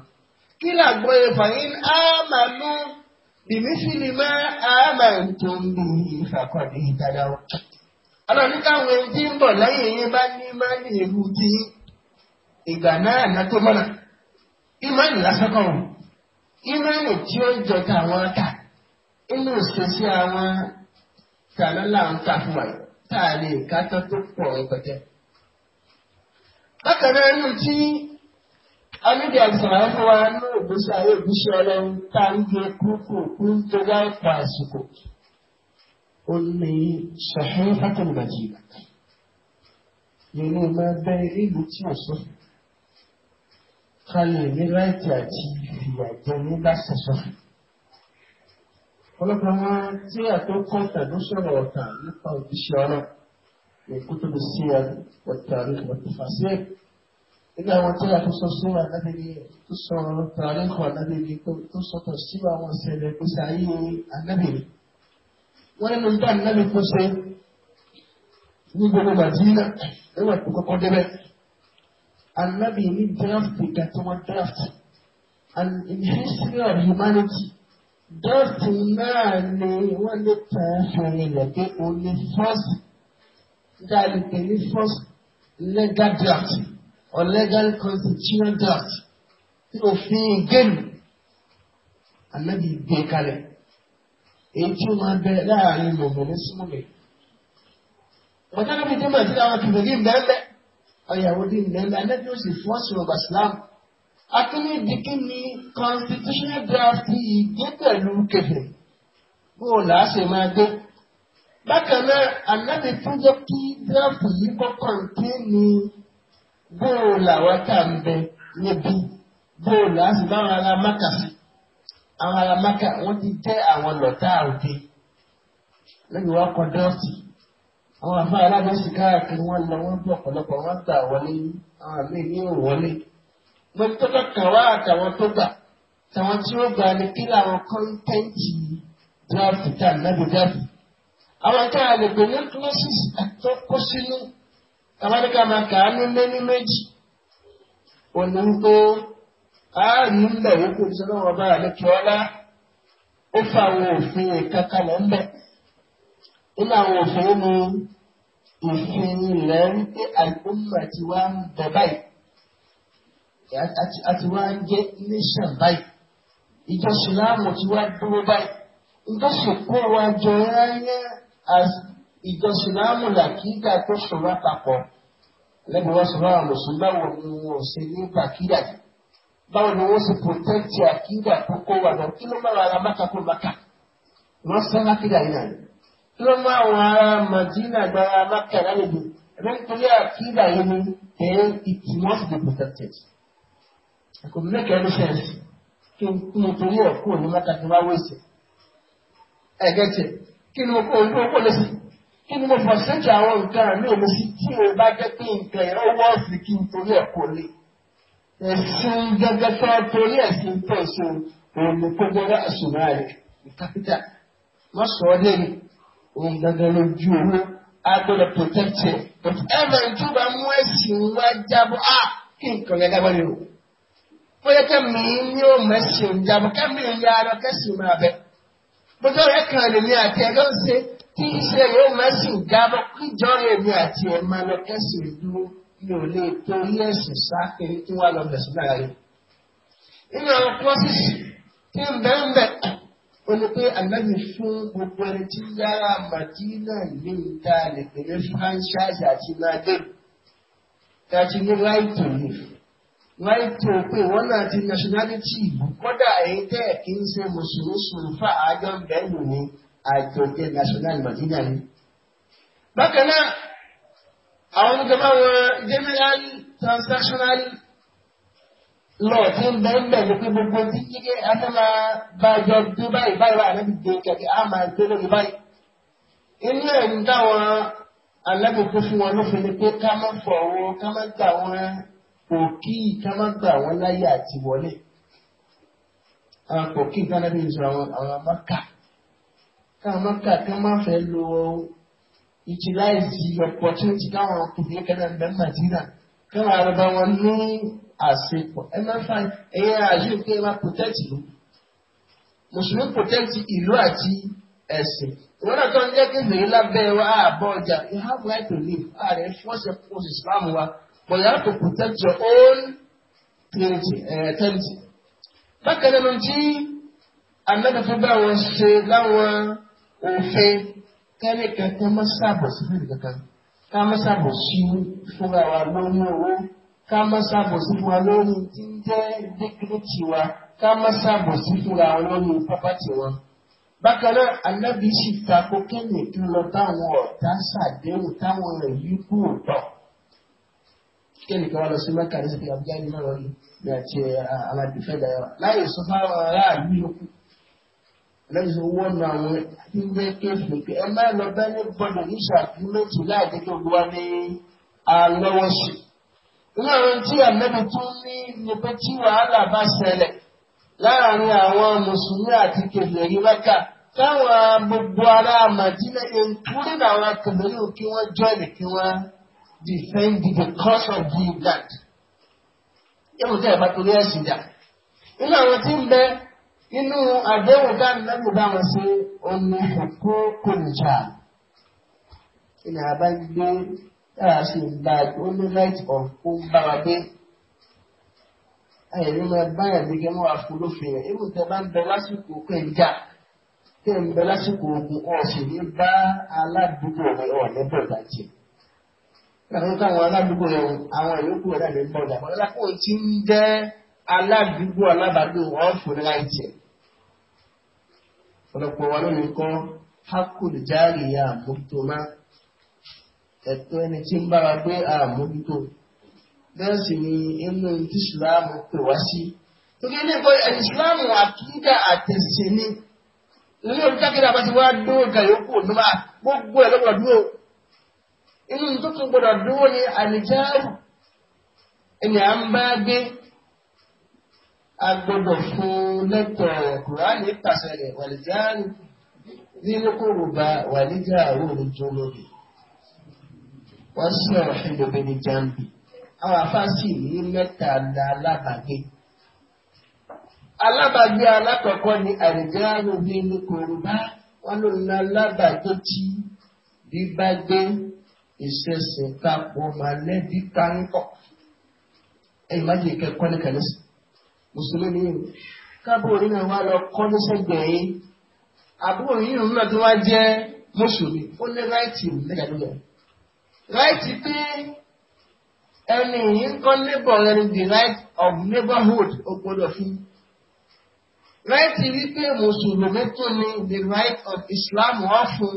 kí làgbọ́ ìfàyín àmàlú bìmísìlì mọ́ àmàntún bí ìfàkọ́ni ìdádáwọ́. ọlọ́run káwọn ẹjí ń bọ̀ lẹ́yìn yín bá ní má ní ìlú tí ìgbà náà ná tó lásán kan tí ó jọ tàwọn inú ìṣesí àwọn. tààlà là ń ta fún wa yìí tààlà ìkátà tó pọ̀ rẹpẹtẹ. bákan náà nínú tí Amídì àìsàn fún wa ní ògbésí ayé ìgbésí ọlọ́run tá a ń gbé kúrúkú kú tó wá pa àsìkò. Ó ní ṣàfihàn fákàlì bàjẹ́ ìgbà. Nínú máa bẹ ìlú tí ò sọ́fún kalẹ̀ ní láìpẹ́ àti ìfìyà nígbà sẹ̀sọ́fún ọ̀pọ̀lọpọ̀ àwọn tí a tó kọ́ tàbí sọ̀rọ̀ ọ̀tà nípa òjíṣẹ́ ọ̀nà èkó tó lè ṣe ọ̀tà ọ̀tà sí ẹ̀. nígbà àwọn tí a tó sọ sí wà lábẹ́ ni tó sọ ọ̀tà ọ̀rẹ́kọ̀ lábẹ́ ni tó sọ̀tọ̀ sí àwọn ìṣẹ̀lẹ̀ ìgbésẹ̀ ayé ànábì. wọ́n nínú ìgbà ànábì tó ṣe ní gbogbo màdínà nígbà tó kọ́kọ́ débẹ̀. ànábì ní draft ìgbà tí wọ́n draft and in history of humanity dọ́ọ̀tì náà ni wọ́n lè tàn án nílẹ̀ pé o ní fọ́ọ̀sì dáàlì pé ní fọ́ọ̀sì legal draft or legal constitutional draft tí òfin ìgbẹ́nu ànábì gbé kalẹ̀ èyí tí ó máa bẹ láàrin mọ̀mọ́ní súnmọ́lẹ̀. Mọ̀tánà bíi dé màdínà àwọn kìbìrì mẹ́lẹ̀ ọ̀yàwó dín mẹ́lẹ̀ ànábì ó sì fọ́ọ̀sì ọgbà sílámù akínídìkí ni constitutional draft yìí gbé pẹ̀lú kẹfẹ́ bó o là á ṣe máa gbé. bákan náà anábì tún jẹ́ kí draft yìí kọ́kọ́ nké ni bó o là wá tà ń bẹ níbí bó o là á sì máa ra mákà sí. àwọn ará mákà wọ́n ti jẹ́ àwọn lọ́tà òde lẹ́yìn wá kọ draft àwọn afárá aláàbẹ̀sì wọn lọ wọn bí ọ̀pọ̀lọpọ̀ wọn gbà wọlé àwọn àmì ìní ò gbogbo tó kàn wá àtàwọn tó gbà tàwọn tí ó gbà ní kí làwọn kọ́ńtẹ́ǹtì draft a nàbẹ̀ àwọn tá a lè gbé ní classes àtọ́kọ́ sínú àwọn ní máa kà á ní méjì. òní ń bá ó fa àwọn òfin nínú àwọn òfin àti wá ń jẹ́ nation báyìí ìjọ sùlámù ti wá dúró báyìí nǹkan sòkó wa jọ ráyé ìjọ sùlámù làkìdá tó sọ̀rọ̀ papọ̀ lẹ́nu wọn sọ̀rọ̀ àwọn mùsùlùmí báwo ni wọn ò ṣe ní bàkìdá yìí báwo ni wọ́n ṣe protect àkìdá tó kó wa lọ kí ló máa ra máka kó máka wọ́n fẹ́ mákìdá yìí náà kí ló máa wọ ara màdínà gba máka lálejò ẹ̀rọ nítorí àkìdá yìí ni then it must be protected kò make any sense kí n kí n torí ẹ̀ kúrò ní mẹ́ta kí n wá wéṣẹ̀ ẹ̀gẹ́tì kí ni mo kó ojú okó lé sí kí ni mo fọ sẹ́ńtì àwọn nǹkan mi ò lé sí tí mo bá jẹ́ pé nǹkan ẹ̀rọ wọ́ọ̀sì kí n torí ẹ̀ kó lé ẹ̀sìn gẹ́gẹ́ fẹ́ torí ẹ̀sìn tó ṣe òun kó gbọ́dọ̀ àṣùnà rẹ̀ kápítà má sọ ọ́ lé mi òun gẹ́gẹ́ lójú owó a gbọ́dọ̀ protect ẹ̀ but ẹ̀rọ ìjọba mú ẹ̀sìn wá jábọ̀ á ah! kí nǹkan gẹ́gẹ́ bá lè rò bóyá kẹ́mi ní ó mọ̀ ẹ́sì òǹjà mọ̀ kẹ́mi ìyá ara kẹ́sì mọ̀ abẹ́ bóyá ọ̀rẹ́ kan lè ní àti ẹ̀gọ́ ń ṣe kí iṣẹ́ yóò mọ̀ ẹ́sì òǹjà mọ̀ kíjọ́ rẹ̀ ní àti ẹ̀ máa lọ kẹ́sì ìdúró ní ò lè torí ẹ̀sùn sáfẹ́ tí wọ́n lọ bẹ̀sùn náà rẹ̀. nínú àwọn pọ́sísì tí ń bẹ́ẹ̀ ń bẹ̀ ó ní pé ànábì fún gbogbo ẹni tí yára màdínà ní ìta wọ́n tó pé wọ́n náà ti nationality ìlú kọ́dà ẹ̀yin tẹ́ ẹ̀ kí ń ṣe mùsùlùmí sùnfà àjọ bẹ́ẹ̀lù ní àjọjẹ national Madina ni. bákan náà àwọn ìjọba wọn general transactional law ti ń bẹ́ẹ̀ bẹ́ẹ̀ ní pé gbogbo tí kíkẹ́ afẹ́lá bájọ dé báyìí báyìí wà lẹ́bi dé kẹ̀kẹ́ á máa dé lórí báyìí. inú ẹ̀ ń dá wọn alábòkú fún wọn lófin ni pé ká má fọ̀ wọn ká má gbà wọn pòkí ká má gbà wọ́n láyé àti wọlé àwọn pòkí ká náà fi sọ̀rọ̀ àwọn àwọn amáka ká amáka ká má fẹ́ lo utilize opportunity káwọn ọkùnrin kẹ́lẹ́ ń bẹ́ Nàìjíríà káwọn arọba wọn ní àṣepọ̀ ẹ má fa ẹyẹ àyè pé ẹ má protect ìlú mùsùlùmí protect ìlú àti ẹ̀sìn ìwọ́n náà tó ń jẹ́ kí ìlú lábẹ́ wa àbọ̀ ọjà you have right to live ààrẹ fọ́ọ̀sì ẹ̀kọ́ Islam wa but you have to protect your own purity uh, eh, eternity. bákan nínú tí anáfẹ́ bá wọn ṣe láwọn òfin kẹ́lẹ́ kankan má sábò sí fún kankan ká má sábò sí fúnra wa lórí owó ká má sábò sí fúnra lórí tí ń jẹ́ dígírìtì wa ká má sábò sí fúnra lórí pápátì wa. bákan náà anábìíṣì takò kẹ́lẹ́ kí lọ báwọn ọ̀tá ṣàdéhùn táwọn èyí kúrò tán kí ẹnìkan wá lọ sí mẹ́ka nísìkí àbújá ní náà lọ́yìn ní àti aládùúfẹ́ eh, dàyẹ̀wà láyé sọ fáwọn aráàlú yòókù lẹ́yìn tó wọ́n nu àwọn ilé kéfì pé ẹ má lọ bá ní gbọ́dọ̀ ní ṣàkíyèsí láàdé tó wá ní alọ́wọ́sì. nínú àwọn tí àmẹ́bí tún ní ni pé tí wàhálà bá ṣẹlẹ̀ láàrin àwọn mùsùlùmí àti kèfèrí Mẹ́kà táwọn gbogbo ará Màdínà èntúrí làwọn kèfèrí kí wọ́n jọ́ọ̀lì defend the cause of the land. Yẹ́wò tẹ́ ẹ̀ bá torí ẹ̀sìn jà. Nínú àwọn tí ń bẹ nínú àdéhùn dáàbò lẹ́gbẹ̀ẹ́ bá wọn ṣe ọ̀nà ẹ̀kọ́ kò ní jà. Ìnà àbá gbé táà ṣe ń bá ó right of kó bá wa gbé. Ayẹ̀lú máa báyà gbé gẹ́gẹ́ wà fún olófin rẹ̀. Ebi tẹ bá ń bẹ lásìkò pé ń jà. Tẹ̀ ń bẹ lásìkò ogun ọ̀sìn ní bá aládùúgbò rẹ̀ ọ̀nẹ́bọ̀ dájẹ́. Àwọn táwọn aládùúgbò rẹ̀ àwọn ìyókù rẹ̀ lè bọ̀ dà. Bọ̀dá kò tí ń jẹ́ aládùúgbò alábàádùn wọn fò ní láì jẹ. Ọ̀pọ̀lọpọ̀ wa lónìí kan, Hákùlù jáàrì ya àmójútó máa. Ẹ̀tọ́ ẹni tí ń bára gbé àmójútó. Bẹ́ẹ̀ sì ni inú Ìsìláàmù pè wá sí. Torí ilé ìkọ́ Ìsìláàmù àkíńdà àtẹ̀sẹ̀ ni. Ilé olùdákẹ́dà bá ti wá dúró gàyókù òdúnmá. Gbogbo inú tó tún gbọdọ̀ dúró ní àlìjáàrù ẹni à ń bá gbé agbọdọ̀ fún lẹ́tọ̀ kùránì pàṣẹ rẹ̀ wàlìjáàrù ní lókòròba wàlìjáàrù ní tó lórí wọ́n sì ọ̀rọ̀ ìdòbí ní jambi àwọn afáàsì ní mẹ́ta la alábàgbé alábàgbé alákọ̀ọ́kọ́ ni àlìjáàrù ní lókòròba wọn ló ń alábàgbé tí bíbá gbé ìṣẹ̀ṣẹ̀ kápọ̀ màlẹ́bí kánkọ̀ ẹ̀yìn má jẹ́ kẹ́ kọ́lé kẹ́lẹ́ sí mùsùlùmí ni yìí kábọ̀ yìí náà wá lọ kọ́lé sẹ́gbẹ̀ẹ́ yìí àbúrò yìí nínú náà tó wá jẹ́ mùsùlùmí ó ní ráìtì nígbà tó yẹ ráìtì pé ẹni yìí ń kọ́ neighbor rẹ ni the right of neighborhood ó gbọ́dọ̀ fún ráìtì wípé mùsùlùmí tó ní the right of Islam wọ́n fún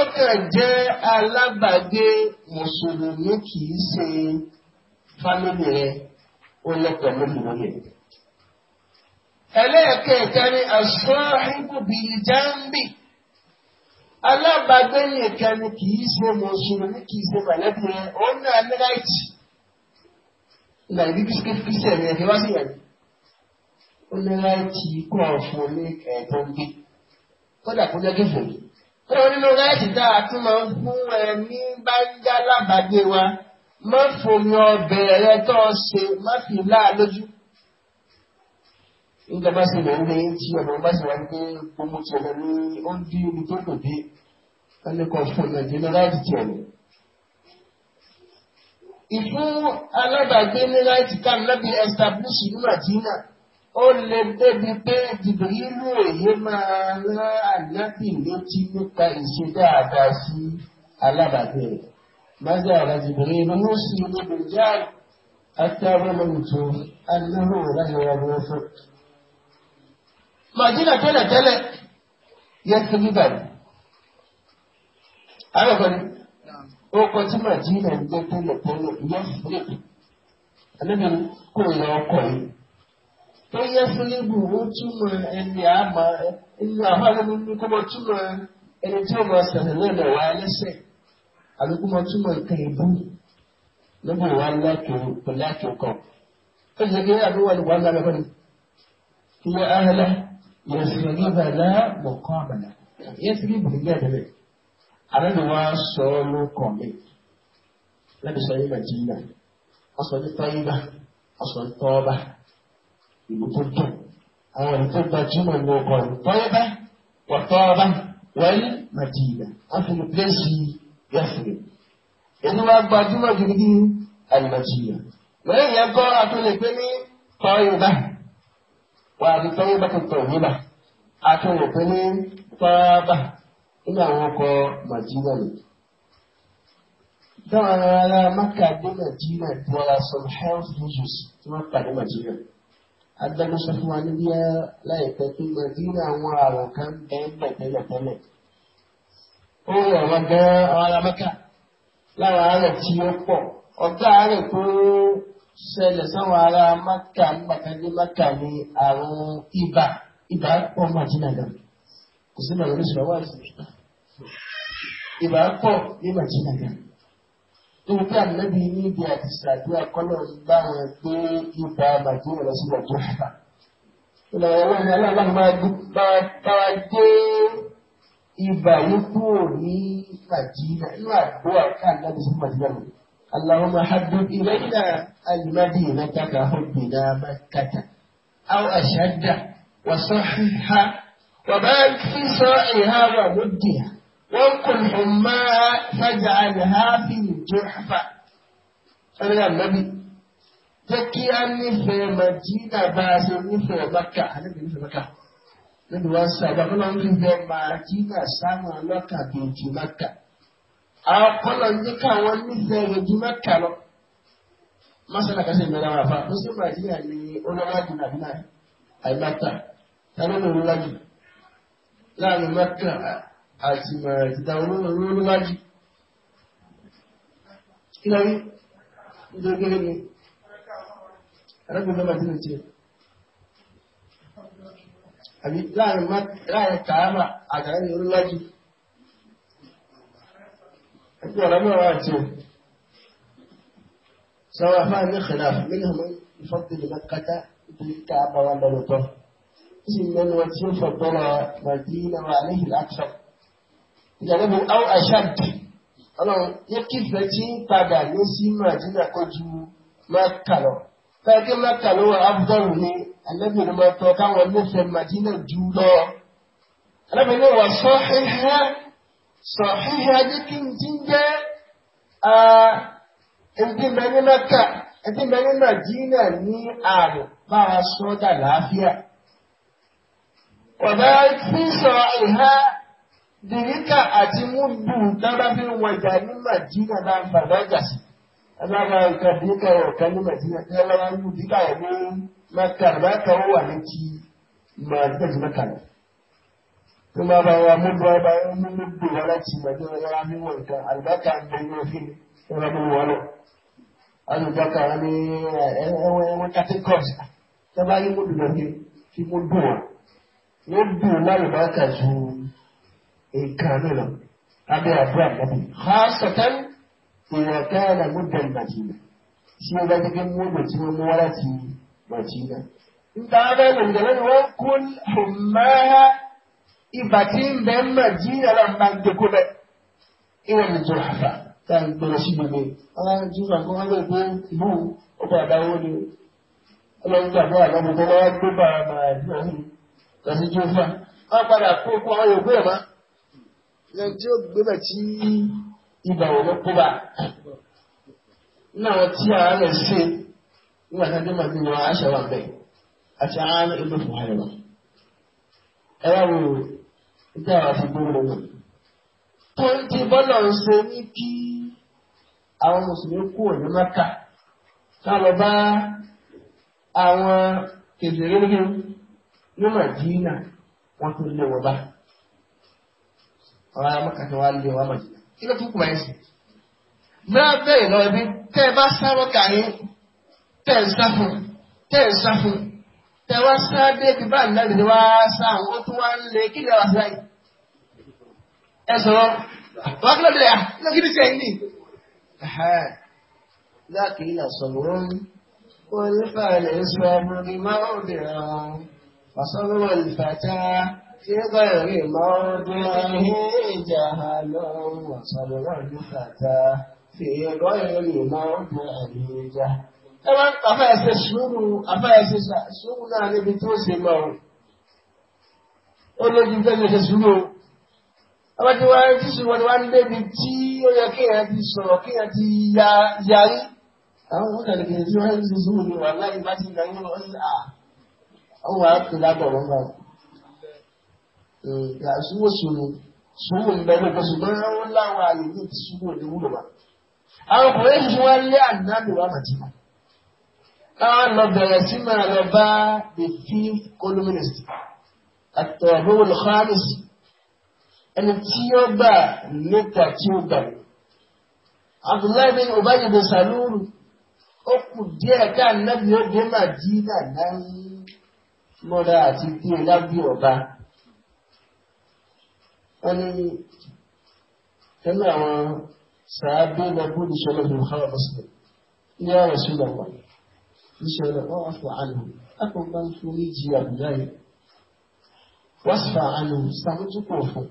ó kàn jẹ́ alábàágbé mùsùlùmí kì í ṣe fámìlì rẹ̀ ó lẹ́tọ̀ọ́ lórí wọlé. ẹlẹ́ẹ̀kẹta ni àṣọ́hìnkùbì ìjàmbì alábàágbé nìkan ni kì í ṣe mùsùlùmí kì í ṣe mọ̀lẹ́bí rẹ̀ ó ní aláìtì nàìjíríà kìí kìí ṣe ẹ̀rẹ̀ ẹ̀rẹ̀ wá sí ẹ̀rẹ̀ ó ní aláìtì kọ́ ọ̀fun ní ẹ̀ẹ́dọ́gbé kódà kó jẹ́ kéfòó wọn nínú láìsí tá a tún máa ń fún ẹ ní báńjá lábàgbé wa má fòmù ọbẹ̀ rẹ tó o ṣe má fi láà lójú. nígbà bá ṣe lè ń lé tí ọmọ bá ṣe wà ní pé gbogbo tí ọmọ ní ó ń dín ibi tó kò dé wọn ní kò fún ọmọ láìsí tí ọmọ. ìfún alábàgbé ní láìsí tá a lọ́bi establish ní Màdínà ó lè débi pé jìbìrìlù èyí máa rán ànábì létí nípa ìṣe dáadáa sí alábàágbé rẹ̀. ماذا جبريل يوصي بالرجال حتى ظننت انه لن يوافق مدينة تلا تلا يكذبا أنا قلت أوقات مدينة تلا تلا يسرق أنا من كل يوم tó yẹ fúlíbù ó túmọ̀ ẹni àmọ́ ẹni àfáàlú ní kó mọ túmọ̀ ẹni tí ó mọ sẹ̀rẹ̀ lọ́dọ̀ wá ẹlẹ́sẹ̀ àlùkù mọ túmọ̀ nǹkan ìbú lọ́gbọ̀n wa láàkì ọkọ̀. ó ṣe kí àdúgbò ni wàá lára fún mi. kí ni ahẹ́lá yẹ̀sìn ní bàlá mọ̀kàn àbàlá yẹ̀sìn ní bùnú gẹ́gẹ́ bẹ́ẹ̀. àná ni wàá sọ ọ́ ló kàn mí. lẹ́bi sọ ibi tó dùn àwọn ẹni tó gbajúmọ̀ ní ọkọ rẹ̀ tọ́yẹ́bá wọ̀tọ́ọ́bá wẹ́lí màdìyà áfíìlì pílẹ́sì yẹ́fìlì èyí wá gbajúmọ̀ gidigidi àyèmàdìyà lẹ́yìn yẹn kọ́ àtúnlẹ̀ pé ní tọ́yẹ́bá wà á di tọ́yẹ́bá tó tọ̀ yíbà àtúnlẹ̀ pé ní tọ́yẹ́bá nínú àwọn ọkọ̀ màdìyà nìyí táwọn ará Mákà dé Màdínà tí wọ́n ra some health issues tí wọ́n pàdé Màdínà agbẹnu sọ fún wa níbí láìpẹ́ pé mọdínà àwọn àrùn kan bẹ ń bẹ tẹ́lẹ̀tẹ́lẹ̀ ó rẹ wọn gan ara mẹ́ta lára àárẹ̀ tí ó pọ̀ ọ̀gá àárẹ̀ tó ṣẹlẹ̀ sáwọn ará mẹ́ta nígbàkadé mẹ́ta ní àrùn ibà ibà pọ̀ mọdínà gan kò sí màlúù sọ̀rọ̀ wà lóṣù ibà pọ̀ ní mọdínà nígbà níbi níbi àti ṣàdúrà kọ́lọ̀ ń bá wọn gbé ibà màdúrà lọ sí ọjọ́ ìfà. ìlànà ìwé ni aláàbá máa bá dé ibà yókù ní màdínà inú àdúrà káàdá bí sí màdínà lò. اللهم حبب إلينا المدينة كحبنا مكة أو أشد وصححها وبارك في صاعها ومدها وانقل حماها فاجعلها في Juhfa ẹni ànábì jẹ́ kí á nífẹ̀ẹ́ Màdínà bá a ṣe nífẹ̀ẹ́ Mẹ́kà ànábì nífẹ̀ẹ́ Mẹ́kà nínú wa sábà kọ́lá ń bẹ Màdínà sáwọn ọlọ́kà bíi ti Mẹ́kà àwọn kọ́lá ń jẹ́ káwọn nífẹ̀ẹ́ rẹ̀ ju Mẹ́kà lọ masala ka se mẹ́ra wàfa ó sì Màdínà ní olóńgbàdì nàbínà àìmáta tàbí olóńgbàdì láàrin Mẹ́kà àti Màdínà olóńgbàdì. كلاوي دغني رجل ما دينتي ابي لا ما لا يا كاما اجاني يقول لك انت ولا ما واجي سواء فان خلاف منهم يفضل مكة بالكعبة ولا لطف سنن وتشوف الضرع مدينة وعليه الأكثر جلبه أو أشد ọlọ́run ní kífẹ́ tí ń padà ní sí màdínà kan ju mẹ́kà lọ. fẹ́ẹ́kì mẹ́kà ló wà ábúdọ́rù ni alẹ́bí ló máa tọ́ káwọn nífẹ̀ẹ́ màdínà jù lọ. alẹ́bí ló wà sọ́híhẹ́ sọ́híhẹ́ ní kí n ti jẹ́ ẹ̀ǹdí mẹ́rin mẹ́kà ẹ̀ǹdí mẹ́rin màdínà ní àrùn bá a sọ́dà láàfíà. ọ̀dà fi sọ ìhá bìníkà àti múndù dára fi wọ̀jà ní màdínà náà ń bàbá ìjà sí. alára ìka bìníkà yọ̀ ọ̀kan ní màdínà ní alára ń bìníkà yọ̀ ní mẹ́ta mẹ́ta ó wà ní ti màdínà mẹ́ta lọ. tó máa bá wa múndù wa bá yẹn mú múndù wa láti màdínà yọ̀ ní wọ̀ nǹkan àlùbákà ń bẹ yóò fi ẹ̀rọ mú wọn lọ. alùbákà ní ẹ̀wọ̀n kátẹ́kọ̀ọ̀sì tó bá yẹ múndù lọ fi múndù wọn. yóò dùn nǹkan náà lọ abẹ́ àdúrà lọ́pọ̀. Xaasọ̀tán ìwà káàdà muddan Madina tí wọ́n bá gẹ́gẹ́ mú ọ̀nà tí wọ́n mú wá láti Madina. Nta abẹ́ gbẹ̀ngàn ni wọ́n kún ọ̀mára ìbà tí ń bẹ́ Madina lọ máa ń dẹ́kọ́ bẹ́. Ìwọ̀n mi tó àfà tá a gbọ́dọ̀ sí gbogbo. Àwọn Júwà kan wọ́n lè gbé ìlú ọkọ̀ àdáwó ni ọlọ́run gbàdúrà lọ́mọdé lọ́wọ́ gbé bàrà màá ẹni tí ó gbé bẹ̀ tí ibà wò ló kó bá nínú àwọn tí ara rẹ̀ ṣe nígbà tí a dé màbí wọn aṣọ wa bẹ̀ àti ara rẹ̀ ló fún ayọ̀ wa. ẹ wá wo ìdí àwọn àfigbóró lọ́wọ́ tó ń ti bọ́lọ̀ ń ṣe ní kí àwọn mùsùlùmí kú òní mọ́kà ká lọ bá àwọn kèfèrè ní Mádínà wọ́n tó lé wọn bá àwọn ará mọ́kà tó wá lé wa mọ̀jìnà kí ló tún kù báyìí sí. mìíràn bẹ́ẹ̀ lọ ẹbí tẹ́ ẹ bá sáré kàrí tẹ́ ẹ sá fún tẹ́ ẹ sá fún tẹ́ wá sá débi bá nílẹ̀ lè wá sá àwọn ó tún wá ń lé kí lè wá sí láyé. ẹ sọ̀rọ̀ wá kí ló dé yà kí ló kí ni tiẹ̀ yìí láàkì ilà sọ̀rọ̀ olùfàlẹ̀ sọ̀rọ̀ ìmọ̀ òdìrán wàsọ̀rọ̀ ìfàtà. غير مرضه جهل وصبر الفتى في غير مرضه جهل ẹwọ́n afẹ́ẹ̀ṣẹ́ sùúrù afẹ́ẹ̀ṣẹ́ sùúrù náà níbi tí ó ṣe mọ́ ó lójú tẹ́lẹ̀ ṣe sùúrù ọwọ́n tí wọ́n ti sùúrù wọ́n ń débi tí ó yẹ kí èèyàn ti sọ̀rọ̀ kí èèyàn ti yarí àwọn òkèlè tí wọ́n ti sùúrù wà láì bá ti gbà ń lọ sí à ó wà á tó lábọ̀ wọn báyìí ìyàsúwò sùúrù sùúrù ń bẹ lóko ṣùgbọ́n ó láwọn àyè ní ti sùúrù ní wúlò wa. àwọn ọkùnrin yìí wọ́n lé àná mi wá màjìmá. káwọn lọ bẹ̀rẹ̀ sí máa lọ bá the fifth columnist àtọ̀bọ̀wò lọ́kọ́rọ́mìs ẹni tí ó gbà lẹ́tà tí ó gbà. Abdullahi bin Ubay bin Salulu ó kù díẹ̀ ká nàbí ó dé màdínà náà mọ́ra ẹni tẹ́lẹ̀ àwọn sàábé lẹ́kún ìṣẹ̀lẹ̀ ìrùkọ́rọ̀ mọ́sílẹ̀ ní ọ̀rọ̀ sílẹ̀ wà ìṣẹ̀lẹ̀ wọ́n fọ́ àlùm akọ̀gbá fún ní jí àbújáyé wọ́n sì fà àlùm sàmójúkọ̀ fún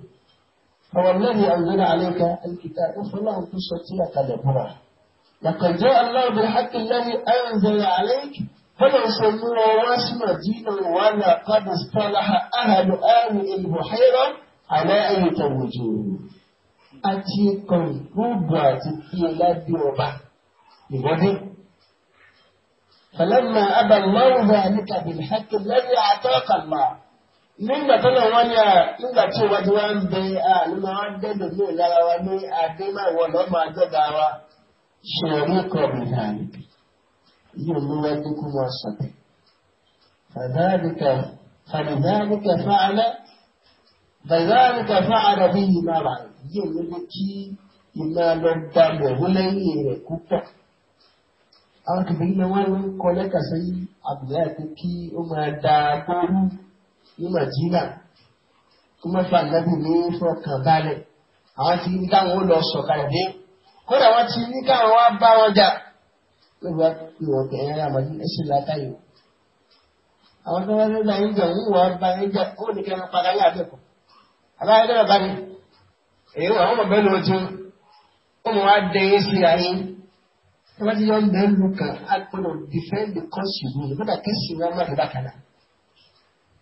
فوالذي أنزل عليك الكتاب فالله تشتي لك دبرا لقد جاء الله بالحق الذي أنزل عليك فلو سموه واسم دينا ولقد اصطلح أهل آل البحيرة àlẹ́ ẹ̀yìnkà wòjò àti kan gbogbo àti fi lábẹ́ ọba ìwọ́dé. Fàlẹ́mà abàmọ́wùdà níta bìlìhákì lẹ́yìn àtọ́kànlá. Nígbà tó náà wọ́n ní à nígbà tí ìwádìí wá ń bẹ à nínú àwọn dẹ́dọ̀ ní ìlara wa ní àdémáwọ̀ lọ́mọ àjọba wa. Ṣèlérí kọ̀ọ̀bù náà Yóò mú wá dínkù wọn sọ̀tẹ̀. Fàdáàdìkà fàdáàdìkà fáálẹ́ fàìzáàríkà fáàrà bí ìmọ̀ rà yìí ló lé kí ìmọ̀ lọ bá bẹ̀rù lẹ́yìn rẹ̀ púpọ̀. àwọn kìbìrì náà wọ́n ń kọ lẹ́kà sí àbúrò àti kí ó máa da gbóòrú ní màjínà kó má fà nábì ní fọkàn balẹ̀ àwọn ti ní káwọn ó lọ sọ̀kalẹ̀ dé kódà wọ́n ti ní káwọn wá bá wọn jà lóògbé ìwọ̀kẹ̀ ẹ̀rẹ́ àmọ́jú ẹ̀ṣẹ̀ látàyò àwọn tó wá lọ́dọ̀ àyíjà ń wọ́n bá ẹ̀jà ó aláyẹ̀dẹ́rẹ̀ bá ní èyí wà wọ́n bẹ̀rẹ̀ lọ tún wọ́n wá dẹ́yẹ sí ayé wọ́n bá ti yọ ọ́nà ẹ̀lú kan á gbọ́dọ̀ defend the constitution gbọ́dọ̀ kẹ́sì wọn má dọ̀dá kan náà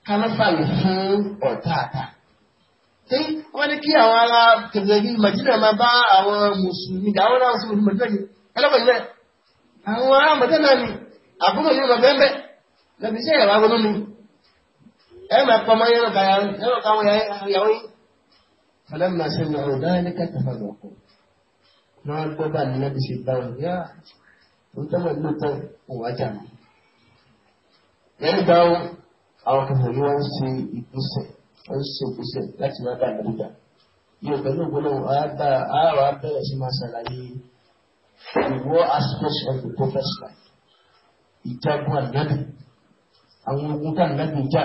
kánáfààyè fún ọ̀tá àtà. wọ́n ní kí àwọn ará tẹ̀sẹ̀bí màjínà máa bá àwọn mùsùlùmí àwọn ará mùsùlùmí màjínà ni ẹlọ́pàá nílẹ̀ àwọn ará màjínà ni àbúrò yìí mọ̀ bẹ́ẹ̀ bẹ́ẹ̀ lọ́bi iṣẹ́ ìyàwó agbọ́nú ni ẹ̀mà pọmọ yẹn rọ̀ka yàrá yẹn rọ̀ka wọn yàwó yìí. Fọlẹ́mà ṣe ń lọ dáadé kẹta fọlọ kù. Náà gbọ́ bá nínú bí ṣe bá wọn yá. Ó tẹ́lẹ̀ ló tán òwò ajá mi. Lẹ́yìn bá wọn, àwọn kẹfẹ́ ni wọ́n ń ṣe ìgbésẹ̀, wọ́n ń ṣe ìgbésẹ̀ láti máa bá àgbàdà. Yóò pẹ̀lú ògbólóhùn àárọ̀ abẹ́rẹ́ sí máa ṣàlàyé the war aspects of the prophet's life. Ìjagun àgbàdì, àwọn ogun tá àgbàdì ń jà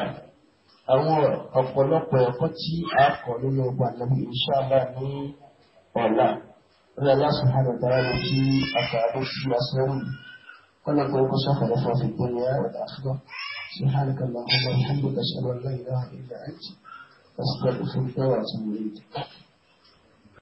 àwọn ọ̀pọ̀lọpọ̀ ẹ̀kọ́ tí a kọ̀ nínú ọgbà nàbí ìṣàbà ní ọ̀la rẹ̀ lásùnmọ́nà dára lọ sí àtàrà sí asẹ́rù kọ́nà kọ́ sọ́kọ̀lọ́ fún àfi gbóni àwọ̀dà àfúgbọ́ سبحانك اللهم وبحمدك اشهد ان لا اله الا انت استغفرك واتوب اليك